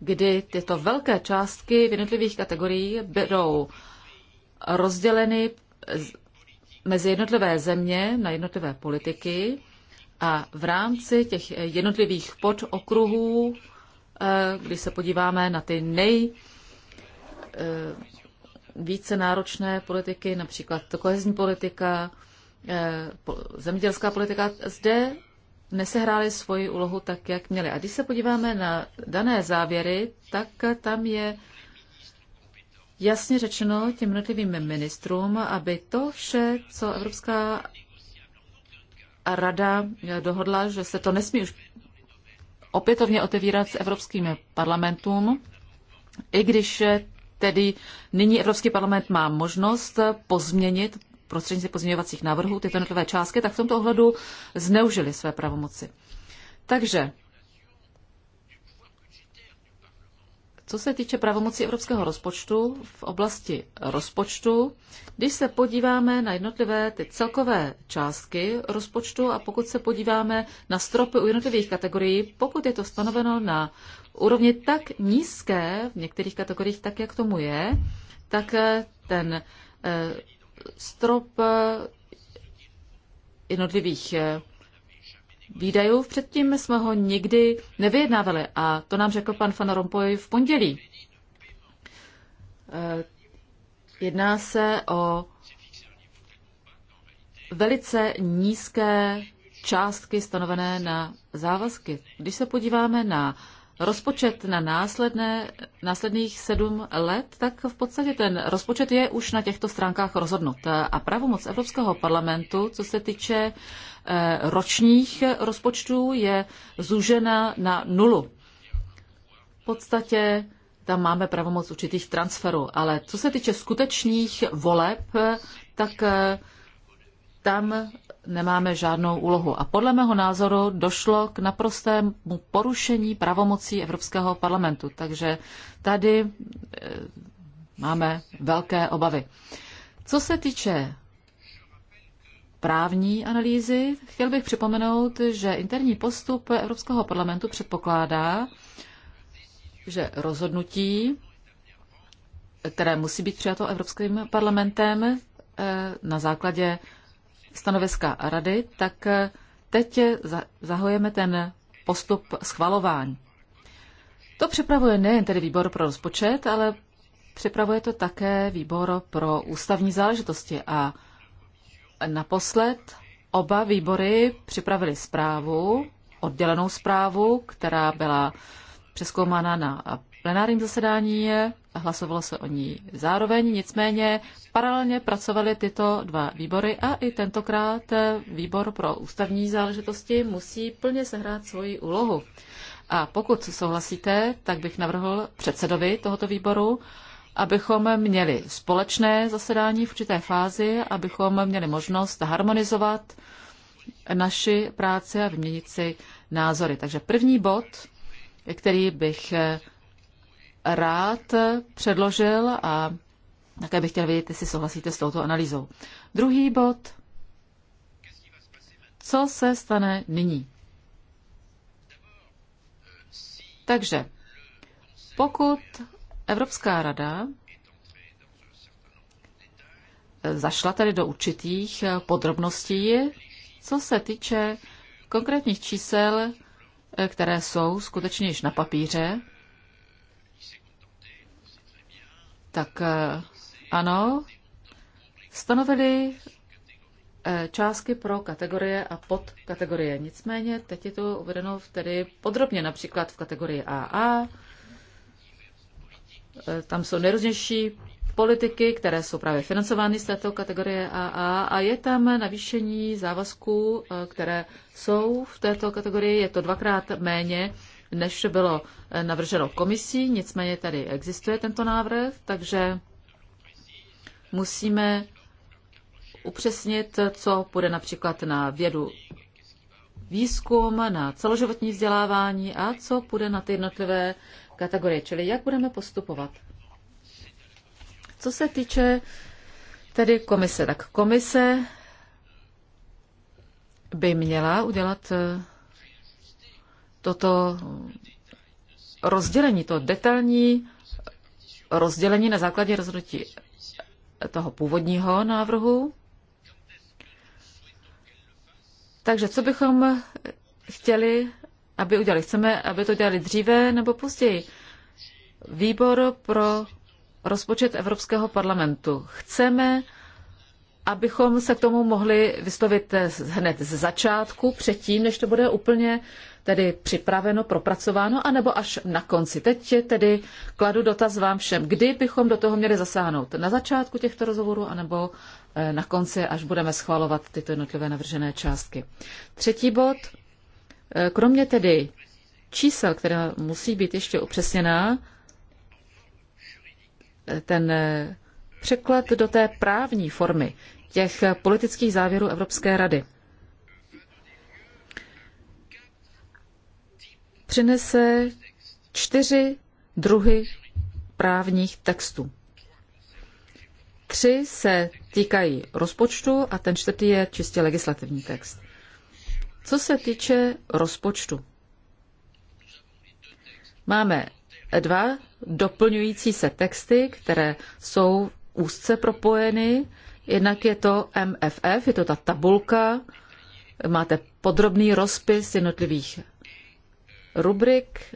kdy tyto velké částky v jednotlivých kategoriích budou rozděleny mezi jednotlivé země na jednotlivé politiky a v rámci těch jednotlivých podokruhů, eh, když se podíváme na ty nej eh, více náročné politiky, například kohezní politika, Eh, zemědělská politika zde nesehrály svoji úlohu tak, jak měly. A když se podíváme na dané závěry, tak tam je jasně řečeno těm jednotlivým ministrům, aby to vše, co Evropská rada dohodla, že se to nesmí už opětovně otevírat s evropským parlamentům, i když tedy nyní Evropský parlament má možnost pozměnit prostřednictvím pozměňovacích návrhů tyto jednotlivé částky, tak v tomto ohledu zneužili své pravomoci. Takže, co se týče pravomoci evropského rozpočtu v oblasti rozpočtu, když se podíváme na jednotlivé ty celkové částky rozpočtu a pokud se podíváme na stropy u jednotlivých kategorií, pokud je to stanoveno na úrovni tak nízké v některých kategoriích, tak jak tomu je, tak ten eh, strop eh, jednotlivých eh, výdajů. Předtím jsme ho nikdy nevyjednávali a to nám řekl pan Van Rompuy v pondělí. Eh, jedná se o velice nízké částky stanovené na závazky. Když se podíváme na rozpočet na následné, následných sedm let, tak v podstatě ten rozpočet je už na těchto stránkách rozhodnut. A pravomoc Evropského parlamentu, co se týče eh, ročních rozpočtů, je zúžena na nulu. V podstatě tam máme pravomoc určitých transferů, ale co se týče skutečných voleb, tak eh, tam nemáme žádnou úlohu. A podle mého názoru došlo k naprostému porušení pravomocí Evropského parlamentu. Takže tady eh, máme velké obavy. Co se týče právní analýzy, chtěl bych připomenout, že interní postup Evropského parlamentu předpokládá, že rozhodnutí, které musí být přijato Evropským parlamentem eh, na základě stanoviska rady, tak eh, teď zahojeme ten postup schvalování. To připravuje nejen tedy výbor pro rozpočet, ale připravuje to také výbor pro ústavní záležitosti. A naposled oba výbory připravili zprávu, oddělenou zprávu, která byla přeskoumána na plenárním zasedání a hlasovalo se o ní zároveň. Nicméně paralelně pracovaly tyto dva výbory a i tentokrát eh, výbor pro ústavní záležitosti musí plně sehrát svoji úlohu. A pokud souhlasíte, tak bych navrhl předsedovi tohoto výboru, abychom měli společné zasedání v určité fázi, abychom měli možnost harmonizovat naši práci a vyměnit si názory. Takže první bod, který bych eh, rád předložil a také bych chtěl vědět, jestli souhlasíte s touto analýzou. Druhý bod. Co se stane nyní? Takže, pokud Evropská rada zašla tedy do určitých podrobností, co se týče konkrétních čísel, které jsou skutečně již na papíře, tak eh, ano, stanovili eh, částky pro kategorie a podkategorie. Nicméně teď je to uvedeno tedy podrobně, například v kategorii AA. Eh, tam jsou nejrůznější politiky, které jsou právě financovány z této kategorie AA a je tam navýšení závazků, které jsou v této kategorii, je to dvakrát méně, než bylo eh, navrženo komisí, nicméně tady existuje tento návrh, takže musíme upřesnit, co bude například na vědu výzkum, na celoživotní vzdělávání a co bude na ty jednotlivé kategorie, čili jak budeme postupovat. Co se týče tedy komise, tak komise by měla udělat eh, toto rozdělení, to detailní rozdělení na základě rozhodnutí toho původního návrhu. Takže co bychom chtěli, aby udělali? Chceme, aby to dělali dříve nebo později? Výbor pro rozpočet Evropského parlamentu. Chceme abychom se k tomu mohli vyslovit eh, hned z začátku, předtím, než to bude úplně tedy připraveno, propracováno, anebo až na konci. Teď tedy kladu dotaz vám všem, kdy bychom do toho měli zasáhnout. Na začátku těchto rozhovorů, anebo eh, na konci, až budeme schvalovat tyto jednotlivé navržené částky. Třetí bod. Eh, kromě tedy čísel, která musí být ještě upřesněná, ten překlad do té právní formy těch politických závěrů Evropské rady. Přinese čtyři druhy právních textů. Tři se týkají rozpočtu a ten čtvrtý je čistě legislativní text. Co se týče rozpočtu, máme dva doplňující se texty, které jsou úzce propojeny, Jednak je to MFF, je to ta tabulka, máte podrobný rozpis jednotlivých rubrik,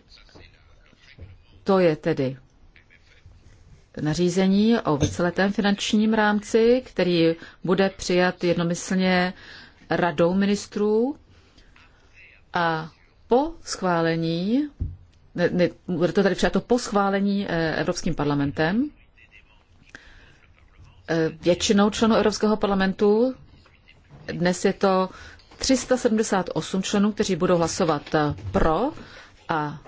to je tedy nařízení o víceletém finančním rámci, který bude přijat jednomyslně radou ministrů a po schválení, ne, ne, bude to tady přijato po schválení eh, Evropským parlamentem, Eh, většinou členů Evropského parlamentu. Dnes je to 378 členů, kteří budou hlasovat eh, pro a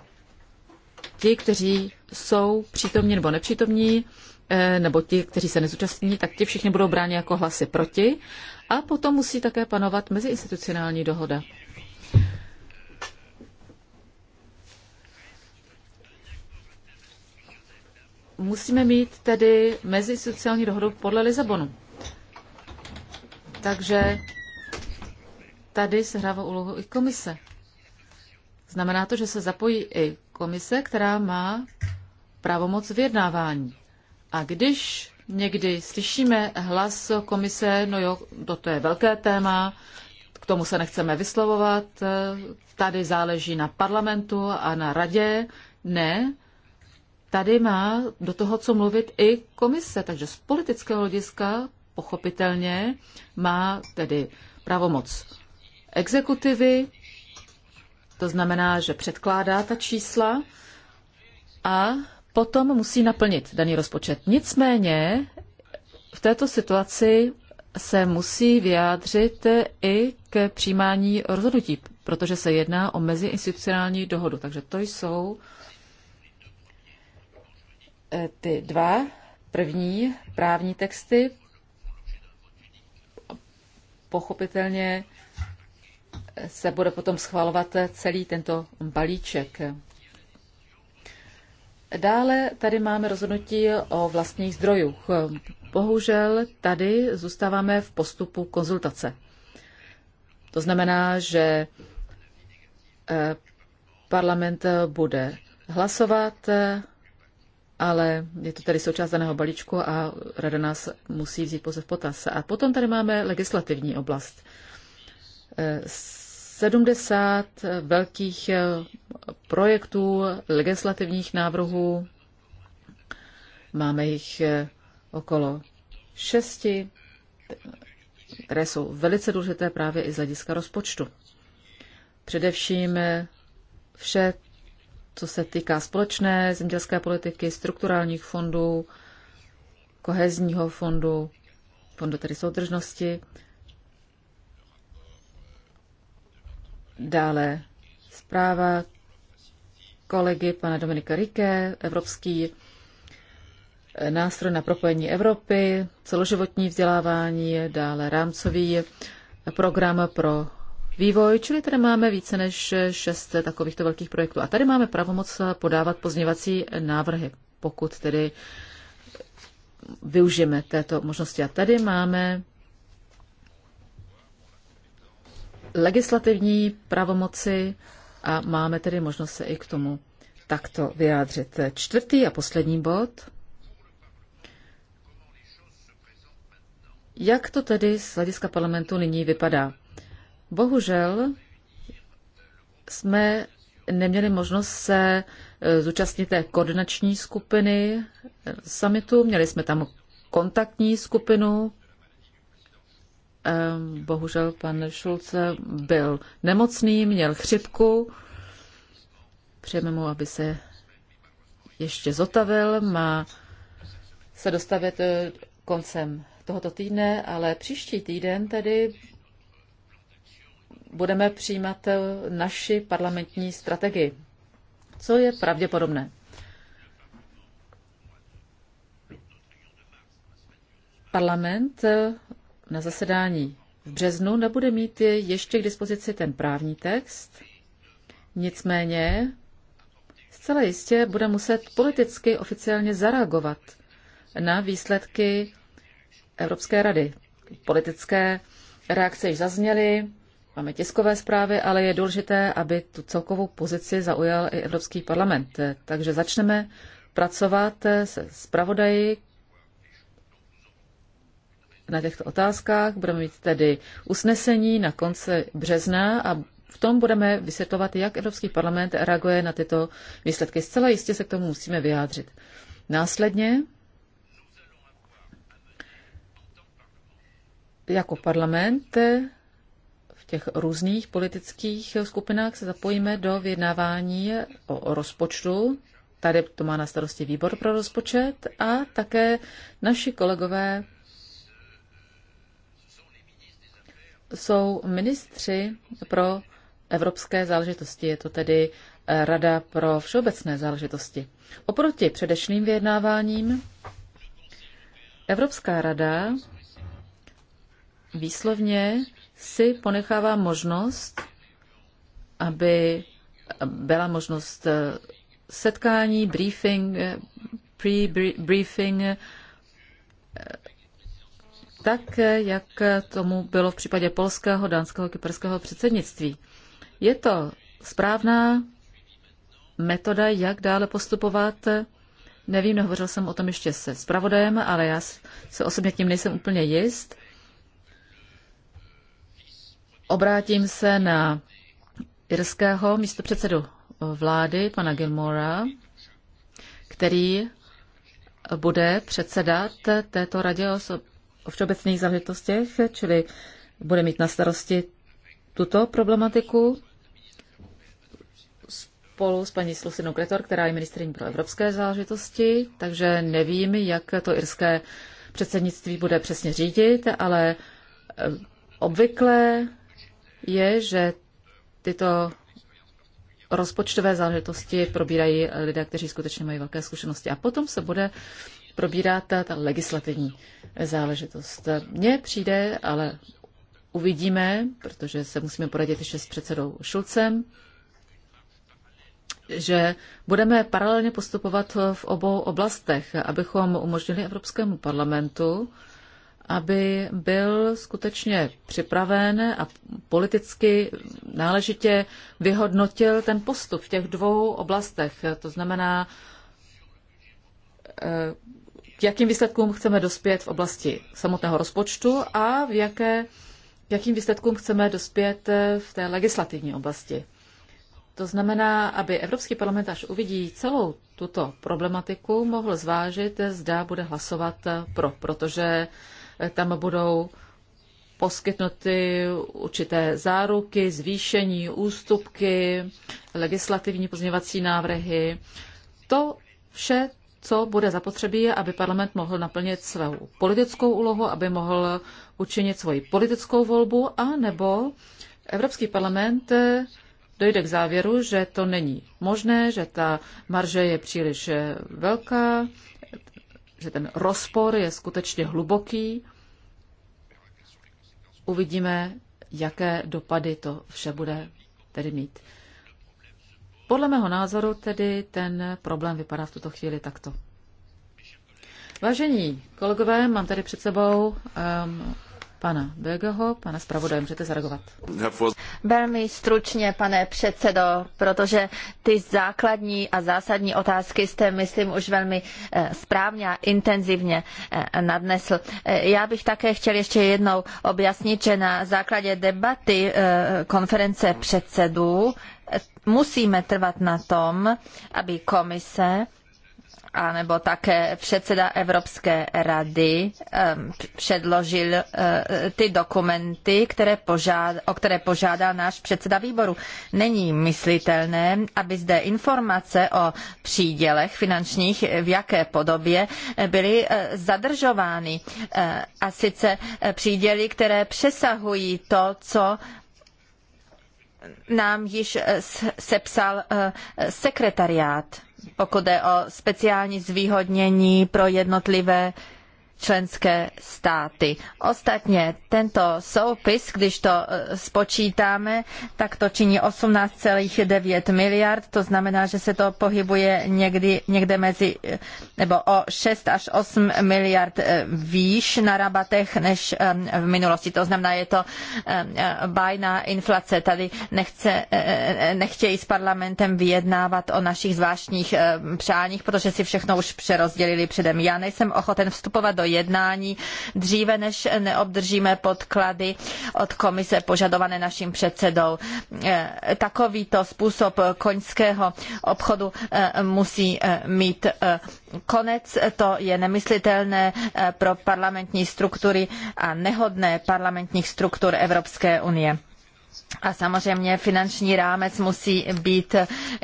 ti, kteří jsou přítomní nebo nepřítomní, eh, nebo ti, kteří se nezúčastní, tak ti všichni budou bráni jako hlasy proti. A potom musí také panovat meziinstitucionální dohoda. musíme mít tedy mezi sociální dohodu podle Lisabonu. Takže tady se hrává úlohu i komise. Znamená to, že se zapojí i komise, která má pravomoc vyjednávání. A když někdy slyšíme hlas komise, no jo, toto je velké téma, k tomu se nechceme vyslovovat, tady záleží na parlamentu a na radě, ne, tady má do toho, co mluvit i komise. Takže z politického hlediska pochopitelně má tedy pravomoc exekutivy, to znamená, že předkládá ta čísla a potom musí naplnit daný rozpočet. Nicméně v této situaci se musí vyjádřit i k přijímání rozhodnutí, protože se jedná o meziinstitucionální dohodu. Takže to jsou Eh, ty dva první právní texty pochopitelně eh, se bude potom schvalovat eh, celý tento balíček. Dále tady máme rozhodnutí o vlastních zdrojích. Bohužel tady zůstáváme v postupu konzultace. To znamená, že parlament bude hlasovat ale je to tady součást daného balíčku a rada nás musí vzít pouze v potaz. A potom tady máme legislativní oblast. 70 eh, velkých eh, projektů, legislativních návrhů, máme jich eh, okolo šesti, které jsou velice důležité právě i z hlediska rozpočtu. Především vše co se týká společné zemědělské politiky, strukturálních fondů, kohezního fondu, fondu tedy soudržnosti. Dále zpráva kolegy pana Dominika Rike, Evropský eh, nástroj na propojení Evropy, celoživotní vzdělávání, dále rámcový eh, program pro vývoj, čili tady máme více než šest takovýchto velkých projektů. A tady máme pravomoc podávat pozněvací návrhy, pokud tedy využijeme této možnosti. A tady máme legislativní pravomoci a máme tedy možnost se i k tomu takto vyjádřit. Čtvrtý a poslední bod. Jak to tedy z hlediska parlamentu nyní vypadá? Bohužel jsme neměli možnost se eh, zúčastnit té koordinační skupiny eh, summitu. Měli jsme tam kontaktní skupinu. Eh, bohužel pan Šulce byl nemocný, měl chřipku. Přejeme mu, aby se ještě zotavil. Má se dostavit koncem tohoto týdne, ale příští týden tedy budeme přijímat eh, naši parlamentní strategii. Co je pravděpodobné? Parlament eh, na zasedání v březnu nebude mít eh, ještě k dispozici ten právní text, nicméně zcela jistě bude muset politicky oficiálně zareagovat na výsledky Evropské rady. Politické reakce již zazněly, Máme tiskové zprávy, ale je důležité, aby tu celkovou pozici zaujal i Evropský parlament. Takže začneme pracovat se zpravodaji na těchto otázkách. Budeme mít tedy usnesení na konci března a v tom budeme vysvětlovat, jak Evropský parlament reaguje na tyto výsledky. Zcela jistě se k tomu musíme vyjádřit. Následně jako parlament těch různých politických skupinách se zapojíme do vyjednávání o rozpočtu. Tady to má na starosti výbor pro rozpočet a také naši kolegové jsou ministři pro evropské záležitosti. Je to tedy eh, Rada pro všeobecné záležitosti. Oproti předešlým vyjednáváním Evropská rada výslovně si ponechává možnost, aby byla možnost eh, setkání, briefing, eh, pre-briefing, eh, tak, jak tomu bylo v případě polského, dánského, kyperského předsednictví. Je to správná metoda, jak dále postupovat. Nevím, nehovořil jsem o tom ještě se zpravodajem, ale já se osobně tím nejsem úplně jist. Obrátím se na irského místopředsedu vlády, pana Gilmora, který bude předsedat této radě o všeobecných záležitostech, čili bude mít na starosti tuto problematiku spolu s paní Slusinou Kretor, která je ministriní pro evropské záležitosti, takže nevím, jak to irské předsednictví bude přesně řídit, ale obvykle je, že tyto rozpočtové záležitosti probírají lidé, kteří skutečně mají velké zkušenosti. A potom se bude probírat ta, ta legislativní záležitost. Mně přijde, ale uvidíme, protože se musíme poradit ještě s předsedou Šulcem, že budeme paralelně postupovat v obou oblastech, abychom umožnili Evropskému parlamentu aby byl skutečně připraven a politicky náležitě vyhodnotil ten postup v těch dvou oblastech. To znamená, eh, k jakým výsledkům chceme dospět v oblasti samotného rozpočtu a v jaké, k jakým výsledkům chceme dospět eh, v té legislativní oblasti. To znamená, aby Evropský parlament, až uvidí celou tuto problematiku, mohl zvážit, zda bude hlasovat pro, protože tam budou poskytnuty určité záruky, zvýšení, ústupky, legislativní pozměvací návrhy. To vše, co bude zapotřebí, aby parlament mohl naplnit svou politickou úlohu, aby mohl učinit svoji politickou volbu, a nebo Evropský parlament eh, dojde k závěru, že to není možné, že ta marže je příliš eh, velká, že ten rozpor je skutečně hluboký. Uvidíme, jaké dopady to vše bude tedy mít. Podle mého názoru tedy ten problém vypadá v tuto chvíli takto. Vážení kolegové, mám tady před sebou um, pana Begeho, pana zpravodaje, můžete zareagovat. Velmi stručně, pane předsedo, protože ty základní a zásadní otázky jste, myslím, už velmi eh, správně a intenzivně eh, nadnesl. Eh, já bych také chtěl ještě jednou objasnit, že na základě debaty konference předsedů musíme trvat na tom, aby komise anebo také předseda Evropské rady předložil eh, ty dokumenty, které požád, o které požádal náš předseda výboru. Není myslitelné, aby zde informace o přídělech finančních, v jaké podobě byly eh, zadržovány. Eh, a sice příděly, které přesahují to, co nám již sepsal sekretariát pokud jde o speciální zvýhodnění pro jednotlivé členské státy. Ostatně tento soupis, když to e, spočítáme, tak to činí 18,9 miliard, to znamená, že se to pohybuje někdy, někde mezi e, nebo o 6 až 8 miliard e, výš na rabatech než v minulosti. To znamená, je to bajná inflace. Tady nechce, nechtějí s parlamentem vyjednávat o našich zvláštních přáních, protože si všechno už přerozdělili předem. Já nejsem ochoten vstupovat do jednání dříve, než neobdržíme podklady od komise požadované naším předsedou. Eh, takovýto způsob koňského obchodu eh, musí eh, mít konec. To je nemyslitelné pro parlamentní struktury a nehodné parlamentních struktur Evropské unie. A samozřejmě finanční rámec musí být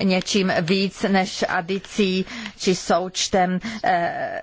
něčím víc než adicí či součtem eh,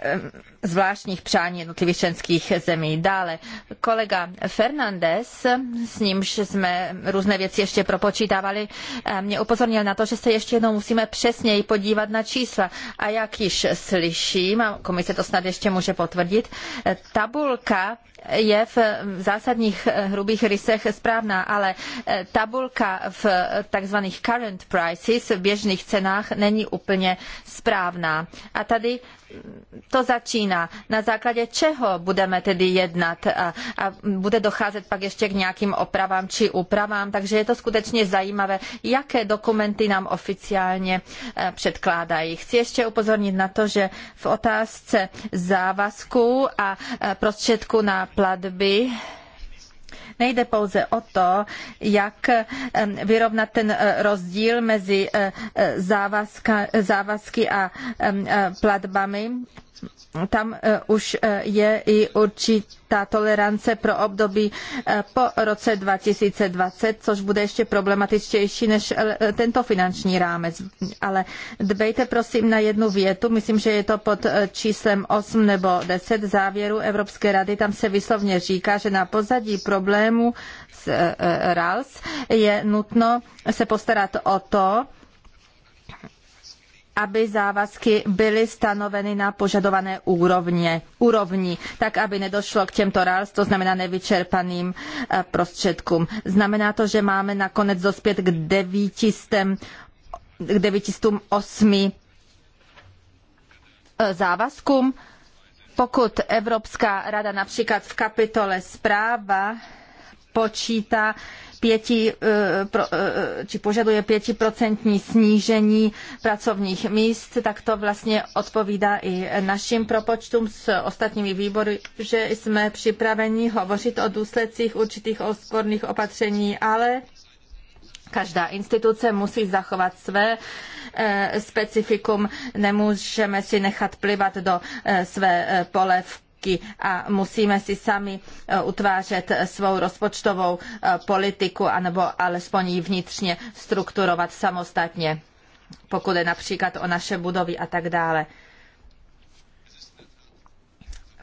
zvláštních přání jednotlivých členských zemí. Dále kolega Fernandez, s nímž jsme různé věci ještě propočítávali, eh, mě upozornil na to, že se ještě jednou musíme přesněji podívat na čísla. A jak již slyším, a komise to snad ještě může potvrdit, eh, tabulka je v zásadních hrubých rysech správná, ale Eh, tabulka v tzv. current prices, v běžných cenách, není úplně správná. A tady mm, to začíná. Na základě čeho budeme tedy jednat a, a bude docházet pak ještě k nějakým opravám či úpravám, takže je to skutečně zajímavé, jaké dokumenty nám oficiálně eh, předkládají. Chci ještě upozornit na to, že v otázce závazků a eh, prostředků na platby Nejde pouze o to, jak vyrovnat ten e, rozdíl mezi e, e, závazky a platbami, tam eh, už eh, je i určitá tolerance pro období eh, po roce 2020, což bude ještě problematičtější než tento finanční rámec. Ale dbejte prosím na jednu větu, myslím, že je to pod číslem 8 nebo 10 závěru Evropské rady, tam se vyslovně říká, že na pozadí problému s RALS je nutno se postarat o to, aby závazky byly stanoveny na požadované úrovně, úrovni, tak aby nedošlo k těmto ráz, to znamená nevyčerpaným eh, prostředkům. Znamená to, že máme nakonec dospět k 908 eh, závazkům. Pokud Evropská rada například v kapitole zpráva počítá pěti, eh, pro, eh, či požaduje pětiprocentní snížení pracovních míst, tak to vlastně odpovídá i našim propočtům s ostatními výbory, že jsme připraveni hovořit o důsledcích určitých osporných opatření, ale každá instituce musí zachovat své eh, specifikum, nemůžeme si nechat plivat do své pole výdavky a musíme si sami e, utvářet svou rozpočtovou e, politiku anebo alespoň ji vnitřně strukturovat samostatně, pokud je například o naše budovy a tak dále.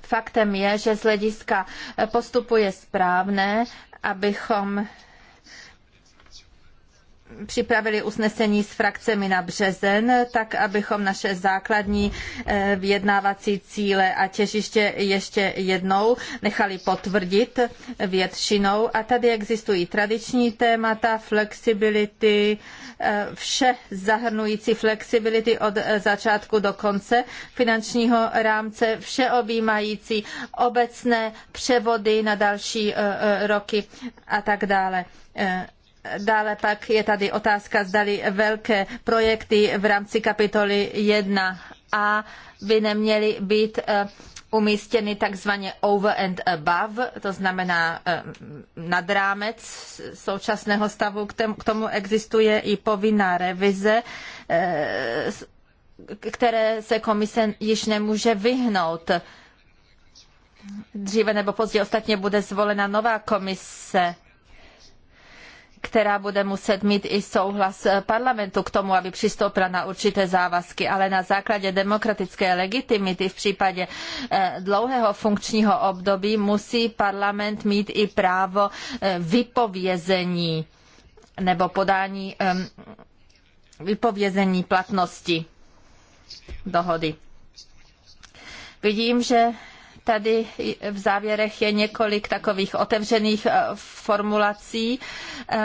Faktem je, že z hlediska e, postupu je správné, abychom připravili usnesení s frakcemi na březen, tak abychom naše základní eh, vyjednávací cíle a těžiště ještě jednou nechali potvrdit většinou. A tady existují tradiční témata, flexibility, eh, vše zahrnující flexibility od eh, začátku do konce finančního rámce, vše objímající obecné převody na další roky a tak dále Dále pak je tady otázka, zdali velké projekty v rámci kapitoly 1a by neměly být eh, umístěny takzvaně over and above, to znamená eh, nad rámec současného stavu. K tomu existuje i povinná revize, eh, které se komise již nemůže vyhnout. Dříve nebo později ostatně bude zvolena nová komise která bude muset mít i souhlas parlamentu k tomu, aby přistoupila na určité závazky, ale na základě demokratické legitimity v případě eh, dlouhého funkčního období musí parlament mít i právo eh, vypovězení nebo podání ehm, vypovězení platnosti dohody. Vidím, že Tady v závěrech je několik takových otevřených eh, formulací, eh,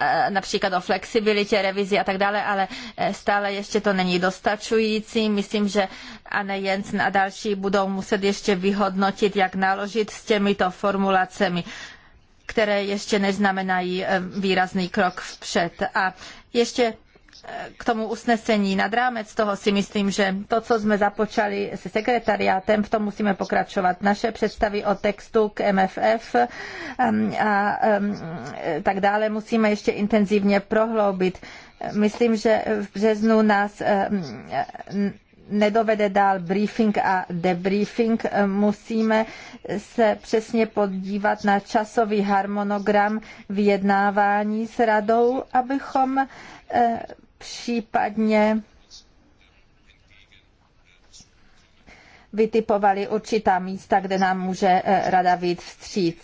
eh, například o flexibilitě, revizi a tak dále, ale stále ještě to není dostačující. Myslím, že Anne Jensen a další budou muset ještě vyhodnotit, jak naložit s těmito formulacemi které ještě neznamenají výrazný krok vpřed. A ještě k tomu usnesení. Nad rámec toho si myslím, že to, co jsme započali se sekretariátem, v tom musíme pokračovat. Naše představy o textu k MFF um, a um, tak dále musíme ještě intenzivně prohloubit. Myslím, že v březnu nás um, nedovede dál briefing a debriefing. Musíme se přesně podívat na časový harmonogram vyjednávání s radou, abychom eh, případně vytipovali určitá místa, kde nám může eh, rada vyjít vstříc.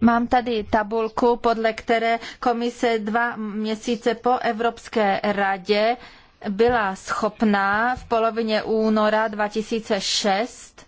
Mám tady tabulku, podle které komise dva měsíce po Evropské radě byla schopná v polovině února 2006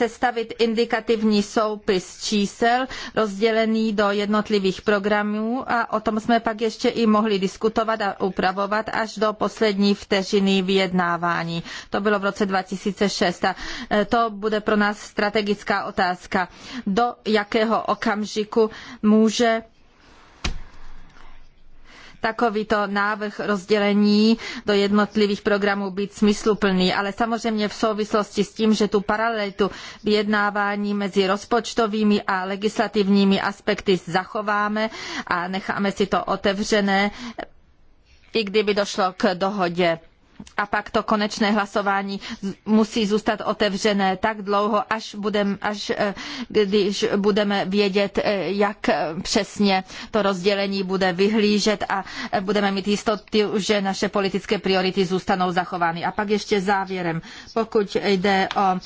sestavit indikativní soupis čísel rozdělený do jednotlivých programů a o tom jsme pak ještě i mohli diskutovat a upravovat až do poslední vteřiny vyjednávání. To bylo v roce 2006 a e, to bude pro nás strategická otázka. Do jakého okamžiku může takovýto návrh rozdělení do jednotlivých programů být smysluplný, ale samozřejmě v souvislosti s tím, že tu paralelitu vyjednávání mezi rozpočtovými a legislativními aspekty zachováme a necháme si to otevřené, i kdyby došlo k dohodě a pak to konečné hlasování musí zůstat otevřené tak dlouho, až, budem, až eh, když budeme vědět, eh, jak eh, přesně to rozdělení bude vyhlížet a budeme mít jistotu, že naše politické priority zůstanou zachovány. A pak ještě závěrem, pokud jde o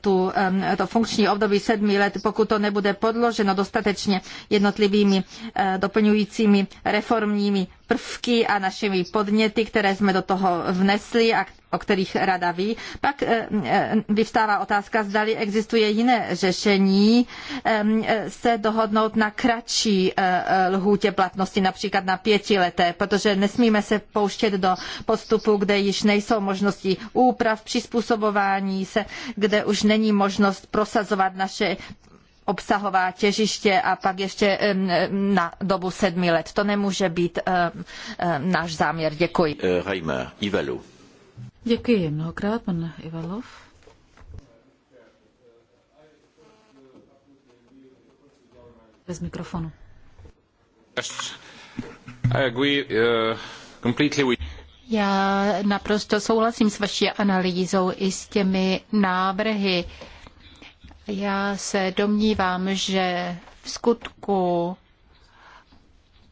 tu, to funkční období sedmi let, pokud to nebude podloženo dostatečně jednotlivými doplňujícími reformními prvky a našimi podněty, které jsme do toho vnesli a o kterých rada ví. Pak eh, eh, vyvstává otázka, zdali existuje jiné řešení eh, se dohodnout na kratší lhůtě platnosti, například na pětileté, protože nesmíme se pouštět do postupu, kde již nejsou možnosti úprav, přizpůsobování se, kde už není možnost prosazovat naše obsahová těžiště a pak ještě na dobu sedmi let. To nemůže být náš záměr. Děkuji. Eh, Reimer, Ivalo. Děkuji mnohokrát, pan Ivalov. Bez mikrofonu. I agree, uh, completely with... Já naprosto souhlasím s vaší analýzou i s těmi návrhy. Uh, já se domnívám, že v skutku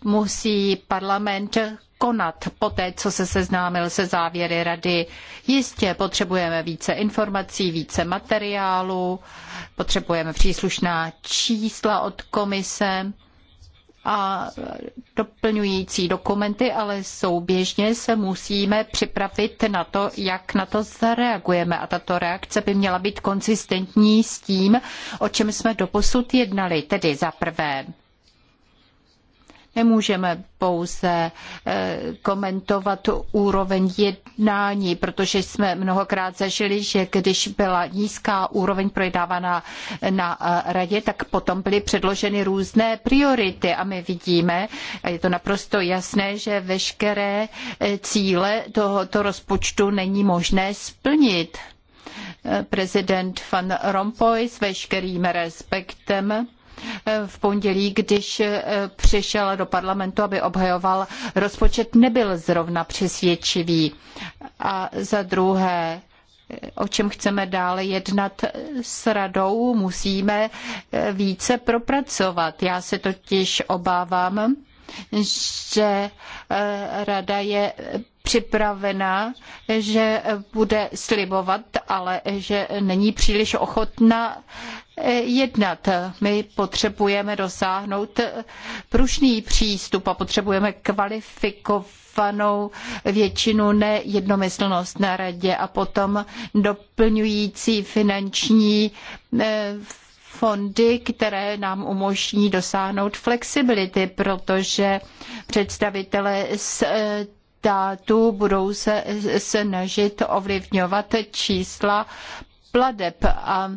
musí parlament konat poté, co se seznámil se závěry rady. Jistě potřebujeme více informací, více materiálu, potřebujeme příslušná čísla od komise a doplňující dokumenty, ale souběžně se musíme připravit na to, jak na to zareagujeme. A tato reakce by měla být konzistentní s tím, o čem jsme doposud jednali. Tedy za prvé Nemůžeme pouze eh, komentovat úroveň jednání, protože jsme mnohokrát zažili, že když byla nízká úroveň projednávaná na eh, radě, tak potom byly předloženy různé priority a my vidíme, a je to naprosto jasné, že veškeré eh, cíle tohoto rozpočtu není možné splnit prezident Van Rompuy s veškerým respektem v pondělí, když eh, přišel do parlamentu, aby obhajoval rozpočet, nebyl zrovna přesvědčivý. A za druhé, eh, o čem chceme dále jednat s radou, musíme eh, více propracovat. Já se totiž obávám, že rada je připravena, že bude slibovat, ale že není příliš ochotna eh, jednat. My potřebujeme dosáhnout pružný přístup a potřebujeme kvalifikovanou většinu, ne jednomyslnost na radě a potom doplňující finanční eh, fondy, které nám umožní dosáhnout flexibility, protože představitelé z eh, států budou se snažit ovlivňovat čísla pladeb a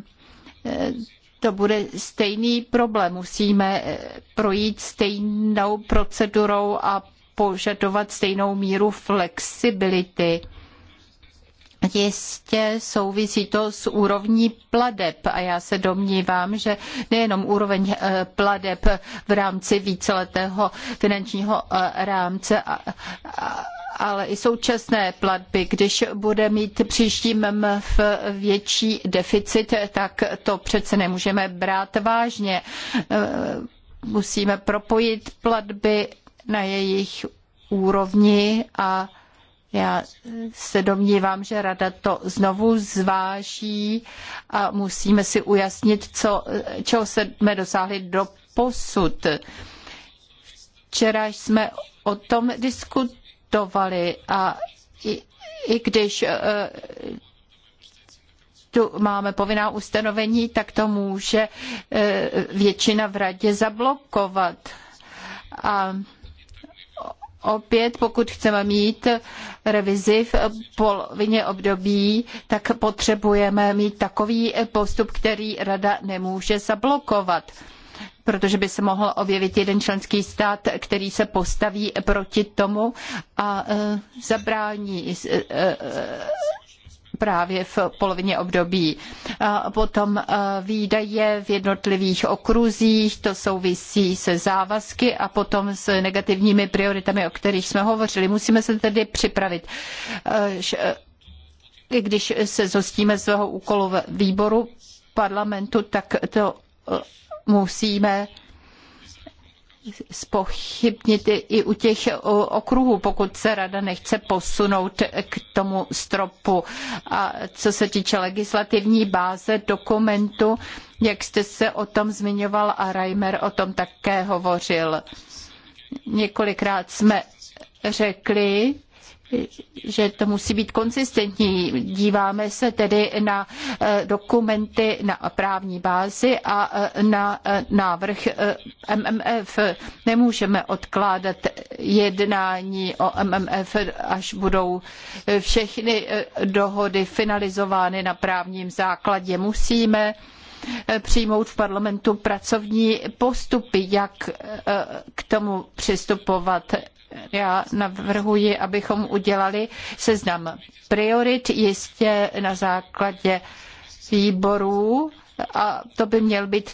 e, to bude stejný problém. Musíme e, projít stejnou procedurou a požadovat stejnou míru flexibility. Jistě souvisí to s úrovní pladeb a já se domnívám, že nejenom úroveň eh, pladeb v rámci víceletého finančního eh, rámce, ale i současné platby. Když bude mít příští MMF větší deficit, tak to přece nemůžeme brát vážně. Eh, musíme propojit platby na jejich úrovni a já se domnívám, že rada to znovu zváží a musíme si ujasnit, co, čeho jsme dosáhli do posud. Včera jsme o tom diskutovali a i, i když e, tu máme povinná ustanovení, tak to může e, většina v radě zablokovat. A opět, pokud chceme mít revizi v polovině období, tak potřebujeme mít takový postup, který rada nemůže zablokovat protože by se mohl objevit jeden členský stát, který se postaví proti tomu a e, zabrání e, e, právě v polovině období. potom e, výdaje v jednotlivých okruzích, to souvisí se závazky a potom s negativními prioritami, o kterých jsme hovořili. Musíme se tedy připravit e, e, když se zhostíme svého úkolu ve výboru parlamentu, tak to musíme spochybnit i u těch okruhů, pokud se rada nechce posunout k tomu stropu. A co se týče legislativní báze dokumentu, jak jste se o tom zmiňoval a Reimer o tom také hovořil. Několikrát jsme řekli, že to musí být konsistentní. Díváme se tedy na eh, dokumenty na právní bázi a eh, na eh, návrh MMF. Nemůžeme odkládat jednání o MMF, až budou všechny dohody finalizovány na právním základě. Musíme přijmout v parlamentu pracovní postupy, jak k tomu přistupovat já navrhuji, abychom udělali seznam priorit jistě na základě výborů a to by měl být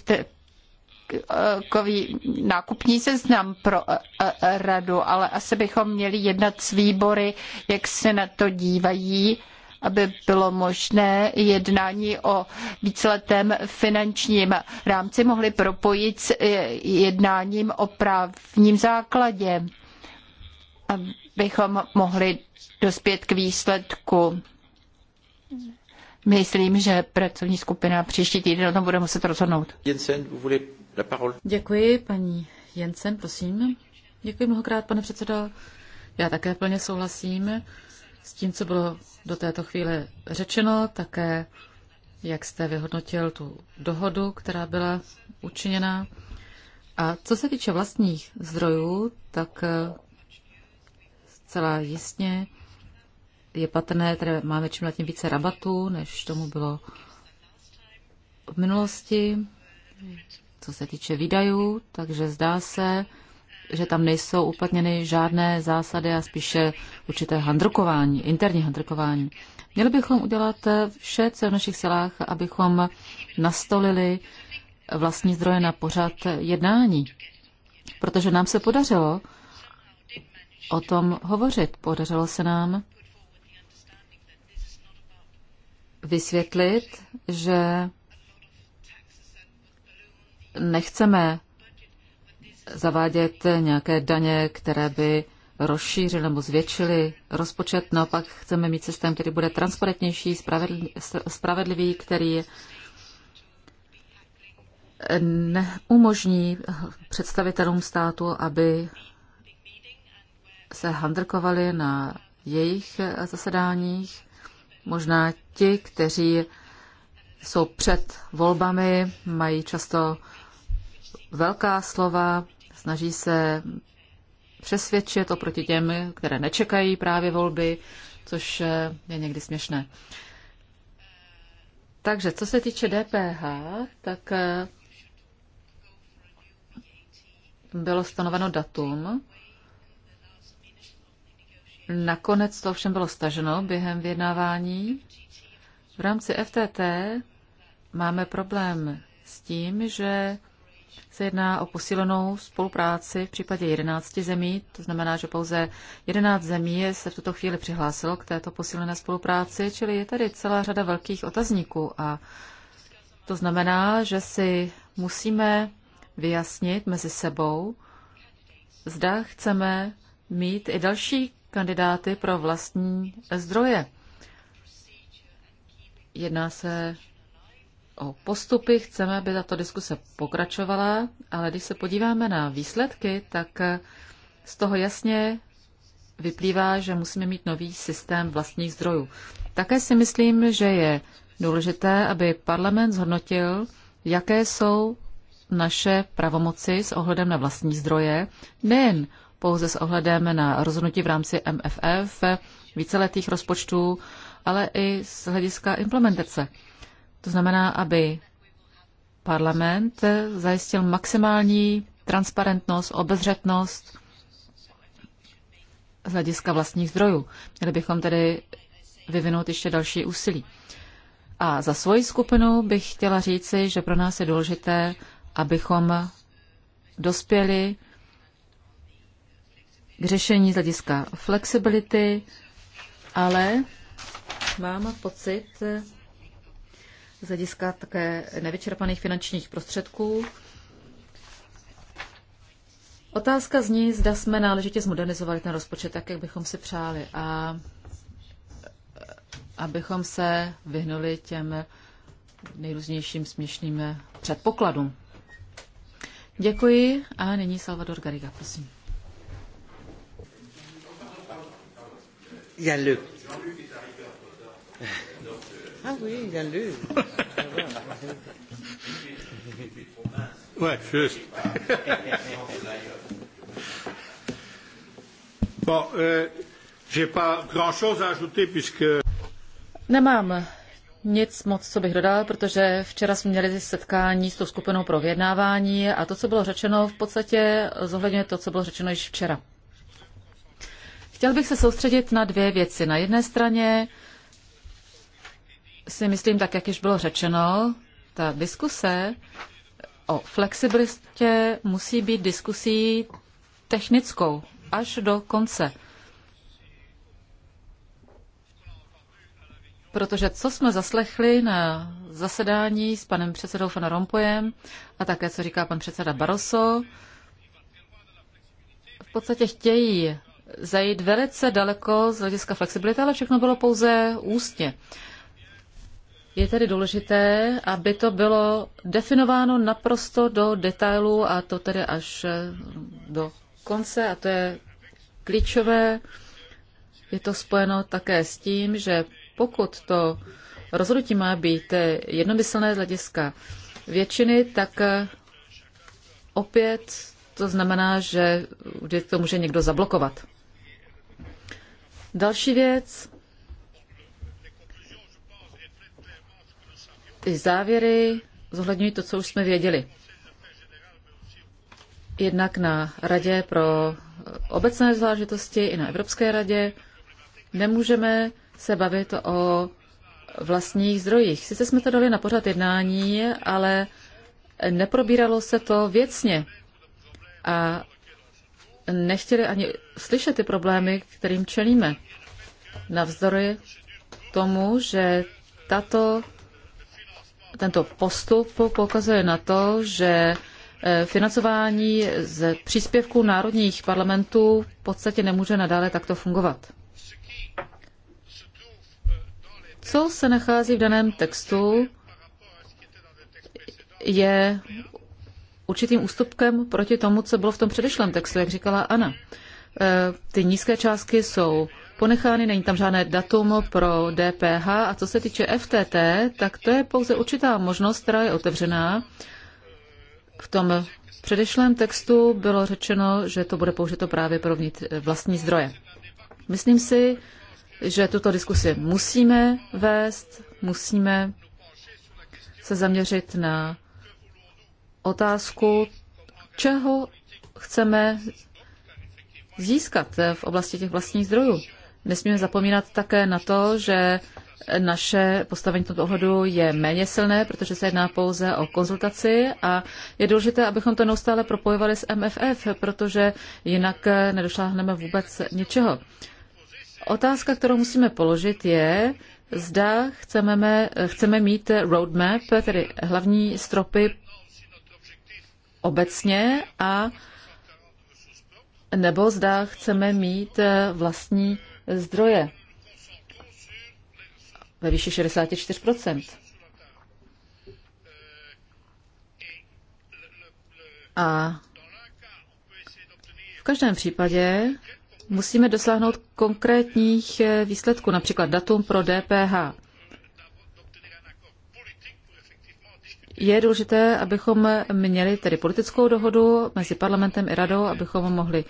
takový nákupní seznam pro e, e, radu, ale asi bychom měli jednat s výbory, jak se na to dívají, aby bylo možné jednání o víceletém finančním rámci mohli propojit s e, jednáním o právním základě abychom mohli dospět k výsledku. Myslím, že pracovní skupina příští týden o tom bude muset rozhodnout. Jensen, Děkuji, paní Jensen, prosím. Děkuji mnohokrát, pane předsedo. Já také plně souhlasím s tím, co bylo do této chvíle řečeno, také jak jste vyhodnotil tu dohodu, která byla učiněna. A co se týče vlastních zdrojů, tak Celá jistě je patrné, že máme čím tím více rabatů, než tomu bylo v minulosti, co se týče výdajů, takže zdá se, že tam nejsou uplatněny žádné zásady a spíše určité handrukování, interní handrukování. Měli bychom udělat vše, co je v našich silách, abychom nastolili vlastní zdroje na pořad jednání. Protože nám se podařilo o tom hovořit. Podařilo se nám vysvětlit, že nechceme zavádět nějaké daně, které by rozšířily nebo zvětšily rozpočet. Naopak chceme mít systém, který bude transparentnější, spravedlivý, který umožní představitelům státu, aby se handrkovali na jejich zasedáních. Možná ti, kteří jsou před volbami, mají často velká slova, snaží se přesvědčit oproti těm, které nečekají právě volby, což je někdy směšné. Takže co se týče DPH, tak eh, bylo stanoveno datum Nakonec to ovšem bylo staženo během vyjednávání. V rámci FTT máme problém s tím, že se jedná o posílenou spolupráci v případě 11 zemí, to znamená, že pouze 11 zemí se v tuto chvíli přihlásilo k této posílené spolupráci, čili je tady celá řada velkých otazníků a to znamená, že si musíme vyjasnit mezi sebou, zda chceme mít i další kandidáty pro vlastní zdroje. Jedná se o postupy, chceme, aby tato diskuse pokračovala, ale když se podíváme na výsledky, tak z toho jasně vyplývá, že musíme mít nový systém vlastních zdrojů. Také si myslím, že je důležité, aby parlament zhodnotil, jaké jsou naše pravomoci s ohledem na vlastní zdroje, nejen pouze s ohledem na rozhodnutí v rámci MFF, víceletých rozpočtů, ale i z hlediska implementace. To znamená, aby parlament zajistil maximální transparentnost, obezřetnost z hlediska vlastních zdrojů. Měli bychom tedy vyvinout ještě další úsilí. A za svoji skupinu bych chtěla říci, že pro nás je důležité, abychom dospěli k řešení z hlediska flexibility, ale mám pocit z hlediska také nevyčerpaných finančních prostředků. Otázka zní, zda jsme náležitě zmodernizovali ten rozpočet tak, jak bychom si přáli a abychom se vyhnuli těm nejrůznějším směšným předpokladům. Děkuji a nyní Salvador Gariga, prosím. Il y a le. Ah oui, il y a le. ouais, juste. bon, euh, j'ai pas grand chose à ajouter puisque. Nemám nic moc, co bych dodal, protože včera jsme měli setkání s tou skupinou pro vyjednávání a to, co bylo řečeno, v podstatě zohledňuje to, co bylo řečeno již včera. Chtěl bych se soustředit na dvě věci. Na jedné straně si myslím, tak jak již bylo řečeno, ta diskuse o flexibilitě musí být diskusí technickou až do konce. Protože co jsme zaslechli na zasedání s panem předsedou Van Rompojem a také co říká pan předseda Barroso, v podstatě chtějí zajít velice daleko z hlediska flexibility, ale všechno bylo pouze ústně. Je tedy důležité, aby to bylo definováno naprosto do detailů a to tedy až eh, do konce a to je klíčové. Je to spojeno také s tím, že pokud to rozhodnutí má být eh, jednomyslné z hlediska většiny, tak eh, opět to znamená, že vždy to může někdo zablokovat. Další věc. Ty závěry zohledňují to, co už jsme věděli. Jednak na Radě pro obecné záležitosti i na Evropské radě nemůžeme se bavit o vlastních zdrojích. Sice jsme to dali na pořad jednání, ale neprobíralo se to věcně. A nechtěli ani slyšet ty problémy, kterým čelíme. Navzdory tomu, že tato, tento postup pokazuje na to, že e, financování z příspěvků národních parlamentů v podstatě nemůže nadále takto fungovat. Co se nachází v daném textu, je určitým ústupkem proti tomu, co bylo v tom předešlém textu, jak říkala Ana. Eh, ty nízké částky jsou ponechány, není tam žádné datum pro DPH a co se týče FTT, tak to je pouze určitá možnost, která je otevřená. V tom předešlém textu bylo řečeno, že to bude použito právě pro eh, vlastní zdroje. Myslím si, že tuto diskusi musíme vést, musíme se zaměřit na otázku, čeho chceme získat eh, v oblasti těch vlastních zdrojů. Nesmíme zapomínat také na to, že naše postavení tomto ohledu je méně silné, protože se jedná pouze o konzultaci a je důležité, abychom to neustále propojovali s MFF, protože jinak eh, nedošláhneme vůbec ničeho. Otázka, kterou musíme položit, je, zda chceme, chceme mít roadmap, tedy hlavní stropy obecně a nebo zda chceme mít eh, vlastní zdroje ve výši 64 A v každém případě musíme dosáhnout konkrétních eh, výsledků, například datum pro DPH. je důležité, abychom měli tedy politickou dohodu mezi parlamentem i radou, abychom mohli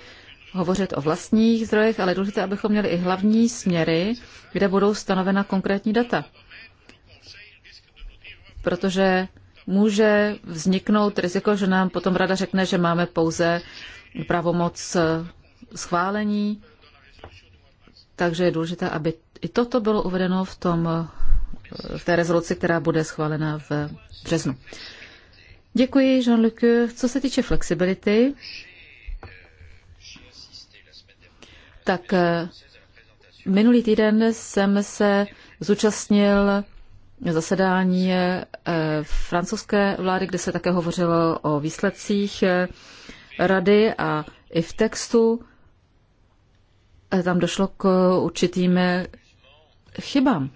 hovořit o vlastních zdrojech, ale je důležité, abychom měli i hlavní směry, kde budou stanovena konkrétní data. Protože může vzniknout riziko, že nám potom rada řekne, že máme pouze pravomoc schválení, takže je důležité, aby i toto bylo uvedeno v tom v té rezoluci, která bude schválena v březnu. Děkuji, Jean-Luc. Co se týče flexibility, tak eh, minulý týden jsem se zúčastnil zasedání eh, francouzské vlády, kde se také hovořilo o výsledcích eh, rady a i v textu tam došlo k určitým chybám.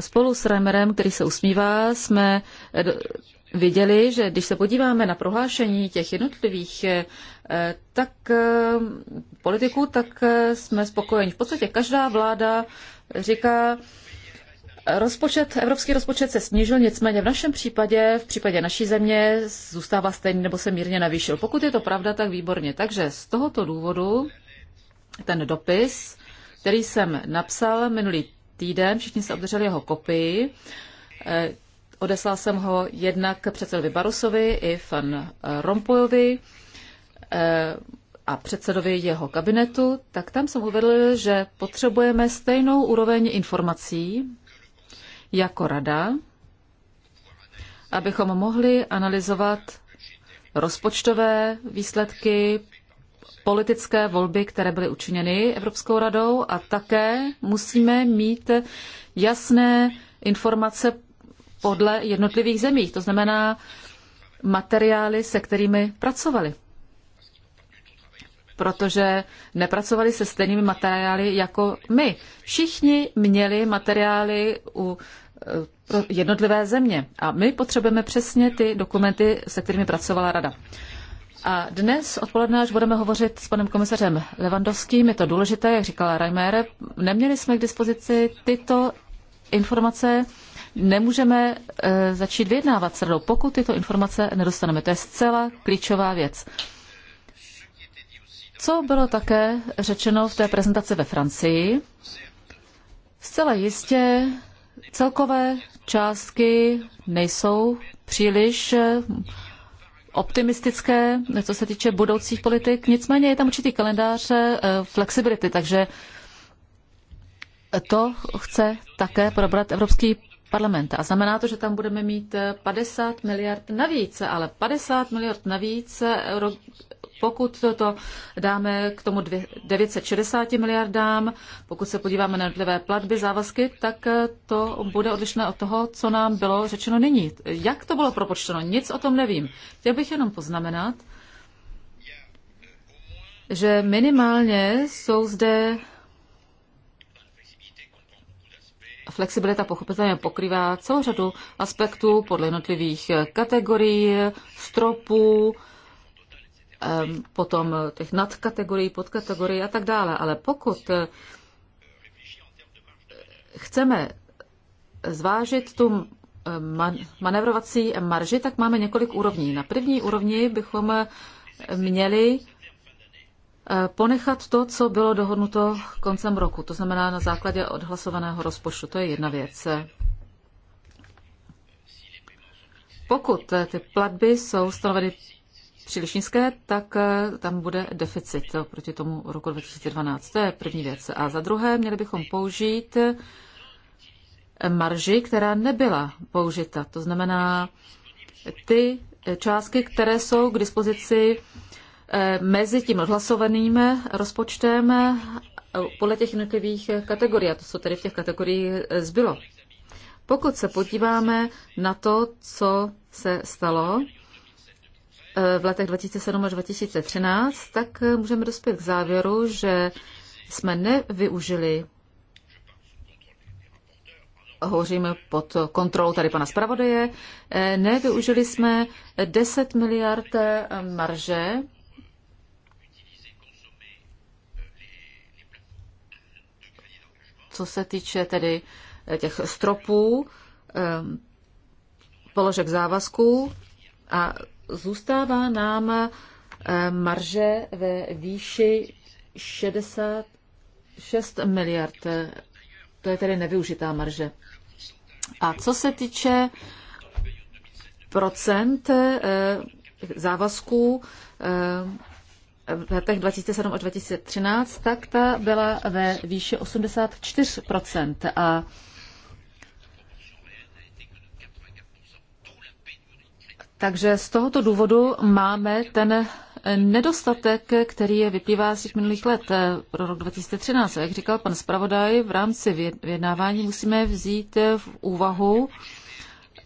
Spolu s Remerem, který se usmívá, jsme eh, viděli, že když se podíváme na prohlášení těch jednotlivých eh, tak eh, politiků, tak jsme spokojeni. V podstatě každá vláda říká, Rozpočet, evropský rozpočet se snížil, nicméně v našem případě, v případě naší země, zůstává stejný nebo se mírně navýšil. Pokud je to pravda, tak výborně. Takže z tohoto důvodu ten dopis, který jsem napsal minulý týden. Všichni se obdrželi jeho kopii. Eh, odeslal jsem ho jednak předsedovi Barusovi i Van eh, Rompuyovi eh, a předsedovi jeho kabinetu, tak tam jsem uvedl, že potřebujeme stejnou úroveň informací jako rada, abychom mohli analyzovat rozpočtové výsledky, politické volby, které byly učiněny Evropskou radou a také musíme mít jasné informace podle jednotlivých zemí. To znamená materiály, se kterými pracovali. Protože nepracovali se stejnými materiály jako my. Všichni měli materiály u eh, pro jednotlivé země. A my potřebujeme přesně ty dokumenty, se kterými pracovala Rada. A dnes odpoledne, až budeme hovořit s panem komisařem Levandovským, je to důležité, jak říkala Reimer, neměli jsme k dispozici tyto informace, nemůžeme e, začít vyjednávat s radou, pokud tyto informace nedostaneme. To je zcela klíčová věc. Co bylo také řečeno v té prezentaci ve Francii? Zcela jistě celkové částky nejsou příliš eh, optimistické, co se týče budoucích politik. Nicméně je tam určitý kalendář eh, flexibility, takže to chce také probrat Evropský parlament. A znamená to, že tam budeme mít 50 eh, miliard navíc, ale 50 miliard navíc eh, pokud toto dáme k tomu 960 miliardám, pokud se podíváme na jednotlivé platby, závazky, tak eh, to bude odlišné od toho, co nám bylo řečeno nyní. Jak to bylo propočteno? Nic o tom nevím. Chtěl bych jenom poznamenat, že minimálně jsou zde flexibilita pochopitelně pokrývá celou řadu aspektů podle jednotlivých kategorií, stropů, Ehm, potom těch nadkategorií, podkategorií a tak dále. Ale pokud eh, chceme zvážit tu eh, manevrovací marži, tak máme několik úrovní. Na první úrovni bychom měli eh, ponechat to, co bylo dohodnuto koncem roku, to znamená na základě odhlasovaného rozpočtu. To je jedna věc. Pokud ty platby jsou stanoveny příliš nízké, tak eh, tam bude deficit proti tomu roku 2012. To je první věc. A za druhé, měli bychom použít eh, marži, která nebyla použita. To znamená ty eh, částky, které jsou k dispozici mezi tím odhlasovaným rozpočtem podle těch jednotlivých kategorií, a to, co tedy v těch kategoriích zbylo. Pokud se podíváme na to, co se stalo v letech 2007 až 2013, tak eh, můžeme dospět k závěru, že jsme nevyužili hovoříme pod kontrolou tady pana zpravodaje, eh, nevyužili jsme 10 miliard eh, marže co se týče tedy těch stropů, položek závazků a zůstává nám eh, marže ve výši 66 miliard. To je tedy nevyužitá marže. A co se týče procent eh, závazků eh, v letech 2007 až 2013, tak ta byla ve výši 84 A Takže z tohoto důvodu máme ten nedostatek, který je vyplývá z těch minulých let eh, pro rok 2013. Jak říkal pan zpravodaj, v rámci vyjednávání musíme vzít eh, v úvahu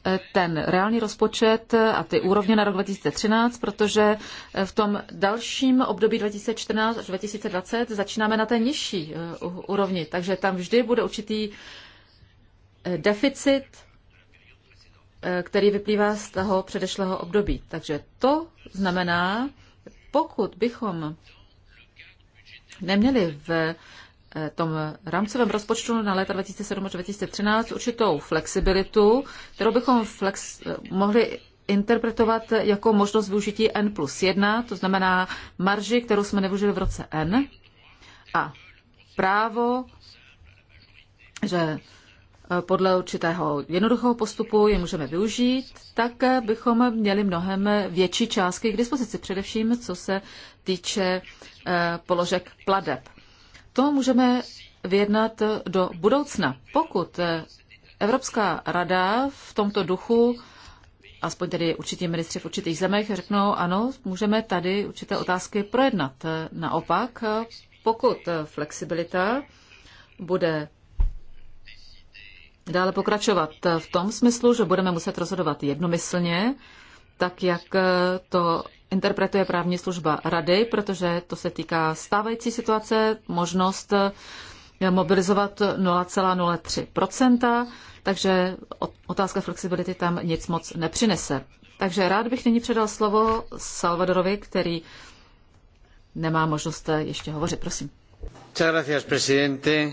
eh, ten reálný rozpočet a ty úrovně na rok 2013, protože v tom dalším období 2014 až 2020 začínáme na té nižší úrovni, takže tam vždy bude určitý deficit Eh, který vyplývá z toho předešlého období. Takže to znamená, pokud bychom neměli v eh, tom rámcovém rozpočtu na léta 2007 až 2013 určitou flexibilitu, kterou bychom flex, eh, mohli interpretovat jako možnost využití N plus 1, to znamená marži, kterou jsme nevyužili v roce N, a právo, že Eh, podle určitého jednoduchého postupu je můžeme využít, tak eh, bychom měli mnohem eh, větší částky k dispozici, především co se týče položek pladeb. To můžeme vyjednat do budoucna. Pokud Evropská rada v tomto duchu, aspoň tedy určitě ministři v určitých zemech, řeknou ano, můžeme tady určité otázky projednat. Naopak, pokud flexibilita bude dále pokračovat v tom smyslu, že budeme muset rozhodovat jednomyslně, tak jak to interpretuje právní služba rady, protože to se týká stávající situace, možnost mobilizovat 0,03%, takže otázka flexibility tam nic moc nepřinese. Takže rád bych nyní předal slovo Salvadorovi, který nemá možnost ještě hovořit. Prosím. Muchas gracias, presidente.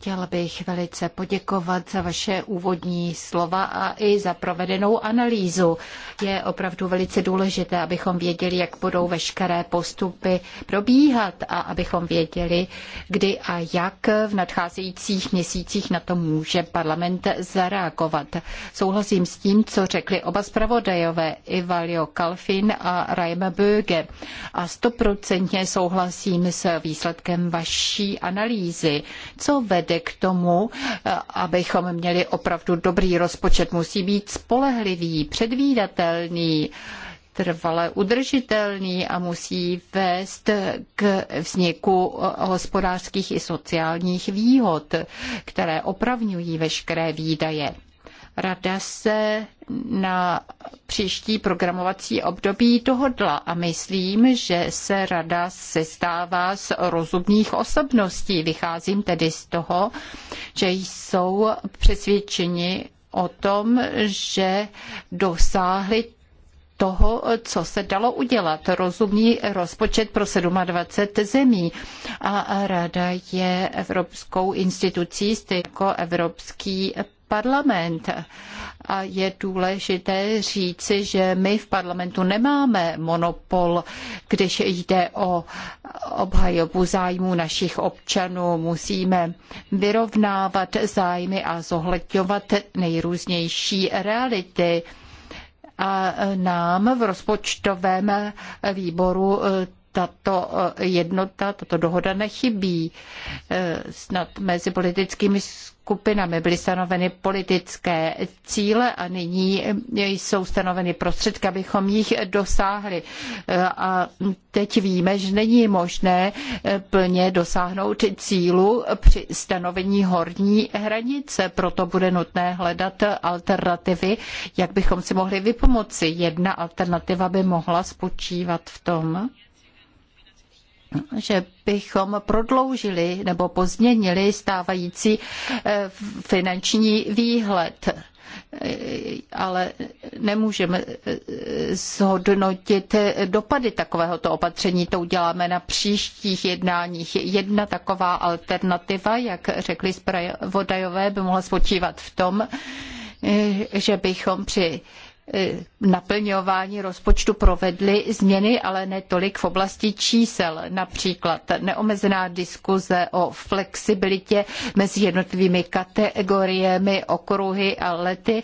Chtěl bych velice poděkovat za vaše úvodní slova a i za provedenou analýzu. Je opravdu velice důležité, abychom věděli, jak budou veškeré postupy probíhat a abychom věděli, kdy a jak v nadcházejících měsících na to může parlament zareagovat. Souhlasím s tím, co řekli oba zpravodajové Ivalio Kalfin a Raima Böge a stoprocentně souhlasím s výsledkem vaší analýzy, co vede tedy k tomu, eh, abychom měli opravdu dobrý rozpočet, musí být spolehlivý, předvídatelný, trvale udržitelný a musí vést k vzniku hospodářských i sociálních výhod, které opravňují veškeré výdaje. Rada se na příští programovací období dohodla a myslím, že se rada sestává z rozumných osobností. Vycházím tedy z toho, že jsou přesvědčeni o tom, že dosáhli toho, co se dalo udělat. Rozumný rozpočet pro 27 zemí. A rada je evropskou institucí stejně jako Evropský parlament. A je důležité říci, že my v parlamentu nemáme monopol, když jde o obhajobu zájmů našich občanů. Musíme vyrovnávat zájmy a zohledňovat nejrůznější reality. A nám v rozpočtovém výboru tato jednota, tato dohoda nechybí. Snad mezi politickými skupinami skupinami. Byly stanoveny politické cíle a nyní jsou stanoveny prostředky, abychom jich dosáhli. A teď víme, že není možné plně dosáhnout cílu při stanovení horní hranice. Proto bude nutné hledat alternativy, jak bychom si mohli vypomoci. Jedna alternativa by mohla spočívat v tom, že bychom prodloužili nebo pozměnili stávající eh, finanční výhled. Eh, ale nemůžeme eh, zhodnotit dopady takovéhoto opatření. To uděláme na příštích jednáních. Jedna taková alternativa, jak řekli zpravodajové, by mohla spočívat v tom, že bychom při E, naplňování rozpočtu provedly změny, ale ne tolik v oblasti čísel. Například neomezená diskuze o flexibilitě mezi jednotlivými kategoriemi, okruhy a lety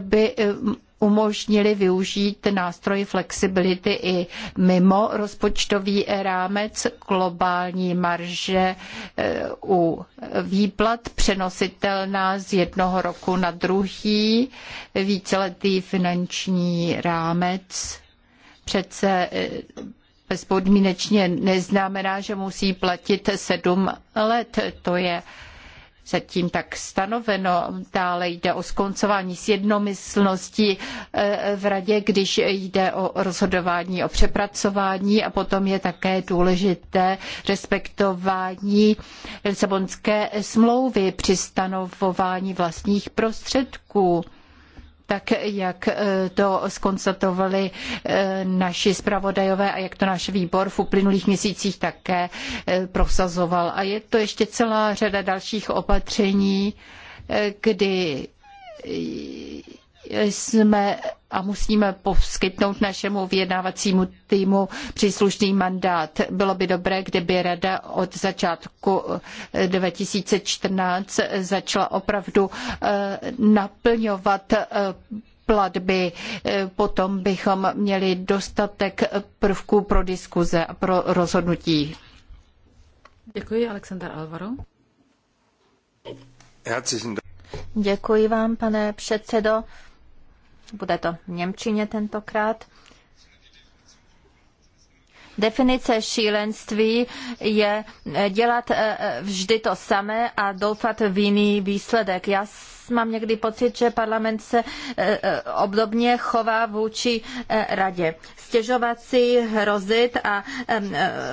by e, umožnili využít nástroj flexibility i mimo rozpočtový rámec globální marže eh, u výplat přenositelná z jednoho roku na druhý, víceletý finanční rámec přece eh, bezpodmínečně neznamená, že musí platit sedm let. To je zatím tak stanoveno. Dále jde o skoncování s jednomyslností eh, v radě, když jde o rozhodování o přepracování a potom je také důležité respektování Lisabonské smlouvy při stanovování vlastních prostředků tak jak eh, to skonstatovali eh, naši zpravodajové a jak to náš výbor v uplynulých měsících také eh, prosazoval. A je to ještě celá řada dalších opatření, kdy jsme a musíme poskytnout našemu vyjednávacímu týmu příslušný mandát. Bylo by dobré, kdyby Rada od začátku 2014 eh, začala opravdu eh, naplňovat eh, platby. Potom bychom měli dostatek prvků pro diskuze a pro rozhodnutí. Děkuji, Alexander Alvaro. Děkuji vám, pane předsedo. Bude to v Němčině tentokrát. Definice šílenství je eh, dělat eh, eh, vždy to samé a doufat v jiný výsledek. Já mám někdy pocit, že parlament se obdobně chová vůči radě. Stěžovat si, hrozit a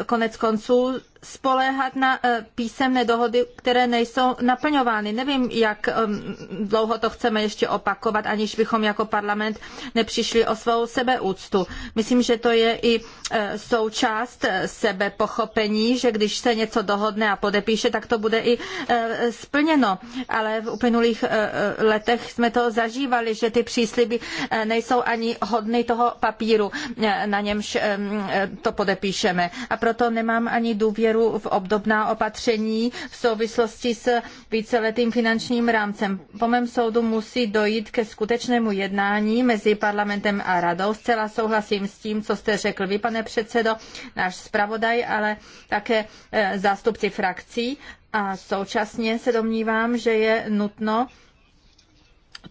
konec konců spoléhat na eh, písemné dohody, které nejsou naplňovány. Nevím, jak dlouho to chceme ještě opakovat, aniž bychom jako parlament nepřišli o svou sebeúctu. Myslím, že to je i eh, součást eh, sebepochopení, že když se něco dohodne a podepíše, tak to bude i splněno. Ale v uplynulých letech jsme to zažívali, že ty přísliby nejsou ani hodny toho papíru, na němž to podepíšeme. A proto nemám ani důvěru partnerů v obdobná opatření v souvislosti s víceletým finančním rámcem. Po mém soudu musí dojít ke skutečnému jednání mezi parlamentem a radou. Zcela souhlasím s tím, co jste řekl vy, pane předsedo, náš zpravodaj, ale také eh, zástupci frakcí. A současně se domnívám, že je nutno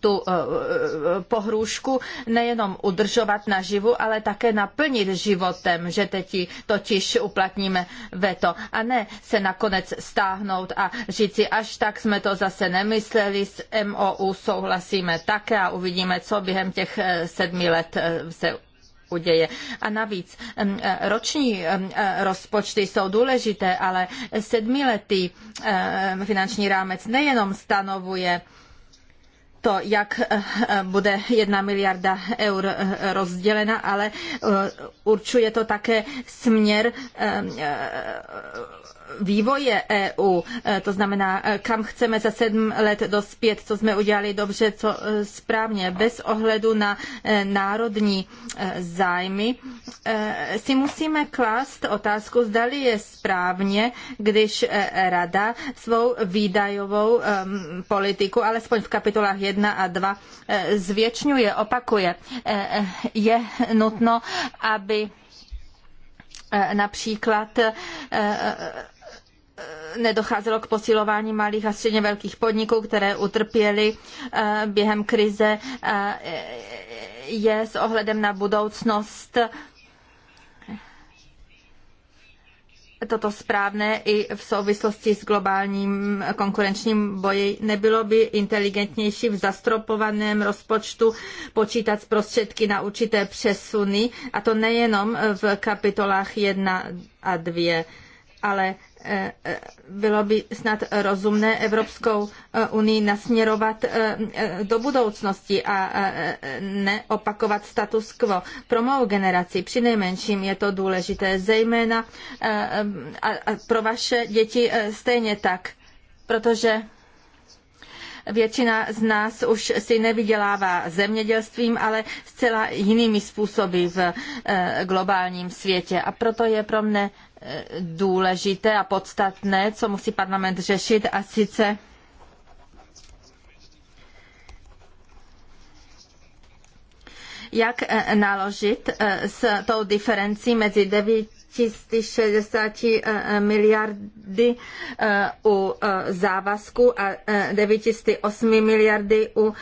tu eh, eh, pohrůžku nejenom udržovat naživu, ale také naplnit životem, že teď totiž uplatníme veto a ne se nakonec stáhnout a říci, až tak jsme to zase nemysleli, s MOU souhlasíme také a uvidíme, co během těch eh, sedmi let se uděje. A navíc mm, roční mm, rozpočty jsou důležité, ale sedmiletý finanční rámec nejenom stanovuje to, jak eh, eh, bude jedna miliarda eur eh, rozdělena, ale určuje to také směr vývoje EU, to znamená, kam chceme za sedm let dospět, co jsme udělali dobře, co správně, bez ohledu na národní zájmy, si musíme klást otázku, zdali je správně, když Rada svou výdajovou politiku, alespoň v kapitolách 1 1 a 2 eh, zvětšňuje, opakuje. Eh, eh, je nutno, aby například nedocházelo k posilování malých a středně velkých podniků, které utrpěly během krize, je s ohledem na budoucnost toto správné i v souvislosti s globálním konkurenčním boji. Nebylo by inteligentnější v zastropovaném rozpočtu počítat z prostředky na určité přesuny, a to nejenom v kapitolách 1 a 2, ale bylo by snad rozumné Evropskou eh, unii nasměrovat eh, eh, do budoucnosti a neopakovat status quo. Pro mou generaci při nejmenším je to důležité, zejména a pro vaše děti stejně tak, protože většina z nás už si nevydělává zemědělstvím, ale zcela jinými způsoby v globálním světě. A proto je pro mne důležité a podstatné, co musí parlament řešit, a sice jak eh, naložit eh, s tou diferencí mezi 9 660 eh, eh, eh, miliardy u závazku a 908 miliardy u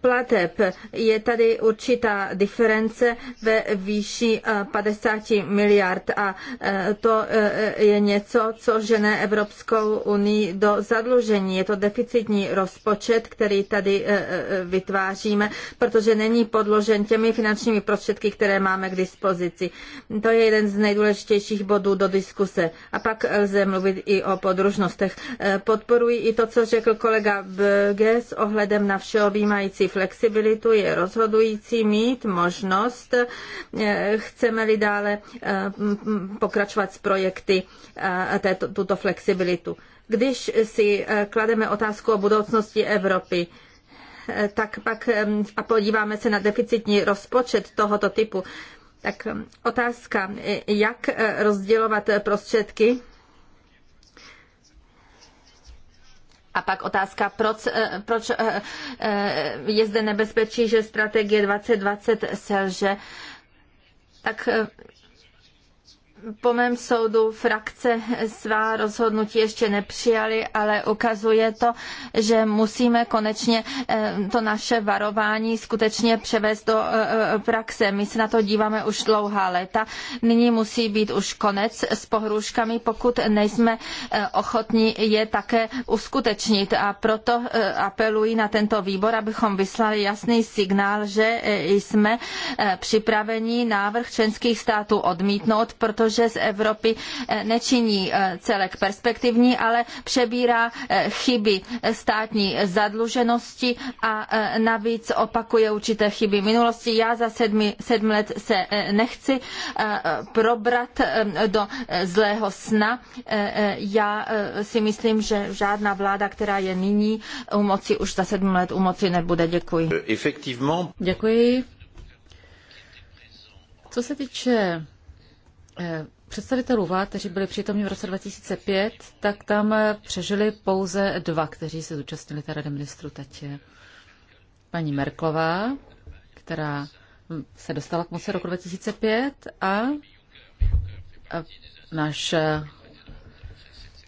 plateb. Je tady určitá diference ve výši 50 miliard a to je něco, co žene Evropskou unii do zadlužení. Je to deficitní rozpočet, který tady vytváříme, protože není podložen těmi finančními prostředky, které máme k dispozici. To je jeden z nejdůležitějších bodů do diskuse. A pak lze mluvit i o podružnostech. E, podporuji i to, co řekl kolega Böge s ohledem na všeobjímající flexibilitu. Je rozhodující mít možnost, e, chceme-li dále e, pokračovat s projekty této, tuto flexibilitu. Když si klademe otázku o budoucnosti Evropy, tak pak a podíváme se na deficitní rozpočet tohoto typu, tak otázka, jak eh, rozdělovat eh, prostředky A pak otázka, proč, eh, proč je zde nebezpečí, že strategie 2020 selže. Tak po mém soudu frakce svá rozhodnutí ještě nepřijaly, ale ukazuje to, že musíme konečně eh, to naše varování skutečně převést do eh, eh, praxe. My se na to díváme už dlouhá léta. Nyní musí být už konec s pohrůžkami, pokud nejsme ochotní je také uskutečnit. A proto apeluji na tento výbor, abychom vyslali jasný signál, že jsme připraveni návrh členských států odmítnout, protože protože z Evropy eh, nečiní eh, celek perspektivní, ale přebírá eh, chyby státní zadluženosti a navíc opakuje určité chyby minulosti. Já za sedmi, sedm let se nechci probrat do zlého sna. Já si myslím, že žádná vláda, která je nyní u moci, už za sedm let u moci nebude. Děkuji. Děkuji. Co se týče Eh, představitelů vlád, kteří byli přítomní v roce 2005, tak tam eh, přežili pouze dva, kteří se zúčastnili té rady ministrů teď. Paní Merklová, která hm, se dostala k moci roku 2005 a, a náš eh,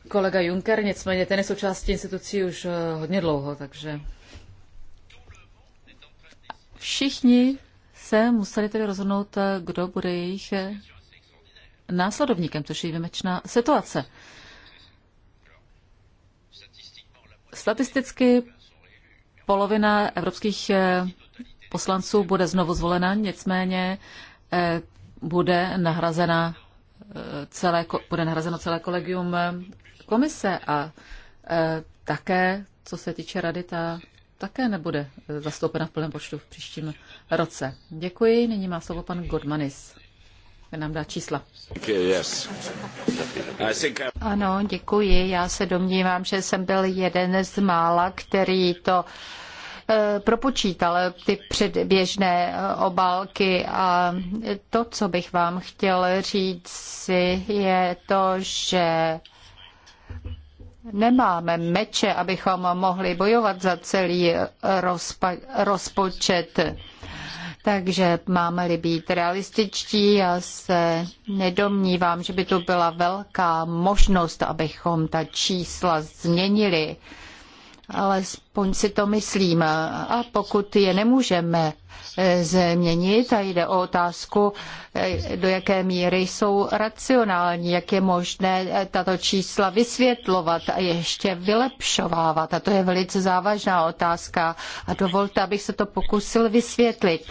kolega Juncker, nicméně ten je součástí institucí už hodně dlouho, takže všichni se museli tedy rozhodnout, kdo bude jejich následovníkem, což je výjimečná situace. Statisticky polovina evropských eh, poslanců bude znovu zvolena, nicméně eh, bude nahrazena eh, celé, bude nahrazeno celé kolegium komise a také, co se týče rady, ta také nebude zastoupena v plném počtu v příštím roce. Děkuji. Nyní má slovo pan Godmanis nám dá čísla. Ano, děkuji. Já se domnívám, že jsem byl jeden z mála, který to eh, propočítal ty předběžné eh, obálky a to, co bych vám chtěl říct je to, že nemáme meče, abychom mohli bojovat za celý eh, rozpočet. Takže máme-li být realističtí, já se nedomnívám, že by to byla velká možnost, abychom ta čísla změnili. Alespoň si to myslím. A pokud je nemůžeme eh, změnit, a jde o otázku, eh, do jaké míry jsou racionální, jak je možné eh, tato čísla vysvětlovat a ještě vylepšovávat. A to je velice závažná otázka. A dovolte, abych se to pokusil vysvětlit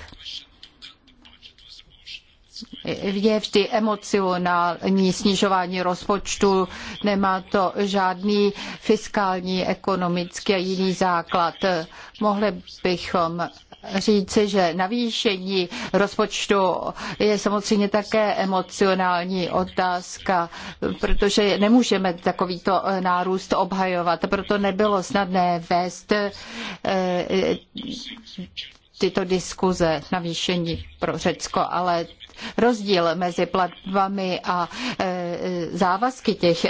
je vždy emocionální snižování rozpočtu, nemá to žádný fiskální, ekonomický a jiný základ. Mohli bychom říci, že navýšení rozpočtu je samozřejmě také emocionální otázka, protože nemůžeme takovýto nárůst obhajovat. Proto nebylo snadné vést eh, tyto diskuze navýšení pro Řecko, ale rozdíl mezi platbami a eh, závazky těch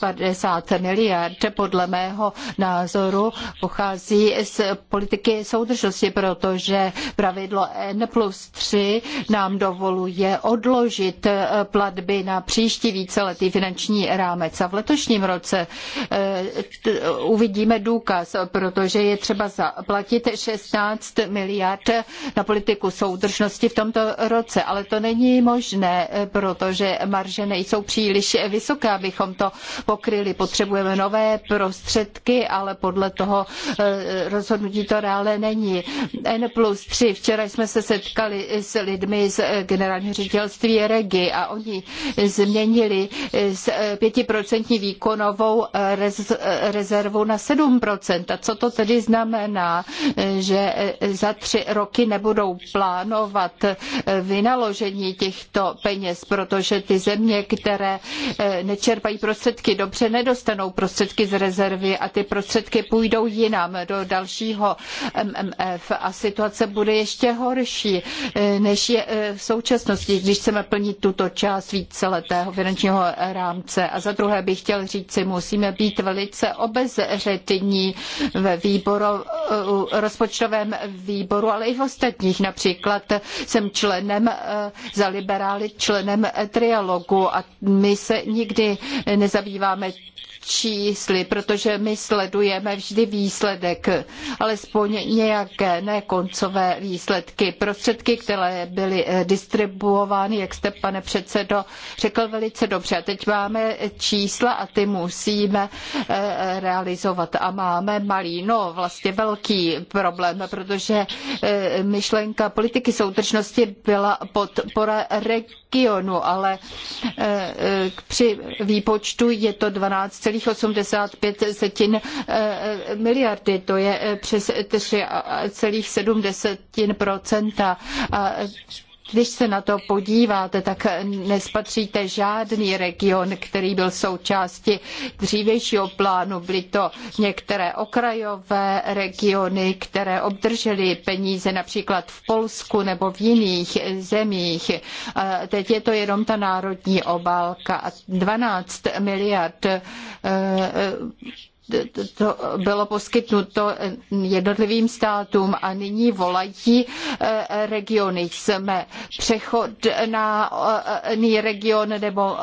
50 eh, miliard podle mého názoru pochází z politiky soudržnosti, protože pravidlo N plus 3 nám dovoluje odložit eh, platby na příští víceletý finanční rámec. A v letošním roce eh, uvidíme důkaz, protože je třeba zaplatit 16 miliard na politiku soudržnosti v tomto roce, ale to není možné, protože marže nejsou příliš příliš vysoké, abychom to pokryli. Potřebujeme nové prostředky, ale podle toho eh, rozhodnutí to reálné není. N plus 3. Včera jsme se setkali s lidmi z eh, generálního ředitelství Regi a oni změnili z eh, 5% výkonovou rezervu na 7%. A co to tedy znamená, že za tři roky nebudou plánovat vynaložení těchto peněz, protože ty země, které které eh, nečerpají prostředky dobře, nedostanou prostředky z rezervy a ty prostředky půjdou jinam do dalšího MMF a situace bude ještě horší, eh, než je eh, v současnosti, když chceme plnit tuto část víceletého finančního rámce. A za druhé bych chtěl říci, musíme být velice obezřetní ve výboru, rozpočtovém výboru, ale i v ostatních. Například jsem členem za liberály, členem trialogu a my se nikdy nezabýváme čísly, protože my sledujeme vždy výsledek, alespoň nějaké nekoncové výsledky. Prostředky, které byly eh, distribuovány, jak jste, pane předsedo, řekl velice dobře. A teď máme čísla a ty musíme eh, realizovat. A máme malý, no vlastně velký problém, protože eh, myšlenka politiky soudržnosti byla podpora regionu, ale při výpočtu je to 12, 1,85 miliardy, to je přes 3,7 a když se na to podíváte, tak nespatříte žádný region, který byl součástí dřívějšího plánu. Byly to některé okrajové regiony, které obdržely peníze například v Polsku nebo v jiných zemích. Teď je to jenom ta národní obálka. 12 miliard eh, to bylo poskytnuto jednotlivým státům a nyní volají eh, regiony. Jsme přechodný region nebo eh,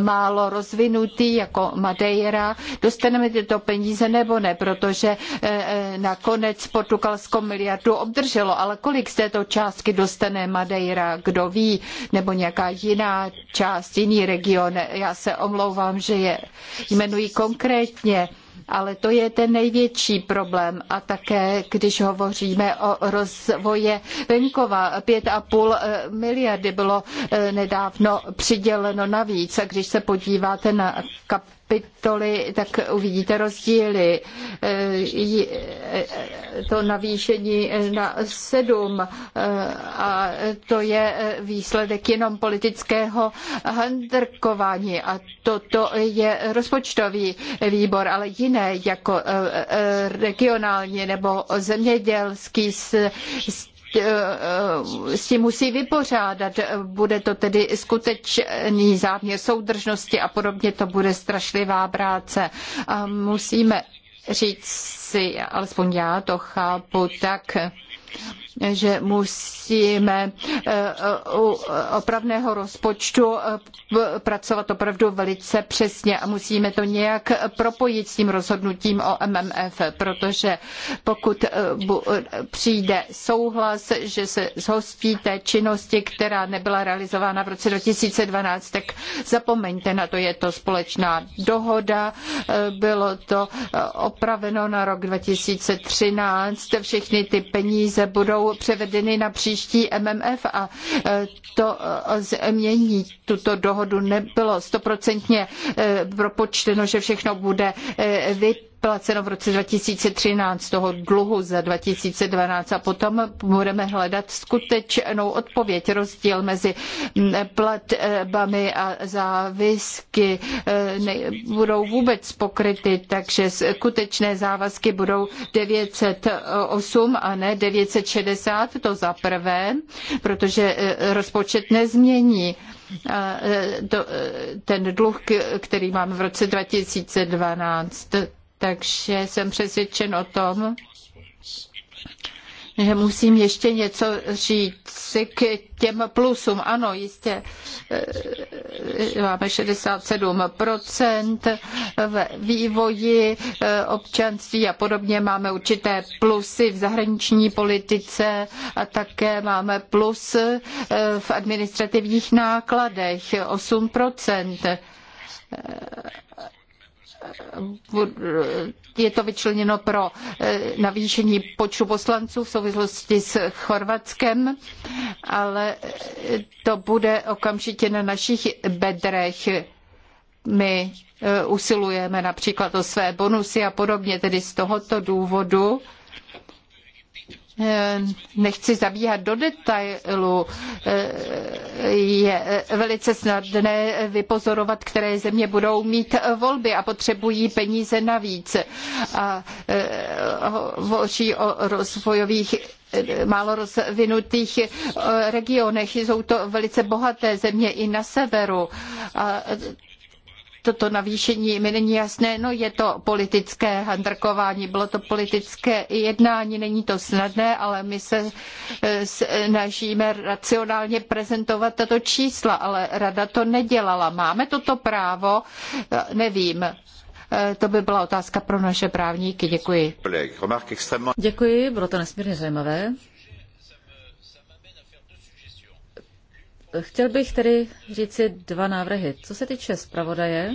málo rozvinutý jako Madeira. Dostaneme tyto peníze nebo ne, protože eh, nakonec Portugalsko miliardu obdrželo, ale kolik z této částky dostane Madeira, kdo ví, nebo nějaká jiná část, jiný region. Já se omlouvám, že je jmenuji konkrétně ale to je ten největší problém. A také, když hovoříme o rozvoje venkova, 5,5 eh, miliardy bylo eh, nedávno přiděleno navíc. A když se podíváte na kap kapitoly, tak uvidíte rozdíly. To navýšení na sedm a to je výsledek jenom politického handrkování a toto je rozpočtový výbor, ale jiné jako regionální nebo zemědělský s, s Eh, eh, s tím musí vypořádat. Bude to tedy skutečný záměr soudržnosti a podobně to bude strašlivá práce. musíme říct si, alespoň já to chápu tak, že musíme eh, u opravného rozpočtu eh, pracovat opravdu velice přesně a musíme to nějak propojit s tím rozhodnutím o MMF, protože pokud eh, přijde souhlas, že se zhostí té činnosti, která nebyla realizována v roce 2012, tak zapomeňte na to, je to společná dohoda, bylo to opraveno na rok 2013, všechny ty peníze budou budou převedeny na příští MMF a e, to e, změní tuto dohodu. Nebylo stoprocentně e, propočteno, že všechno bude vypálené placeno v roce 2013 toho dluhu za 2012 a potom budeme hledat skutečnou odpověď, rozdíl mezi platbami a závisky eh, budou vůbec pokryty, takže skutečné závazky budou 908 a ne 960, to za prvé, protože eh, rozpočet nezmění eh, ten dluh, který máme v roce 2012, takže jsem přesvědčen o tom, že musím ještě něco říct k těm plusům. Ano, jistě eh, máme 67% v vývoji eh, občanství a podobně. Máme určité plusy v zahraniční politice a také máme plus eh, v administrativních nákladech 8% je to vyčleněno pro eh, navýšení počtu poslanců v souvislosti s Chorvatskem, ale eh, to bude okamžitě na našich bedrech. My eh, usilujeme například o své bonusy a podobně, tedy z tohoto důvodu Eh, nechci zabíhat do detailu, eh, je eh, velice snadné vypozorovat, které země budou mít volby a potřebují peníze navíc. A hovoří o rozvojových málo rozvinutých regionech. Jsou to velice bohaté země i na severu. A toto navýšení mi není jasné. No je to politické handrkování, bylo to politické jednání, není to snadné, ale my se eh, snažíme racionálně prezentovat tato čísla, ale rada to nedělala. Máme toto právo? Eh, nevím. Eh, to by byla otázka pro naše právníky. Děkuji. Děkuji, bylo to nesmírně zajímavé. Chtěl bych tedy říci dva návrhy. Co se týče zpravodaje,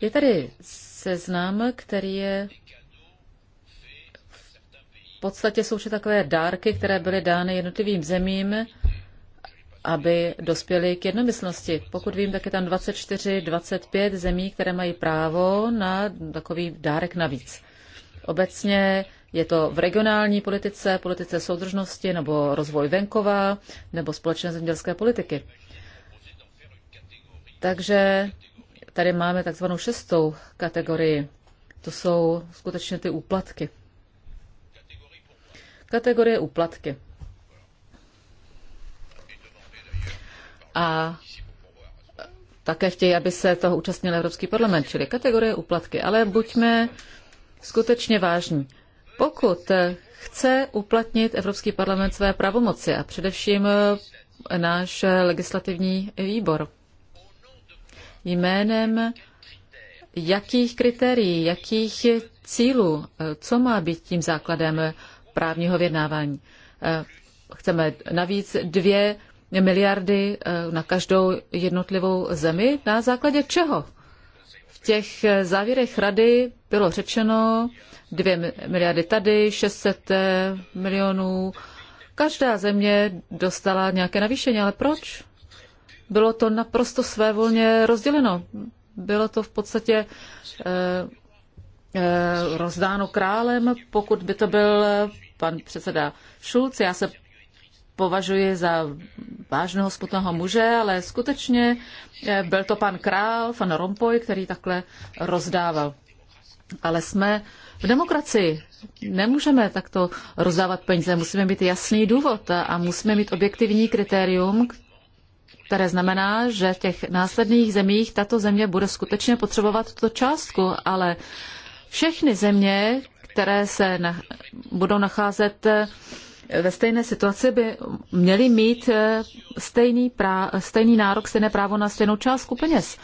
je tady seznam, který je v podstatě jsou vše takové dárky, které byly dány jednotlivým zemím, aby dospěli k jednomyslnosti. Pokud vím, tak je tam 24, 25 zemí, které mají právo na takový dárek navíc. Obecně je to v regionální politice, politice soudržnosti nebo rozvoj venkova nebo společné zemědělské politiky. Takže tady máme takzvanou šestou kategorii. To jsou skutečně ty úplatky. Kategorie úplatky. A také chtějí, aby se toho účastnil Evropský parlament, čili kategorie úplatky. Ale buďme skutečně vážní. Pokud chce uplatnit Evropský parlament své pravomoci a především eh, náš legislativní výbor, jménem jakých kritérií, jakých cílů, eh, co má být tím základem právního vyjednávání. Eh, chceme navíc dvě miliardy na každou jednotlivou zemi. Na základě čeho? V těch závěrech rady bylo řečeno, 2 miliardy tady, 600 eh, milionů. Každá země dostala nějaké navýšení, ale proč? Bylo to naprosto svévolně rozděleno. Bylo to v podstatě eh, eh, rozdáno králem, pokud by to byl eh, pan předseda Schulz. Já se považuji za vážného sputného muže, ale skutečně eh, byl to pan král, pan Rompoy, který takhle rozdával. Ale jsme v demokracii. Nemůžeme takto rozdávat peníze. Musíme mít jasný důvod a musíme mít objektivní kritérium, které znamená, že v těch následných zemích tato země bude skutečně potřebovat tuto částku, ale všechny země, které se na, budou nacházet eh, ve stejné situaci, by měly mít eh, stejný, prá, stejný nárok, stejné právo na stejnou částku peněz.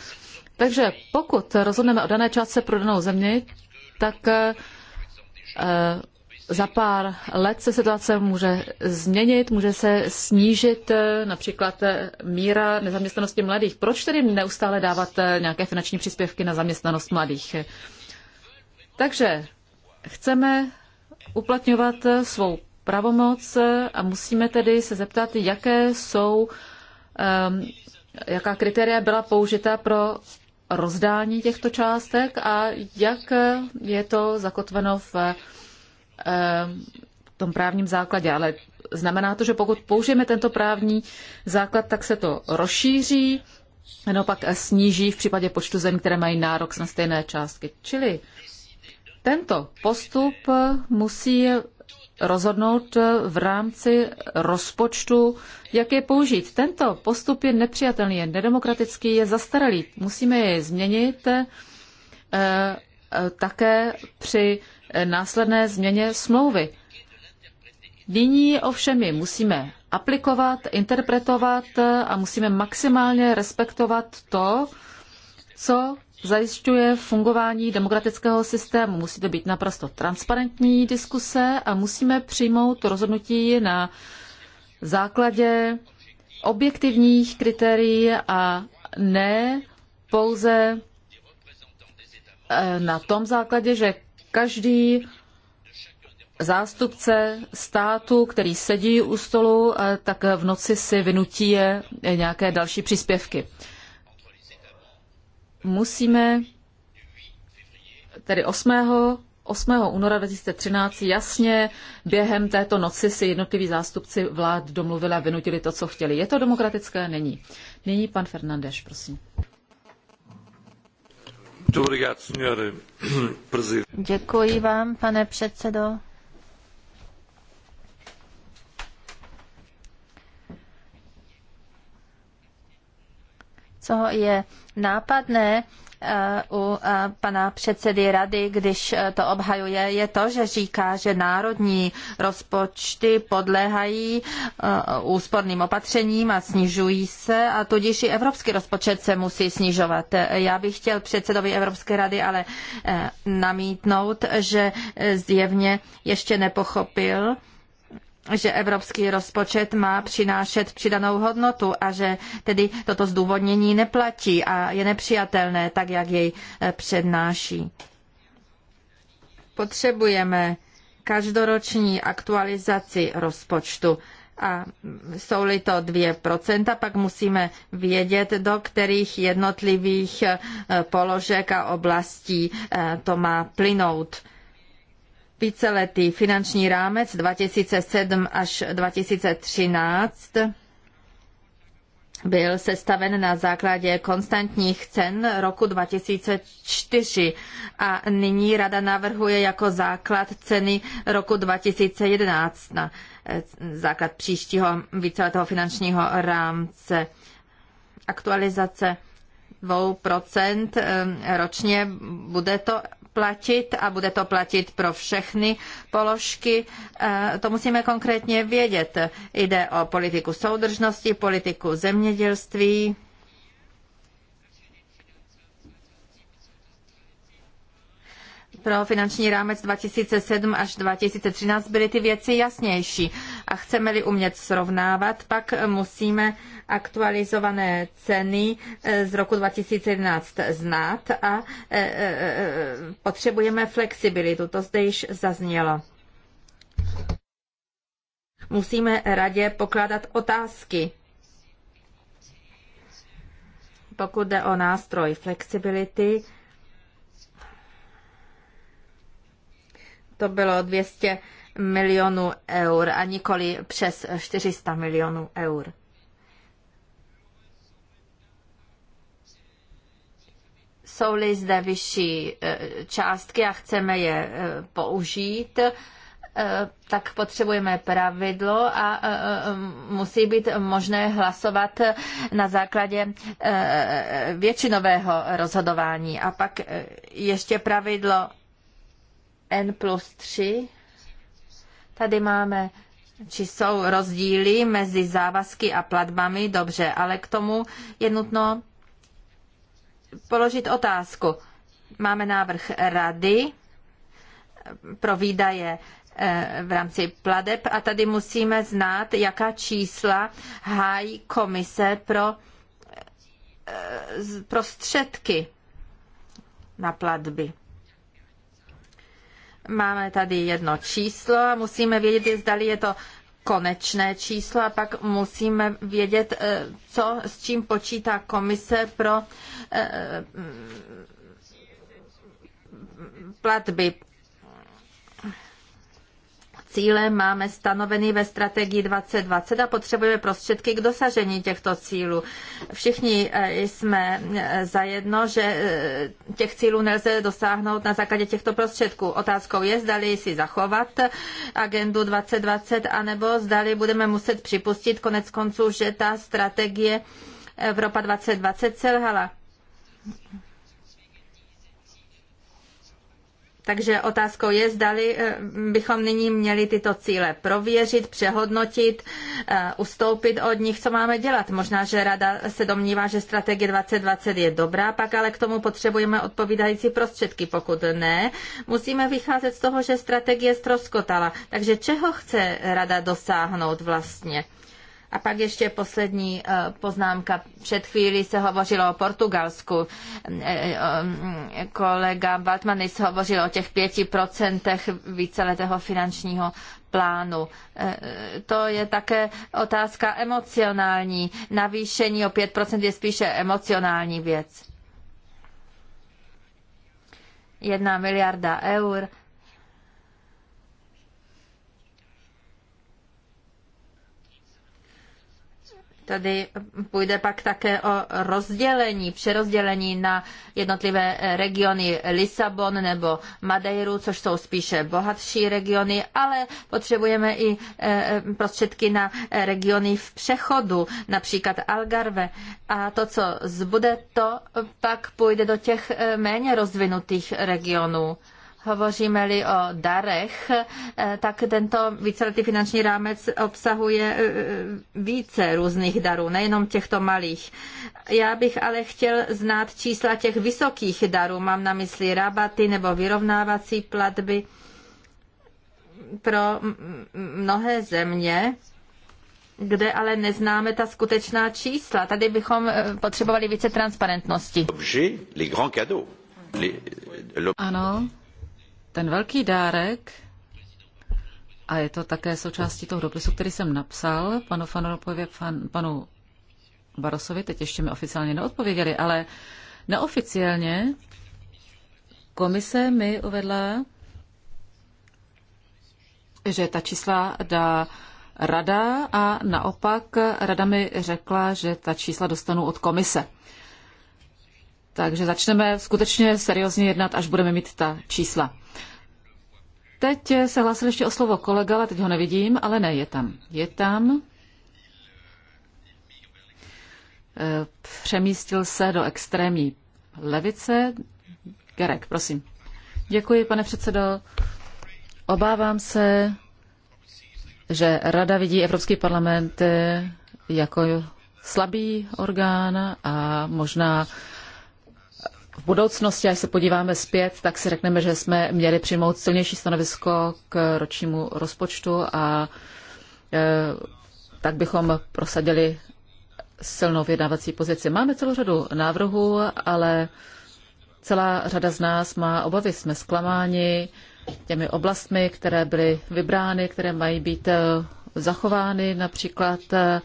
Takže pokud rozhodneme o dané částce pro danou zemi, tak eh, za pár let se situace může změnit, může se snížit eh, například eh, míra nezaměstnanosti mladých. Proč tedy neustále dávat nějaké finanční příspěvky na zaměstnanost mladých? Takže chceme uplatňovat svou pravomoc a musíme tedy se zeptat, jaké jsou, ehm, jaká kritéria byla použita pro rozdání těchto částek a jak je to zakotveno eh, v tom právním základě. Ale znamená to, že pokud použijeme tento právní základ, tak se to rozšíří, no pak sníží v případě počtu zemí, které mají nárok na stejné částky. Čili tento postup musí rozhodnout eh, v rámci rozpočtu, jak je použít. Tento postup je nepřijatelný, je nedemokratický, je zastaralý. Musíme jej změnit eh, eh, také při následné změně smlouvy. Nyní ovšem ji musíme aplikovat, interpretovat a musíme maximálně respektovat to, co zajišťuje fungování demokratického systému. Musí to být naprosto transparentní diskuse a musíme přijmout rozhodnutí na základě objektivních kritérií a ne pouze eh, na tom základě, že každý zástupce státu, který sedí u stolu, eh, tak v noci si vynutí eh, nějaké další příspěvky musíme tedy 8. 8. února 2013 jasně během této noci si jednotliví zástupci vlád domluvili a vynutili to, co chtěli. Je to demokratické? Není. Nyní pan Fernandeš, prosím. Děkuji vám, pane předsedo. co je nápadné eh, u eh, pana předsedy rady, když eh, to obhajuje, je to, že říká, že národní rozpočty podléhají úsporným opatřením a snižují se a tudíž i evropský rozpočet se musí snižovat. Já bych chtěl předsedovi Evropské rady ale namítnout, že zjevně ještě nepochopil, že evropský rozpočet má přinášet přidanou hodnotu a že tedy toto zdůvodnění neplatí a je nepřijatelné, tak jak jej eh, přednáší. Potřebujeme každoroční aktualizaci rozpočtu a jsou-li to 2%, pak musíme vědět, do kterých jednotlivých eh, položek a oblastí eh, to má plynout víceletý finanční rámec 2007 až 2013 byl sestaven na základě konstantních cen roku 2004 a nyní rada navrhuje jako základ ceny roku 2011 na eh, základ příštího víceletého finančního rámce. Aktualizace 2% eh, ročně bude to platit a bude to platit pro všechny položky. E, to musíme konkrétně vědět. Jde o politiku soudržnosti, politiku zemědělství, pro finanční rámec 2007 až 2013 byly ty věci jasnější. A chceme-li umět srovnávat, pak musíme aktualizované ceny eh, z roku 2011 znát a eh, eh, potřebujeme flexibilitu. To zde již zaznělo. Musíme radě pokládat otázky pokud jde o nástroj flexibility, to bylo 200 milionů eur a nikoli přes 400 milionů eur. Jsou-li zde vyšší e, částky a chceme je e, použít, e, tak potřebujeme pravidlo a musí být možné hlasovat na základě většinového rozhodování. A pak ještě pravidlo N plus 3. Tady máme či jsou rozdíly mezi závazky a platbami, dobře, ale k tomu je nutno položit otázku. Máme návrh rady pro výdaje eh, v rámci pladeb a tady musíme znát, jaká čísla hájí komise pro eh, prostředky na platby. Máme tady jedno číslo a musíme vědět, zdali je to konečné číslo a pak musíme vědět, eh, co s čím počítá komise pro eh, platby cíle máme stanoveny ve strategii 2020 a potřebujeme prostředky k dosažení těchto cílů. Všichni eh, jsme eh, zajedno, že eh, těch cílů nelze dosáhnout na základě těchto prostředků. Otázkou je, zdali si zachovat agendu 2020, anebo zdali budeme muset připustit konec konců, že ta strategie Evropa 2020 selhala. Takže otázkou je, zdali eh, bychom nyní měli tyto cíle prověřit, přehodnotit, eh, ustoupit od nich, co máme dělat. Možná, že Rada se domnívá, že strategie 2020 je dobrá, pak ale k tomu potřebujeme odpovídající prostředky. Pokud ne, musíme vycházet z toho, že strategie ztroskotala. Takže čeho chce Rada dosáhnout vlastně? A pak ještě poslední eh, poznámka. Před chvílí se hovořilo o Portugalsku. Eh, eh, kolega Batmanis hovořil o těch pěti procentech víceletého finančního plánu. To je také otázka emocionální. Navýšení o 5% je spíše emocionální věc. Jedna miliarda eur Tady půjde pak také o rozdělení, přerozdělení na jednotlivé regiony Lisabon nebo Madeiru, což jsou spíše bohatší regiony, ale potřebujeme i e, prostředky na regiony v přechodu, například Algarve. A to, co zbude, to pak půjde do těch e, méně rozvinutých regionů. Hovoříme-li o darech, eh, tak tento víceletý finanční rámec obsahuje eh, eh, více různých darů, nejenom těchto malých. Já bych ale chtěl znát čísla těch vysokých darů. Mám na mysli rabaty nebo vyrovnávací platby pro mnohé země kde ale neznáme ta skutečná čísla. Tady bychom potřebovali více transparentnosti. Ano, ten velký dárek, a je to také součástí toho dopisu, který jsem napsal panu Fanopovi, fan, panu Barosovi, teď ještě mi oficiálně neodpověděli, ale neoficiálně komise mi uvedla, že ta čísla dá rada a naopak rada mi řekla, že ta čísla dostanu od komise. Takže začneme skutečně seriózně jednat, až budeme mít ta čísla. Teď se hlásil ještě o slovo kolega, ale teď ho nevidím, ale ne, je tam. Je tam. E, přemístil se do extrémní levice. Gerek, prosím. Děkuji, pane předsedo. Obávám se, že Rada vidí Evropský parlament e, jako slabý orgán a možná v budoucnosti, až se podíváme zpět, tak si řekneme, že jsme měli přijmout silnější stanovisko k ročnímu rozpočtu a e, tak bychom prosadili silnou vyjednávací pozici. Máme celou řadu návrhů, ale celá řada z nás má obavy. Jsme zklamáni těmi oblastmi, které byly vybrány, které mají být e, zachovány, například e,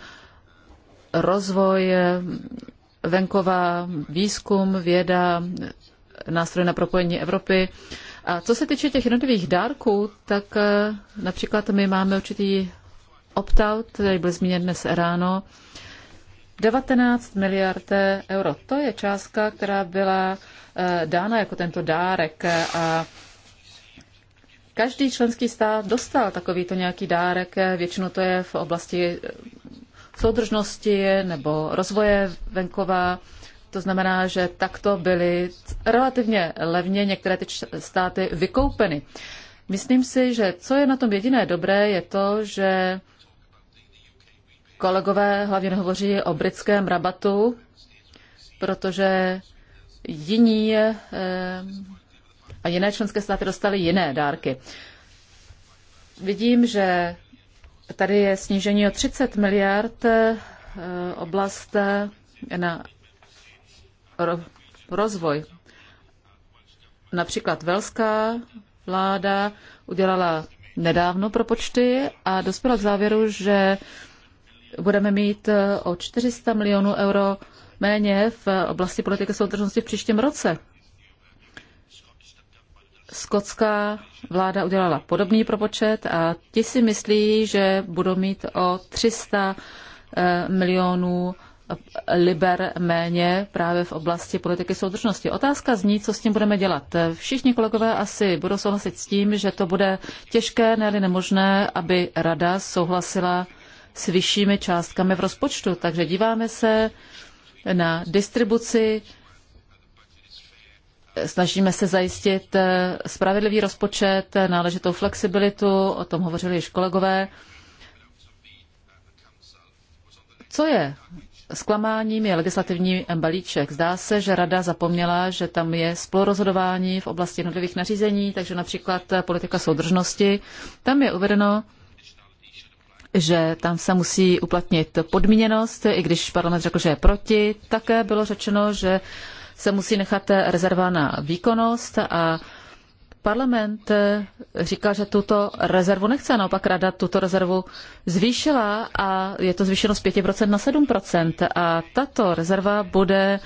rozvoj venkova, výzkum, věda, nástroje na propojení Evropy. A co se týče těch jednotlivých dárků, tak eh, například my máme určitý opt-out, který byl zmíněn dnes ráno, 19 miliard euro. To je částka, která byla eh, dána jako tento dárek a každý členský stát dostal takovýto nějaký dárek, většinou to je v oblasti eh, soudržnosti nebo rozvoje venkova. To znamená, že takto byly relativně levně některé ty státy vykoupeny. Myslím si, že co je na tom jediné dobré, je to, že kolegové hlavně hovoří o britském rabatu, protože jiní eh, a jiné členské státy dostaly jiné dárky. Vidím, že Tady je snížení o 30 miliard eh, oblast eh, na rozvoj. Například velská vláda udělala nedávno propočty a dospěla k závěru, že budeme mít eh, o 400 milionů euro méně v oblasti politiky soudržnosti v příštím roce skotská vláda udělala podobný propočet a ti si myslí, že budou mít o 300 eh, milionů liber méně právě v oblasti politiky soudržnosti. Otázka zní, co s tím budeme dělat. Všichni kolegové asi budou souhlasit s tím, že to bude těžké, ne nemožné, aby rada souhlasila s vyššími částkami v rozpočtu. Takže díváme se na distribuci Snažíme se zajistit eh, spravedlivý rozpočet, eh, náležitou flexibilitu, o tom hovořili již kolegové. Co je Zklamáním je legislativní balíček. Zdá se, že rada zapomněla, že tam je spolurozhodování v oblasti jednotlivých nařízení, takže například eh, politika soudržnosti. Tam je uvedeno, že tam se musí uplatnit podmíněnost, i když parlament řekl, že je proti. Také bylo řečeno, že se musí nechat rezerva na výkonnost a parlament říkal, že tuto rezervu nechce, naopak rada tuto rezervu zvýšila a je to zvýšeno z 5% na 7%. A tato rezerva bude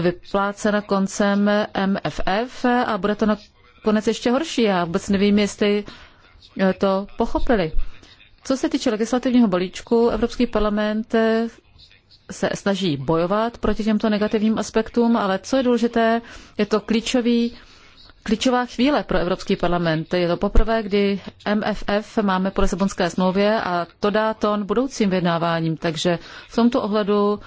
vyplácena koncem MFF a bude to nakonec ještě horší. Já vůbec nevím, jestli eh, to pochopili. Co se týče legislativního balíčku, Evropský parlament se snaží bojovat proti těmto negativním aspektům, ale co je důležité, je to klíčový Klíčová chvíle pro Evropský parlament. Je to poprvé, kdy MFF máme po Lisabonské smlouvě a to dá tón budoucím vyjednáváním. Takže v tomto ohledu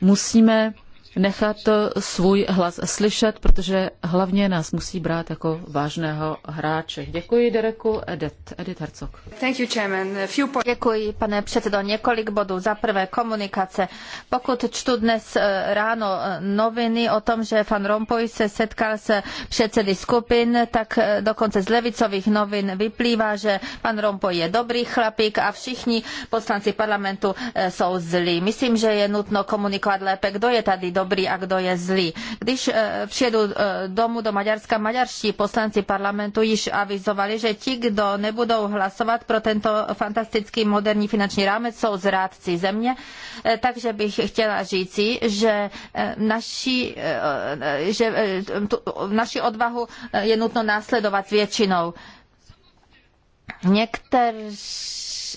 musíme nechat svůj hlas slyšet, protože hlavně nás musí brát jako vážného hráče. Děkuji, Dereku. Edith, Edith Herzog. Thank you, chairman. Few po- Děkuji, pane předsedo. Několik bodů. Za prvé komunikace. Pokud čtu dnes eh, ráno eh, noviny o tom, že pan Rompuy se setkal se předsedy skupin, tak eh, dokonce z levicových novin vyplývá, že pan Rompuy je dobrý chlapík a všichni poslanci parlamentu jsou zlí. Myslím, že je nutno komunikovat lépe, kdo je tady dobrý a kdo je zlý. Když eh, přijedu eh, domů do Maďarska, maďarští poslanci parlamentu již avizovali, že ti, kdo nebudou hlasovat pro tento fantastický moderní finanční rámec, jsou zrádci země. Eh, takže bych chtěla říci, že naši, že tu, naši odvahu je nutno následovat většinou. Někteří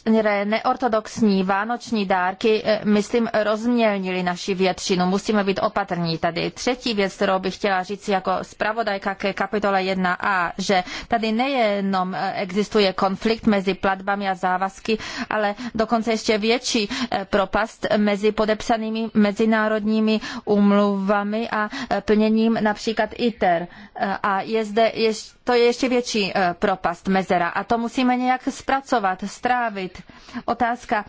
veškeré neortodoxní vánoční dárky, eh, myslím, rozmělnili naši většinu. Musíme být opatrní tady. Třetí věc, kterou bych chtěla říct jako zpravodajka ke kapitole 1a, že tady nejenom eh, existuje konflikt mezi platbami a závazky, ale dokonce ještě větší eh, propast mezi podepsanými mezinárodními umluvami a plněním například ITER. A je zde to je ještě větší propast mezera a to musíme nějak zpracovat, strávit zastavit. Otázka,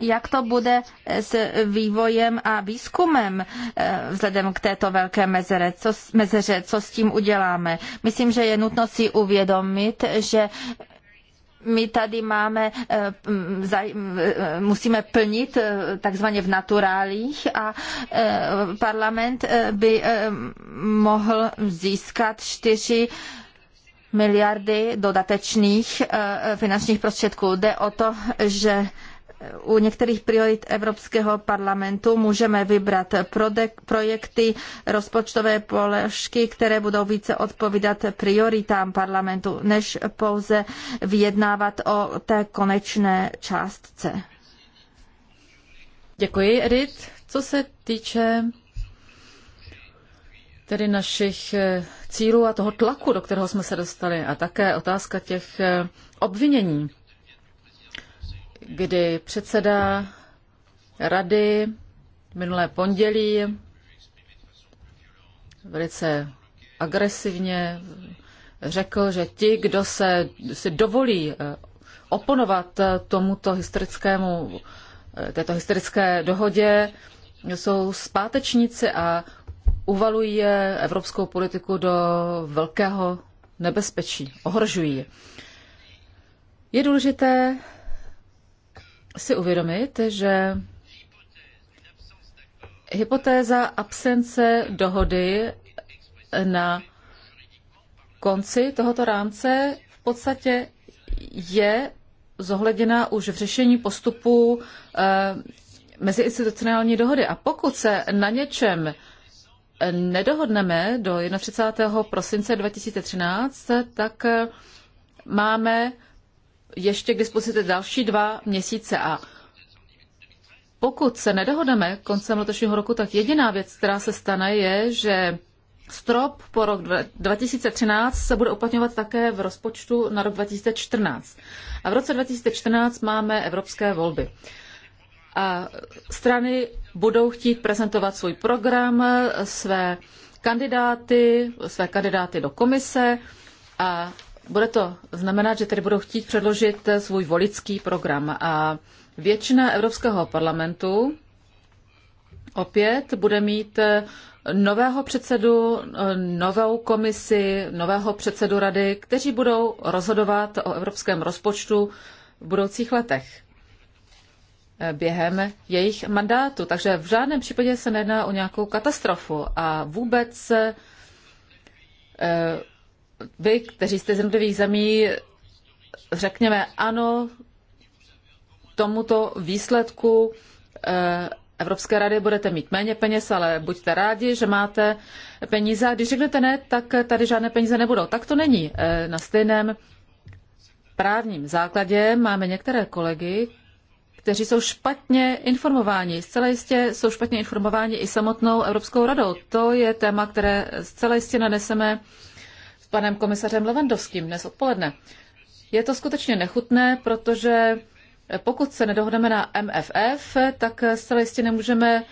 jak to bude s vývojem a výzkumem eh, vzhledem k této velké mezere, co, mezeře, co s tím uděláme. Myslím, že je nutno si uvědomit, že my tady máme, eh, eh, musíme plnit takzvaně v naturálích a parlament by mohl získat čtyři miliardy dodatečných eh, finančních prostředků. Jde o to, že u některých priorit Evropského parlamentu můžeme vybrat projekty, rozpočtové položky, které budou více odpovídat prioritám parlamentu, než pouze vyjednávat o té konečné částce. Děkuji, Edith. Co se týče tedy našich eh, cílů a toho tlaku, do kterého jsme se dostali. A také otázka těch eh, obvinění, kdy předseda rady minulé pondělí velice agresivně řekl, že ti, kdo se si dovolí eh, oponovat tomuto historickému, této historické dohodě, jsou zpátečníci a uvalují evropskou politiku do velkého nebezpečí, ohrožují Je důležité si uvědomit, že hypotéza absence dohody na konci tohoto rámce v podstatě je zohledněna už v řešení postupů eh, meziinstitucionální dohody. A pokud se na něčem nedohodneme do 31. prosince 2013, tak eh, máme ještě k dispozici další dva měsíce a pokud se nedohodneme koncem letošního roku, tak jediná věc, která se stane, je, že strop po rok 2013 se bude uplatňovat také v rozpočtu na rok 2014. A v roce 2014 máme evropské volby. A strany budou chtít prezentovat svůj program, své kandidáty, své kandidáty do komise a bude to znamenat, že tedy budou chtít předložit svůj volický program. A většina Evropského parlamentu opět bude mít nového předsedu, novou komisi, nového předsedu rady, kteří budou rozhodovat o evropském rozpočtu v budoucích letech během jejich mandátu. Takže v žádném případě se nejedná o nějakou katastrofu a vůbec eh, vy, kteří jste z jednotlivých zemí, řekněme ano tomuto výsledku eh, Evropské rady budete mít méně peněz, ale buďte rádi, že máte peníze. když řeknete ne, tak tady žádné peníze nebudou. Tak to není. Eh, na stejném právním základě máme některé kolegy, kteří jsou špatně informováni. Zcela jistě jsou špatně informováni i samotnou Evropskou radou. To je téma, které zcela jistě naneseme s panem komisařem Levandovským dnes odpoledne. Je to skutečně nechutné, protože pokud se nedohodneme na MFF, tak zcela jistě nemůžeme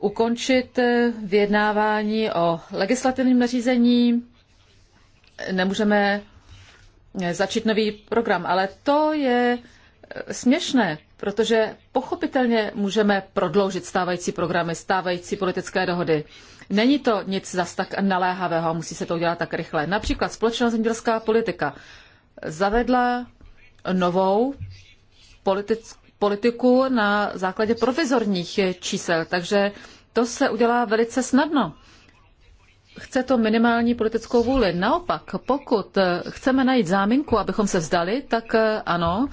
ukončit vyjednávání o legislativním nařízení, nemůžeme začít nový program, ale to je směšné, protože pochopitelně můžeme prodloužit stávající programy, stávající politické dohody. Není to nic zas tak naléhavého a musí se to udělat tak rychle. Například společná zemědělská politika zavedla novou politic, politiku na základě provizorních čísel, takže to se udělá velice snadno. Chce to minimální politickou vůli. Naopak, pokud chceme najít záminku, abychom se vzdali, tak ano,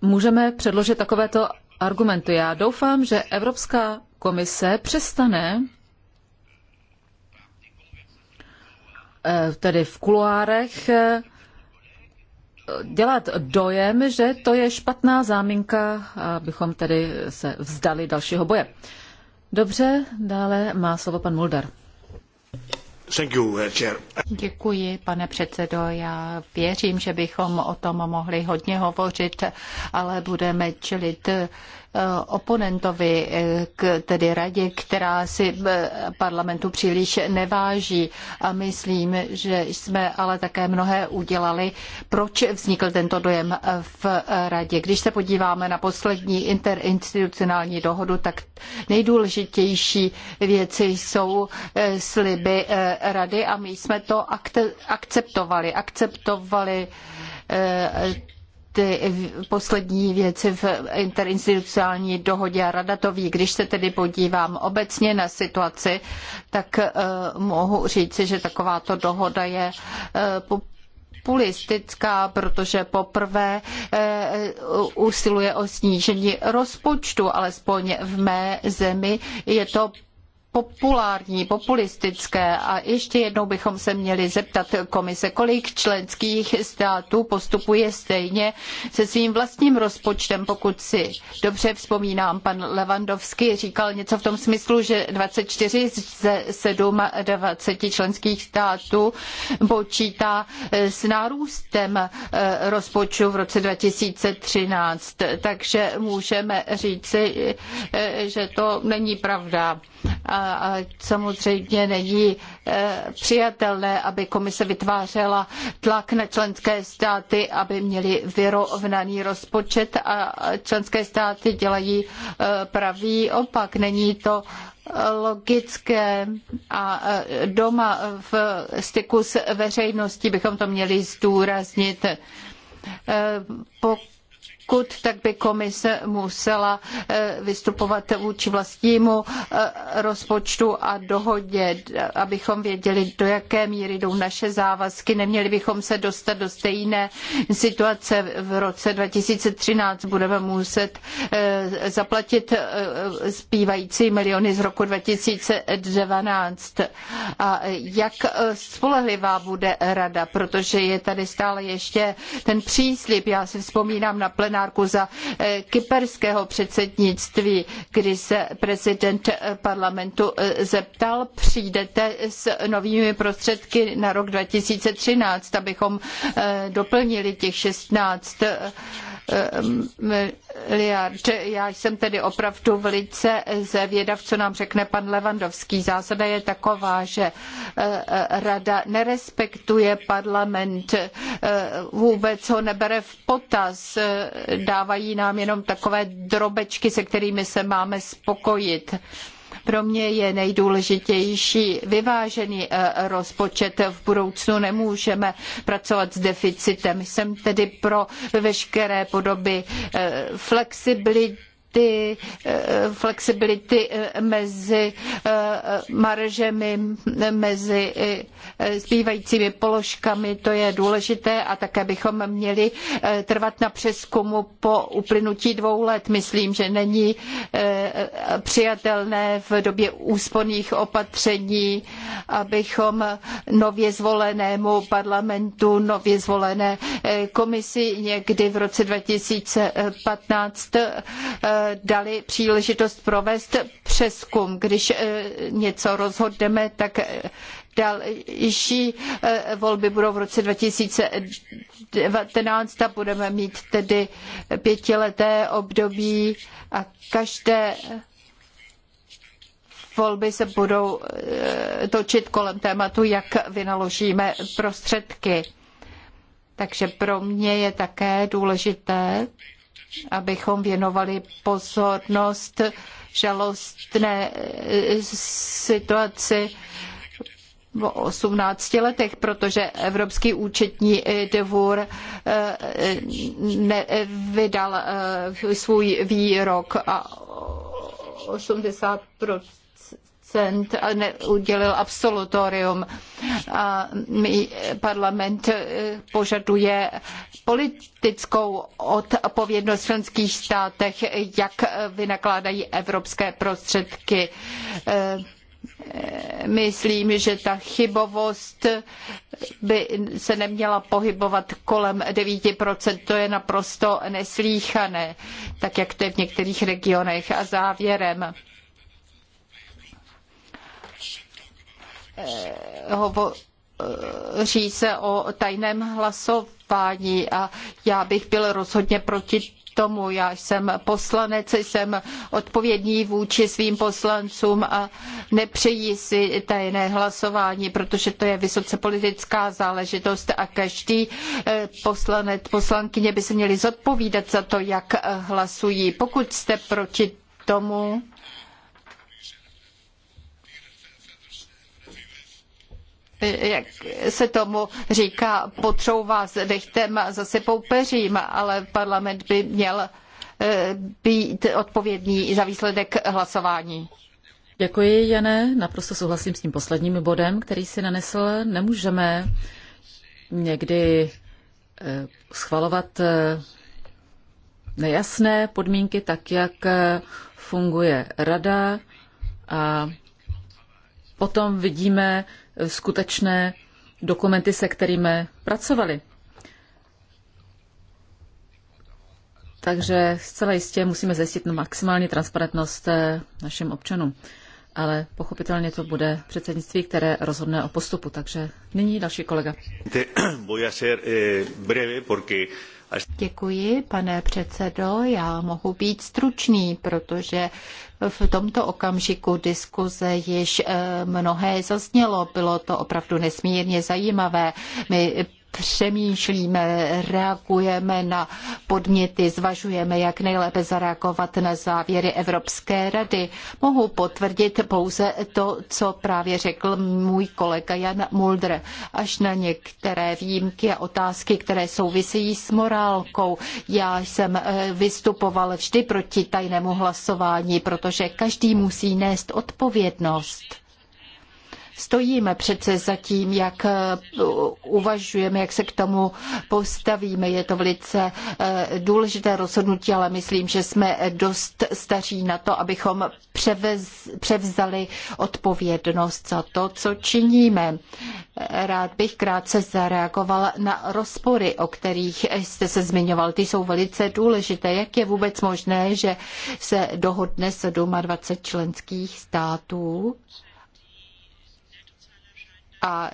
můžeme předložit takovéto argumenty. Já doufám, že Evropská komise přestane eh, tedy v kuloárech eh, dělat dojem, že to je špatná záminka, abychom tedy se vzdali dalšího boje. Dobře, dále má slovo pan Mulder. Uh, Děkuji, pane předsedo. Já věřím, že bychom o tom mohli hodně hovořit, ale budeme čelit Eh, oponentovi, eh, k tedy radě, která si eh, parlamentu příliš neváží. A myslím, že jsme ale také mnohé udělali. Proč vznikl tento dojem v radě? Když se podíváme na poslední interinstitucionální dohodu, tak nejdůležitější věci jsou sliby rady a my jsme to akceptovali. Akceptovali ty poslední věci v interinstitucionální dohodě a rada to ví. Když se tedy podívám obecně na situaci, tak eh, mohu říci, že takováto dohoda je eh, populistická, protože poprvé eh, usiluje o snížení rozpočtu, alespoň v mé zemi je to populární, populistické. A ještě jednou bychom se měli zeptat komise, kolik členských států postupuje stejně se svým vlastním rozpočtem, pokud si dobře vzpomínám, pan Levandovský říkal něco v tom smyslu, že 24 ze 27 členských států počítá s nárůstem eh, rozpočtu v roce 2013. Takže můžeme říci, eh, že to není pravda. A a samozřejmě není eh, přijatelné, aby komise vytvářela tlak na členské státy, aby měli vyrovnaný rozpočet a členské státy dělají eh, pravý opak. Není to eh, logické a doma v styku s veřejností bychom to měli zdůraznit. Pokud pokud, tak by komise musela eh, vystupovat vůči vlastnímu eh, rozpočtu a dohodě, abychom věděli, do jaké míry jdou naše závazky. Neměli bychom se dostat do stejné situace v roce 2013. Budeme muset eh, zaplatit zbývající miliony z roku 2012. A jak spolehlivá bude rada, protože je tady stále ještě ten příslip. Já si vzpomínám na plenární plenárku za eh, kyperského předsednictví, kdy se prezident eh, parlamentu eh, zeptal, přijdete s novými prostředky na rok 2013, abychom doplnili těch 16 miliard. Já jsem tedy opravdu velice zvědav, co nám řekne pan Levandovský. Zásada je taková, že eh, eh, rada nerespektuje parlament, eh, vůbec ho nebere v potaz, dávají nám jenom takové drobečky, se kterými se máme spokojit. Pro mě je nejdůležitější vyvážený eh, rozpočet. V budoucnu nemůžeme pracovat s deficitem. Jsem tedy pro veškeré podoby eh, flexibility Eh, flexibility, flexibility eh, mezi eh, maržemi, mezi zbývajícími položkami, to je důležité a také bychom měli trvat na přeskumu po uplynutí dvou let. Myslím, že není přijatelné v době úsporných opatření, abychom nově zvolenému parlamentu, nově zvolené komisi někdy v roce 2015 dali příležitost provést přeskum. Když eh, něco rozhodneme, tak eh, další eh, volby budou v roce 2019 a budeme mít tedy pětileté období a každé volby se budou točit kolem tématu, jak vynaložíme prostředky. Takže pro mě je také důležité, abychom věnovali pozornost žalostné eh, situaci v 18 letech, protože Evropský účetní dvůr eh, nevydal eh, svůj výrok a 80 a udělil absolutorium. A parlament eh, požaduje politickou odpovědnost v členských státech, jak vynakládají evropské prostředky. Eh, myslím, že ta chybovost by se neměla pohybovat kolem 9%. To je naprosto neslíchané, tak jak to je v některých regionech. A závěrem Eh, hovoří eh, se o tajném hlasování a já bych byl rozhodně proti tomu. Já jsem poslanec, jsem odpovědný vůči svým poslancům a nepřeji si tajné hlasování, protože to je vysoce politická záležitost a každý eh, poslanec, poslankyně by se měli zodpovídat za to, jak hlasují. Pokud jste proti tomu, jak se tomu říká, potřouvá s dechtem a zasypou peřím, ale parlament by měl eh, být odpovědný za výsledek hlasování. Děkuji, Jane. Naprosto souhlasím s tím posledním bodem, který si nanesl. Nemůžeme někdy eh, schvalovat eh, nejasné podmínky, tak jak funguje rada a potom vidíme, skutečné dokumenty, se kterými pracovali. Takže zcela jistě musíme zajistit maximální transparentnost eh, našim občanům. Ale pochopitelně to bude předsednictví, které rozhodne o postupu. Takže nyní další kolega. Voy a ser eh, breve porque Děkuji, pane předsedo. Já mohu být stručný, protože v tomto okamžiku diskuze již eh, mnohé zaznělo. Bylo to opravdu nesmírně zajímavé. My přemýšlíme, reagujeme na podněty, zvažujeme, jak nejlépe zareagovat na závěry Evropské rady. Mohu potvrdit pouze to, co právě řekl můj kolega Jan Mulder, až na některé výjimky a otázky, které souvisejí s morálkou. Já jsem eh, vystupoval vždy proti tajnému hlasování, protože každý musí nést odpovědnost stojíme přece za tím, jak eh, uvažujeme, jak se k tomu postavíme. Je to velice eh, důležité rozhodnutí, ale myslím, že jsme dost staří na to, abychom převez, převzali odpovědnost za to, co činíme. Rád bych krátce zareagoval na rozpory, o kterých jste se zmiňoval. Ty jsou velice důležité. Jak je vůbec možné, že se dohodne 27 členských států? a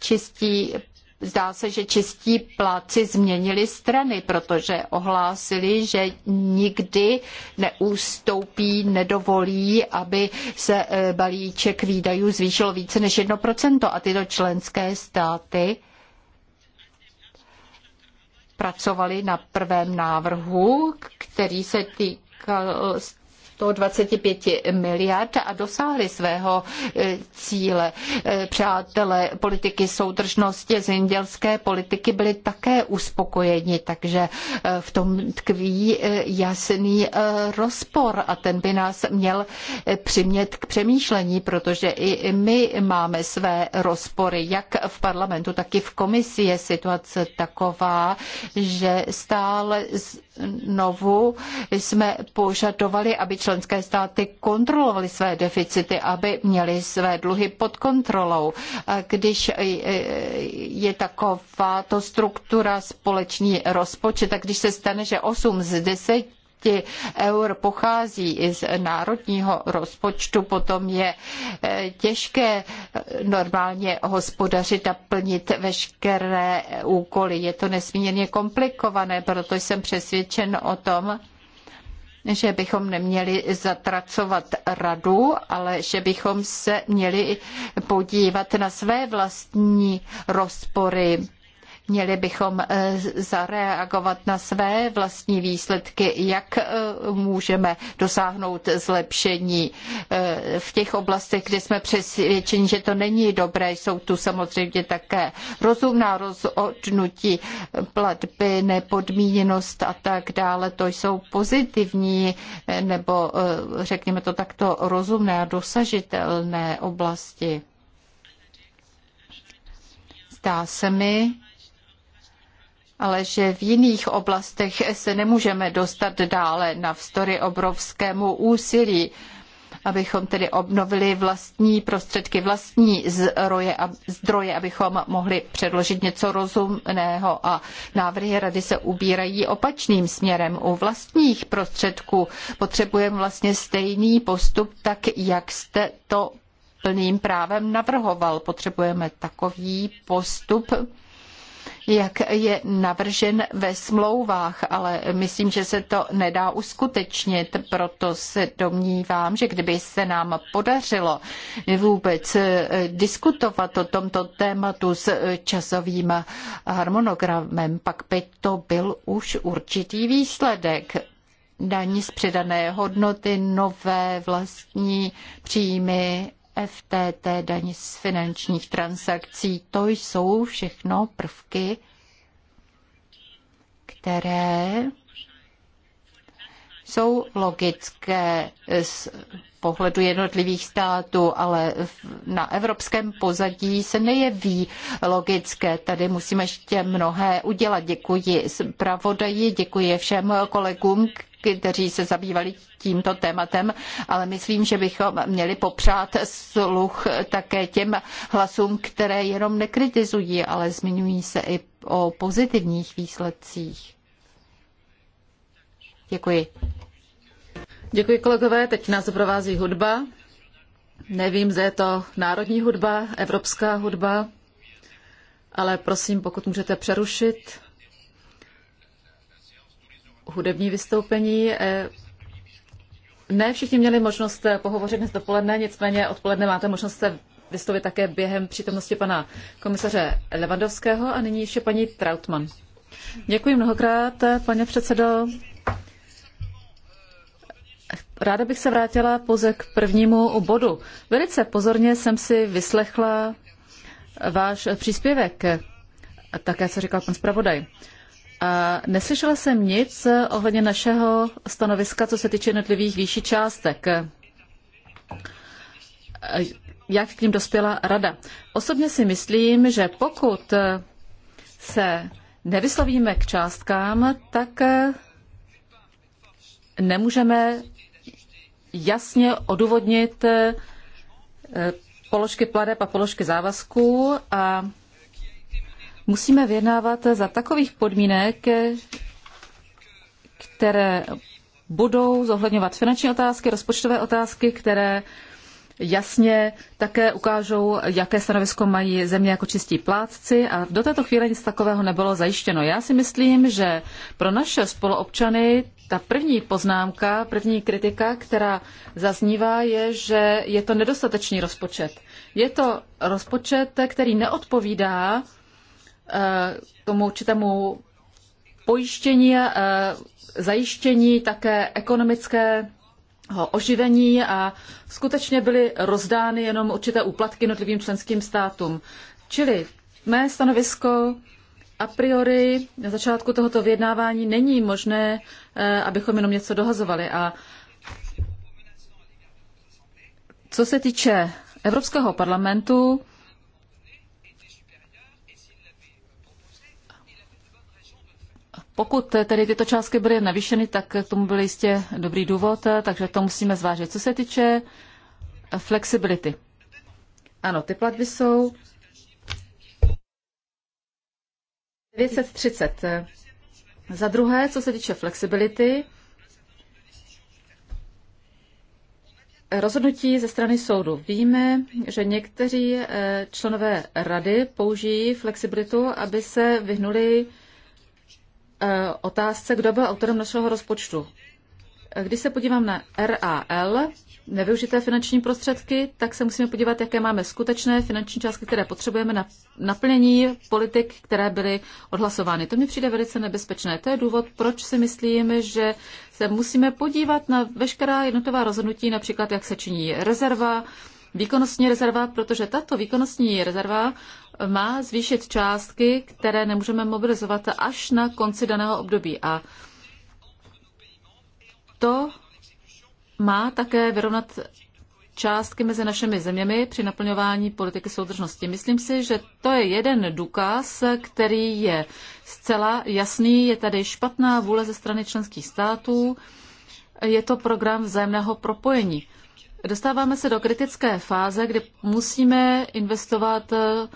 čistí Zdá se, že čistí pláci změnili strany, protože ohlásili, že nikdy neústoupí, nedovolí, aby se e, balíček výdajů zvýšil více než 1%. A tyto členské státy pracovali na prvém návrhu, který se týkal 125 miliard a dosáhli svého e, cíle. E, přátelé politiky soudržnosti, zemědělské politiky byli také uspokojeni, takže e, v tom tkví jasný rozpor a ten by nás měl přimět k přemýšlení, protože i my máme své rozpory, jak v parlamentu, tak i v komisi je situace taková, že stále znovu jsme požadovali, aby členské státy kontrolovaly své deficity, aby měly své dluhy pod kontrolou. Když e, e, je takováto struktura společný rozpočet, tak když se stane, že 8 z 10 eur pochází z národního rozpočtu, potom je e, těžké normálně hospodařit a plnit veškeré úkoly. Je to nesmírně komplikované, proto jsem přesvědčen o tom, že bychom neměli zatracovat radu, ale že bychom se měli podívat na své vlastní rozpory Měli bychom e, zareagovat na své vlastní výsledky, jak e, můžeme dosáhnout zlepšení e, v těch oblastech, kde jsme přesvědčeni, že to není dobré. Jsou tu samozřejmě také rozumná rozhodnutí, platby, nepodmíněnost a tak dále. To jsou pozitivní nebo řekněme to takto rozumné a dosažitelné oblasti. Zdá se mi, ale že v jiných oblastech se nemůžeme dostat dále navzdory obrovskému úsilí, abychom tedy obnovili vlastní prostředky, vlastní zdroje, a zdroje abychom mohli předložit něco rozumného a návrhy rady se ubírají opačným směrem. U vlastních prostředků potřebujeme vlastně stejný postup, tak jak jste to plným právem navrhoval. Potřebujeme takový postup, jak je navržen ve smlouvách, ale myslím, že se to nedá uskutečnit, proto se domnívám, že kdyby se nám podařilo vůbec eh, diskutovat o tomto tématu s eh, časovým harmonogramem, pak by to byl už určitý výsledek daň z přidané hodnoty, nové vlastní příjmy FTT, daň z finančních transakcí. To jsou všechno prvky, které jsou logické pohledu jednotlivých států, ale na evropském pozadí se nejeví logické. Tady musíme ještě mnohé udělat. Děkuji zpravodaji, děkuji všem kolegům, kteří se zabývali tímto tématem, ale myslím, že bychom měli popřát sluch také těm hlasům, které jenom nekritizují, ale zmiňují se i o pozitivních výsledcích. Děkuji. Děkuji kolegové, teď nás provází hudba. Nevím, zda je to národní hudba, evropská hudba, ale prosím, pokud můžete přerušit hudební vystoupení. Eh, ne všichni měli možnost pohovořit dnes dopoledne, nicméně odpoledne máte možnost se vystoupit také během přítomnosti pana komisaře Levandovského a nyní ještě paní Trautmann. Děkuji mnohokrát, pane předsedo. Ráda bych se vrátila pouze k prvnímu bodu. Velice pozorně jsem si vyslechla váš příspěvek, také co říkal pan zpravodaj. A neslyšela jsem nic ohledně našeho stanoviska, co se týče jednotlivých výši částek. Jak k ním dospěla rada? Osobně si myslím, že pokud se nevyslovíme k částkám, tak nemůžeme jasně odůvodnit eh, položky pladeb a položky závazků a musíme vyjednávat za takových podmínek, které budou zohledňovat finanční otázky, rozpočtové otázky, které jasně také ukážou, jaké stanovisko mají země jako čistí plátci a do této chvíle nic takového nebylo zajištěno. Já si myslím, že pro naše spoluobčany ta první poznámka, první kritika, která zaznívá, je, že je to nedostatečný rozpočet. Je to rozpočet, který neodpovídá eh, tomu určitému pojištění, eh, zajištění také ekonomické oživení a skutečně byly rozdány jenom určité úplatky jednotlivým členským státům. Čili mé stanovisko a priori na začátku tohoto vyjednávání není možné Eh, abychom jenom něco dohazovali. A co se týče Evropského parlamentu, Pokud tedy tyto částky byly navýšeny, tak k tomu byl jistě dobrý důvod, takže to musíme zvážit. Co se týče flexibility. Ano, ty platby jsou 930. Za druhé, co se týče flexibility, rozhodnutí ze strany soudu. Víme, že někteří eh, členové rady použijí flexibilitu, aby se vyhnuli eh, otázce, kdo byl autorem našeho rozpočtu. Eh, když se podívám na RAL, nevyužité finanční prostředky, tak se musíme podívat, jaké máme skutečné finanční částky, které potřebujeme na naplnění politik, které byly odhlasovány. To mi přijde velice nebezpečné. To je důvod, proč si myslím, že se musíme podívat na veškerá jednotová rozhodnutí, například jak se činí rezerva, výkonnostní rezerva, protože tato výkonnostní rezerva má zvýšit částky, které nemůžeme mobilizovat až na konci daného období. A to má také vyrovnat částky mezi našimi zeměmi při naplňování politiky soudržnosti. Myslím si, že to je jeden důkaz, který je zcela jasný. Je tady špatná vůle ze strany členských států. Je to program vzájemného propojení. Dostáváme se do kritické fáze, kdy musíme investovat eh,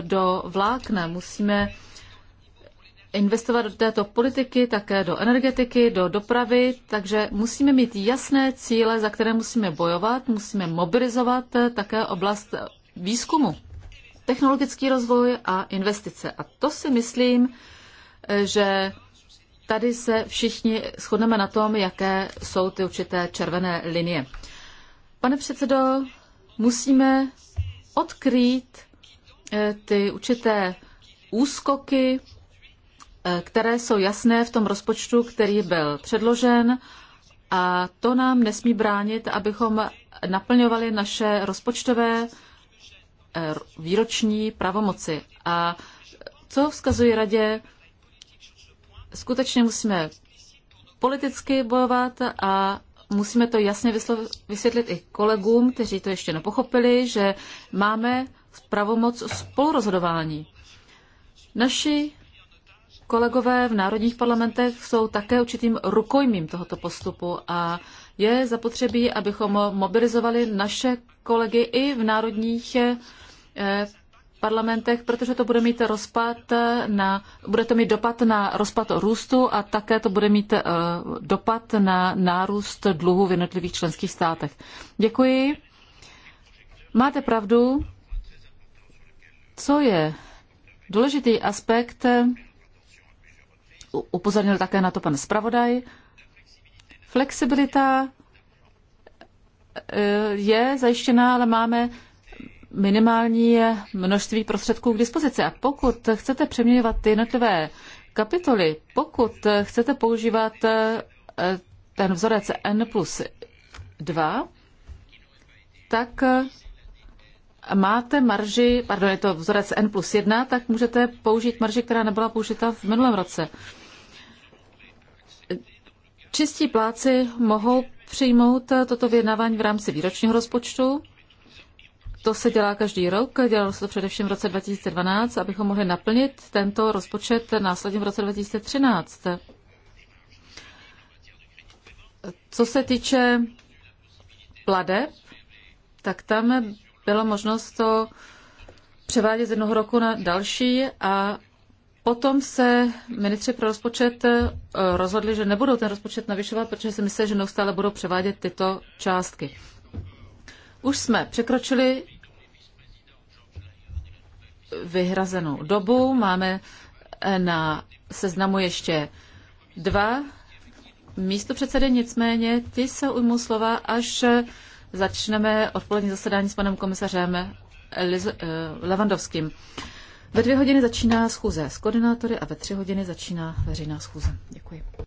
do vlákna, musíme investovat do této politiky, také do energetiky, do dopravy, takže musíme mít jasné cíle, za které musíme bojovat, musíme mobilizovat eh, také oblast eh, výzkumu, technologický rozvoj a investice. A to si myslím, eh, že tady se všichni shodneme na tom, jaké jsou ty určité červené linie. Pane předsedo, musíme odkrýt ty určité úskoky, které jsou jasné v tom rozpočtu, který byl předložen a to nám nesmí bránit, abychom naplňovali naše rozpočtové eh, výroční pravomoci. A co vzkazuji radě, skutečně musíme politicky bojovat a musíme to jasně vysvětlit i kolegům, kteří to ještě nepochopili, že máme pravomoc spolurozhodování. Naši kolegové v národních parlamentech jsou také určitým rukojmím tohoto postupu a je zapotřebí, abychom mobilizovali naše kolegy i v národních eh, parlamentech, protože to bude mít rozpad na, bude to mít dopad na rozpad růstu a také to bude mít eh, dopad na nárůst dluhu v jednotlivých členských státech. Děkuji. Máte pravdu. Co je důležitý aspekt, upozornil také na to pan zpravodaj. Flexibilita e, je zajištěná, ale máme minimální množství prostředků k dispozici. A pokud chcete přeměňovat ty jednotlivé kapitoly, pokud chcete používat e, ten vzorec N plus 2, tak e, máte marži, pardon, je to vzorec N plus 1, tak můžete použít marži, která nebyla použita v minulém roce. Čistí pláci mohou přijmout toto vyjednávání v rámci výročního rozpočtu. To se dělá každý rok, dělalo se to především v roce 2012, abychom mohli naplnit tento rozpočet následně v roce 2013. Co se týče pladeb, tak tam byla možnost to převádět z jednoho roku na další a Potom se ministři pro rozpočet eh, rozhodli, že nebudou ten rozpočet navyšovat, protože si myslí, že neustále budou převádět tyto částky. Už jsme překročili vyhrazenou dobu. Máme eh, na seznamu ještě dva místo předsedy, nicméně ty se ujmu slova, až eh, začneme odpolední zasedání s panem komisařem Liz- Levandovským. Ve dvě hodiny začíná schůze s koordinátory a ve tři hodiny začíná veřejná schůze. Děkuji.